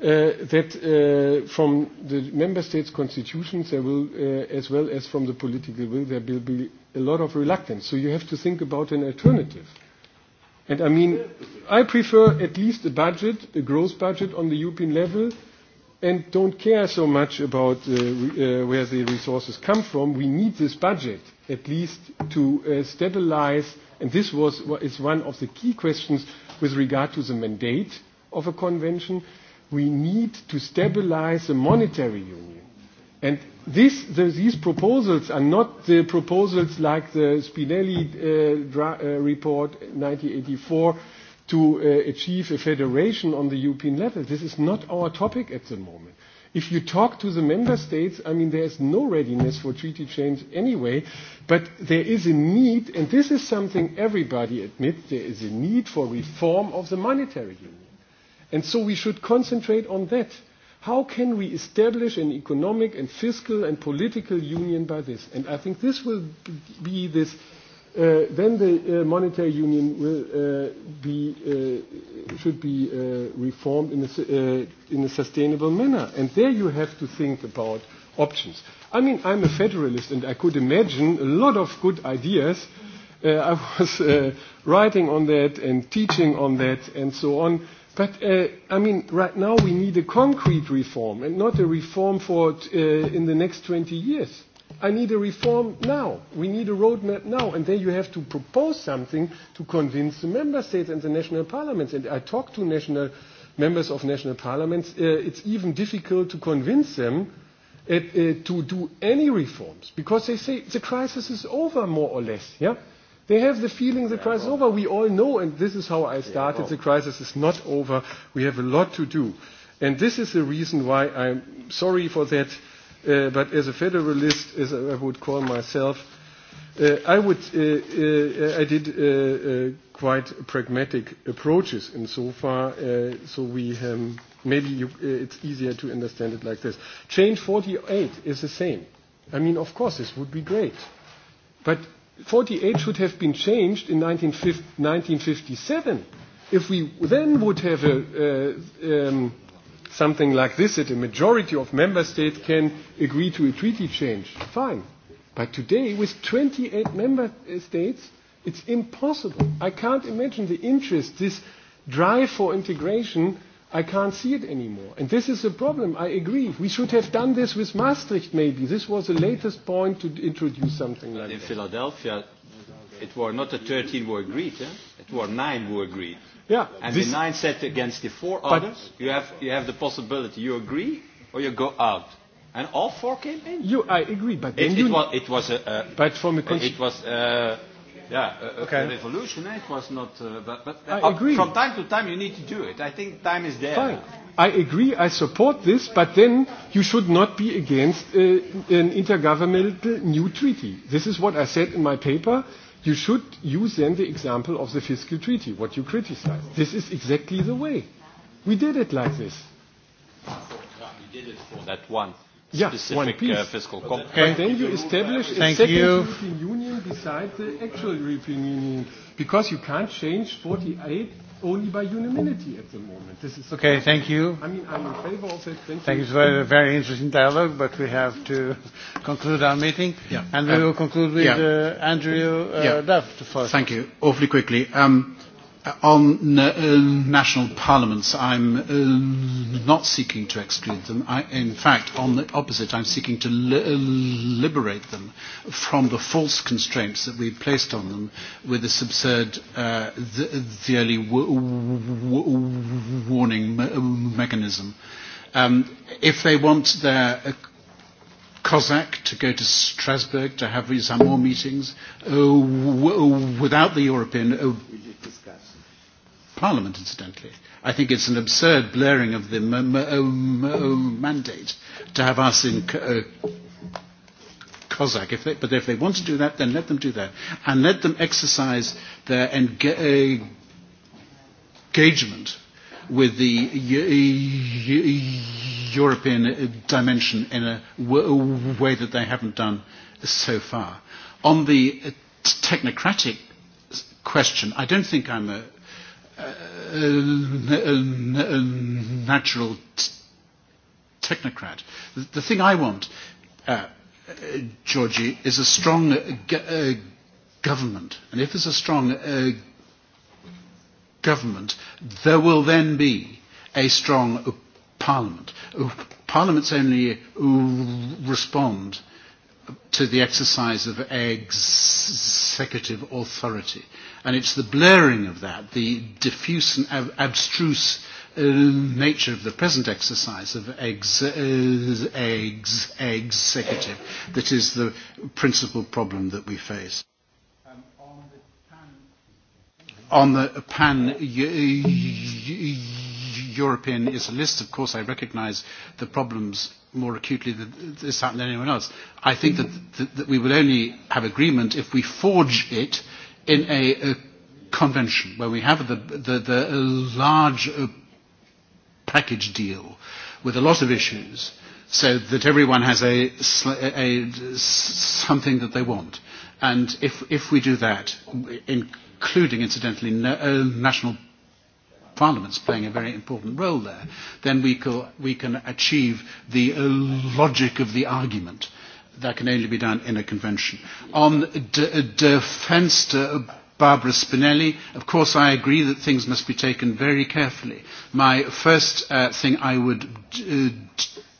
uh, that uh, from the member states' constitutions, there will, uh, as well as from the political will, there will be a lot of reluctance. So you have to think about an alternative. And I mean, I prefer at least a budget, a growth budget on the European level, and don't care so much about uh, re, uh, where the resources come from. We need this budget, at least to uh, stabilize, and this was, is one of the key questions with regard to the mandate of a convention. We need to stabilize the monetary union And this, the, these proposals are not the proposals like the Spinelli uh, dra- uh, report 1984 to uh, achieve a federation on the European level. This is not our topic at the moment. If you talk to the member states, I mean, there is no readiness for treaty change anyway, but there is a need, and this is something everybody admits, there is a need for reform of the monetary union. And so we should concentrate on that. How can we establish an economic and fiscal and political union by this? And I think this will be this. Uh, then the uh, monetary union will uh, be uh, should be uh, reformed in a, uh, in a sustainable manner. And there you have to think about options. I mean, I'm a federalist, and I could imagine a lot of good ideas. Uh, I was uh, writing on that and teaching on that and so on But uh, I mean, right now we need a concrete reform and not a reform for t- uh, in the next 20 years. I need a reform now. We need a roadmap now. And then you have to propose something to convince the member states and the national parliaments. And I talk to national members of national parliaments. Uh, it's even difficult to convince them uh, uh, to do any reforms because they say the crisis is over more or less. Yeah They have the feeling the crisis is over. We all know, and this is how I started, the crisis is not over. We have a lot to do. And this is the reason why I'm sorry for that. Uh, but as a federalist, as I would call myself, uh, I would, uh, uh, I did uh, uh, quite pragmatic approaches in so far. Uh, so we have, um, maybe you, uh, it's easier to understand it like this. Change 48 is the same. I mean, of course, this would be great, but 48 should have been changed in 1957. If we then would have a, uh, um, something like this, that a majority of member states can agree to a treaty change, fine. But today, with 28 member states, it's impossible. I can't imagine the interest this drive for integration i can't see it anymore. And this is a problem. I agree. We should have done this with Maastricht, maybe. This was the latest point to introduce something like that. In Philadelphia, it were not the 13 who agreed. Eh? It were nine who agreed. Yeah. And this, the nine said against the four others, you have, you have the possibility. You agree or you go out. And all four came in. You, I agree, but then it, you, it was, it was a, a, But from a. It was. Uh, Yeah, uh, okay. the revolution, eh? it was not. Uh, but but uh, I agree. from time to time, you need to do it. I think time is there. Fine. I agree, I support this, but then you should not be against uh, an intergovernmental new treaty. This is what I said in my paper. You should use then the example of the fiscal treaty, what you criticize. This is exactly the way. We did it like this. Yeah, we did it for that one yeah, specific one uh, fiscal compact. Okay. And then you establish Thank a second you. European Union beside the actual European Union, because you can't change 48 only by unanimity at the moment. This is okay. the Thank you. I mean, I'm in favor of it. Thank, thank you. Thank you for a very interesting dialogue, but we have to conclude our meeting, yeah. and we um, will conclude with yeah. uh, Andrew uh, yeah. Duff. Thank you. Awfully quickly. Um, On uh, uh, national parliaments, I'm uh, not seeking to exclude them. I, in fact, on the opposite, I'm seeking to li- uh, liberate them from the false constraints that we've placed on them with this absurd uh, the, the early w- w- warning me- uh, mechanism. Um, if they want their uh, to go to Strasbourg to have some more meetings uh, w- without the European. Uh, Parliament, incidentally. I think it's an absurd blurring of the m- m- m- mandate to have us in co- uh, COSAC. If they, but if they want to do that, then let them do that. And let them exercise their enga- engagement with the European dimension in a w- way that they haven't done so far. On the technocratic question, I don't think I'm a natural technocrat. The thing I want, uh, Georgie, is a strong uh, uh, government. And if there's a strong uh, government, there will then be a strong parliament. Uh, parliaments only uh, respond to the exercise of executive authority. And it's the blurring of that, the diffuse and ab- abstruse uh, nature of the present exercise of ex- ex- uh, ex- executive that is the principal problem that we face. Um, on the pan European is a list, of course, I recognise the problems more acutely than this happened than anyone else. I think that, that, that we will only have agreement if we forge it in a convention where we have the, the, the large uh, package deal with a lot of issues so that everyone has a, a, something that they want. And if, if we do that, including, incidentally, no, uh, national parliaments playing a very important role there, then we, co- we can achieve the uh, logic of the argument that can only be done in a convention. On d- uh, defence to Barbara Spinelli, of course I agree that things must be taken very carefully. My first uh, thing I would uh, d- d-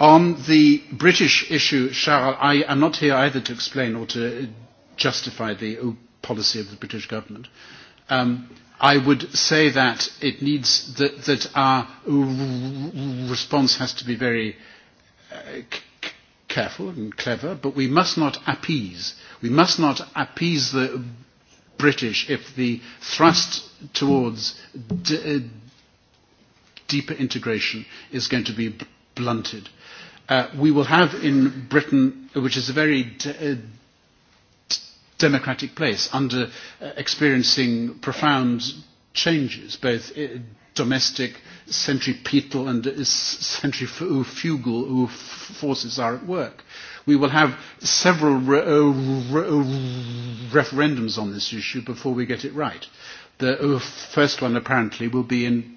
On the British issue, Charles, I am not here either to explain or to justify the policy of the British government. Um, I would say that it needs that, that our response has to be very uh, careful and clever, but we must not appease. We must not appease the British if the thrust towards d- uh, deeper integration is going to be blunted Uh, we will have in Britain, which is a very de- uh, democratic place, under uh, experiencing profound changes, both uh, domestic, centripetal and uh, centrifugal forces are at work. We will have several re- uh, re- uh, referendums on this issue before we get it right. The uh, first one apparently will be in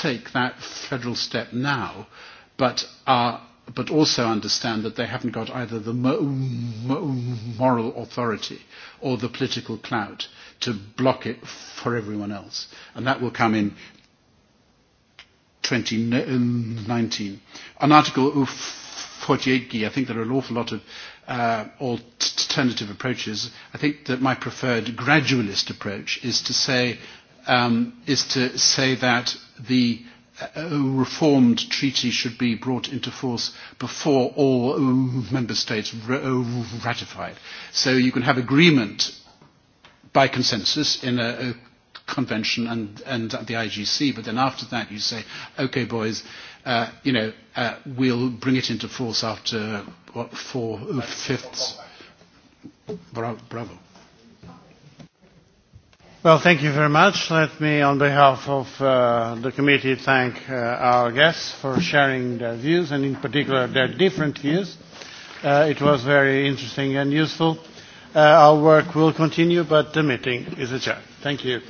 take that federal step now, but are but also understand that they haven't got either the mo- mo- moral authority or the political clout to block it for everyone else. And that will come in 2019. Um, On Article 48, I think there are an awful lot of uh, alternative approaches. I think that my preferred gradualist approach is to say, um, is to say that the uh, uh, reformed treaty should be brought into force before all uh, member states ratify it. So you can have agreement by consensus in a, a convention and, and at the IGC, but then after that you say, okay, boys, uh, you know, uh, we'll bring it into force after what, four uh, fifths. Bravo. bravo. Well, thank you very much. Let me, on behalf of uh, the committee, thank uh, our guests for sharing their views and, in particular, their different views. Uh, it was very interesting and useful. Uh, our work will continue, but the meeting is adjourned. Thank you.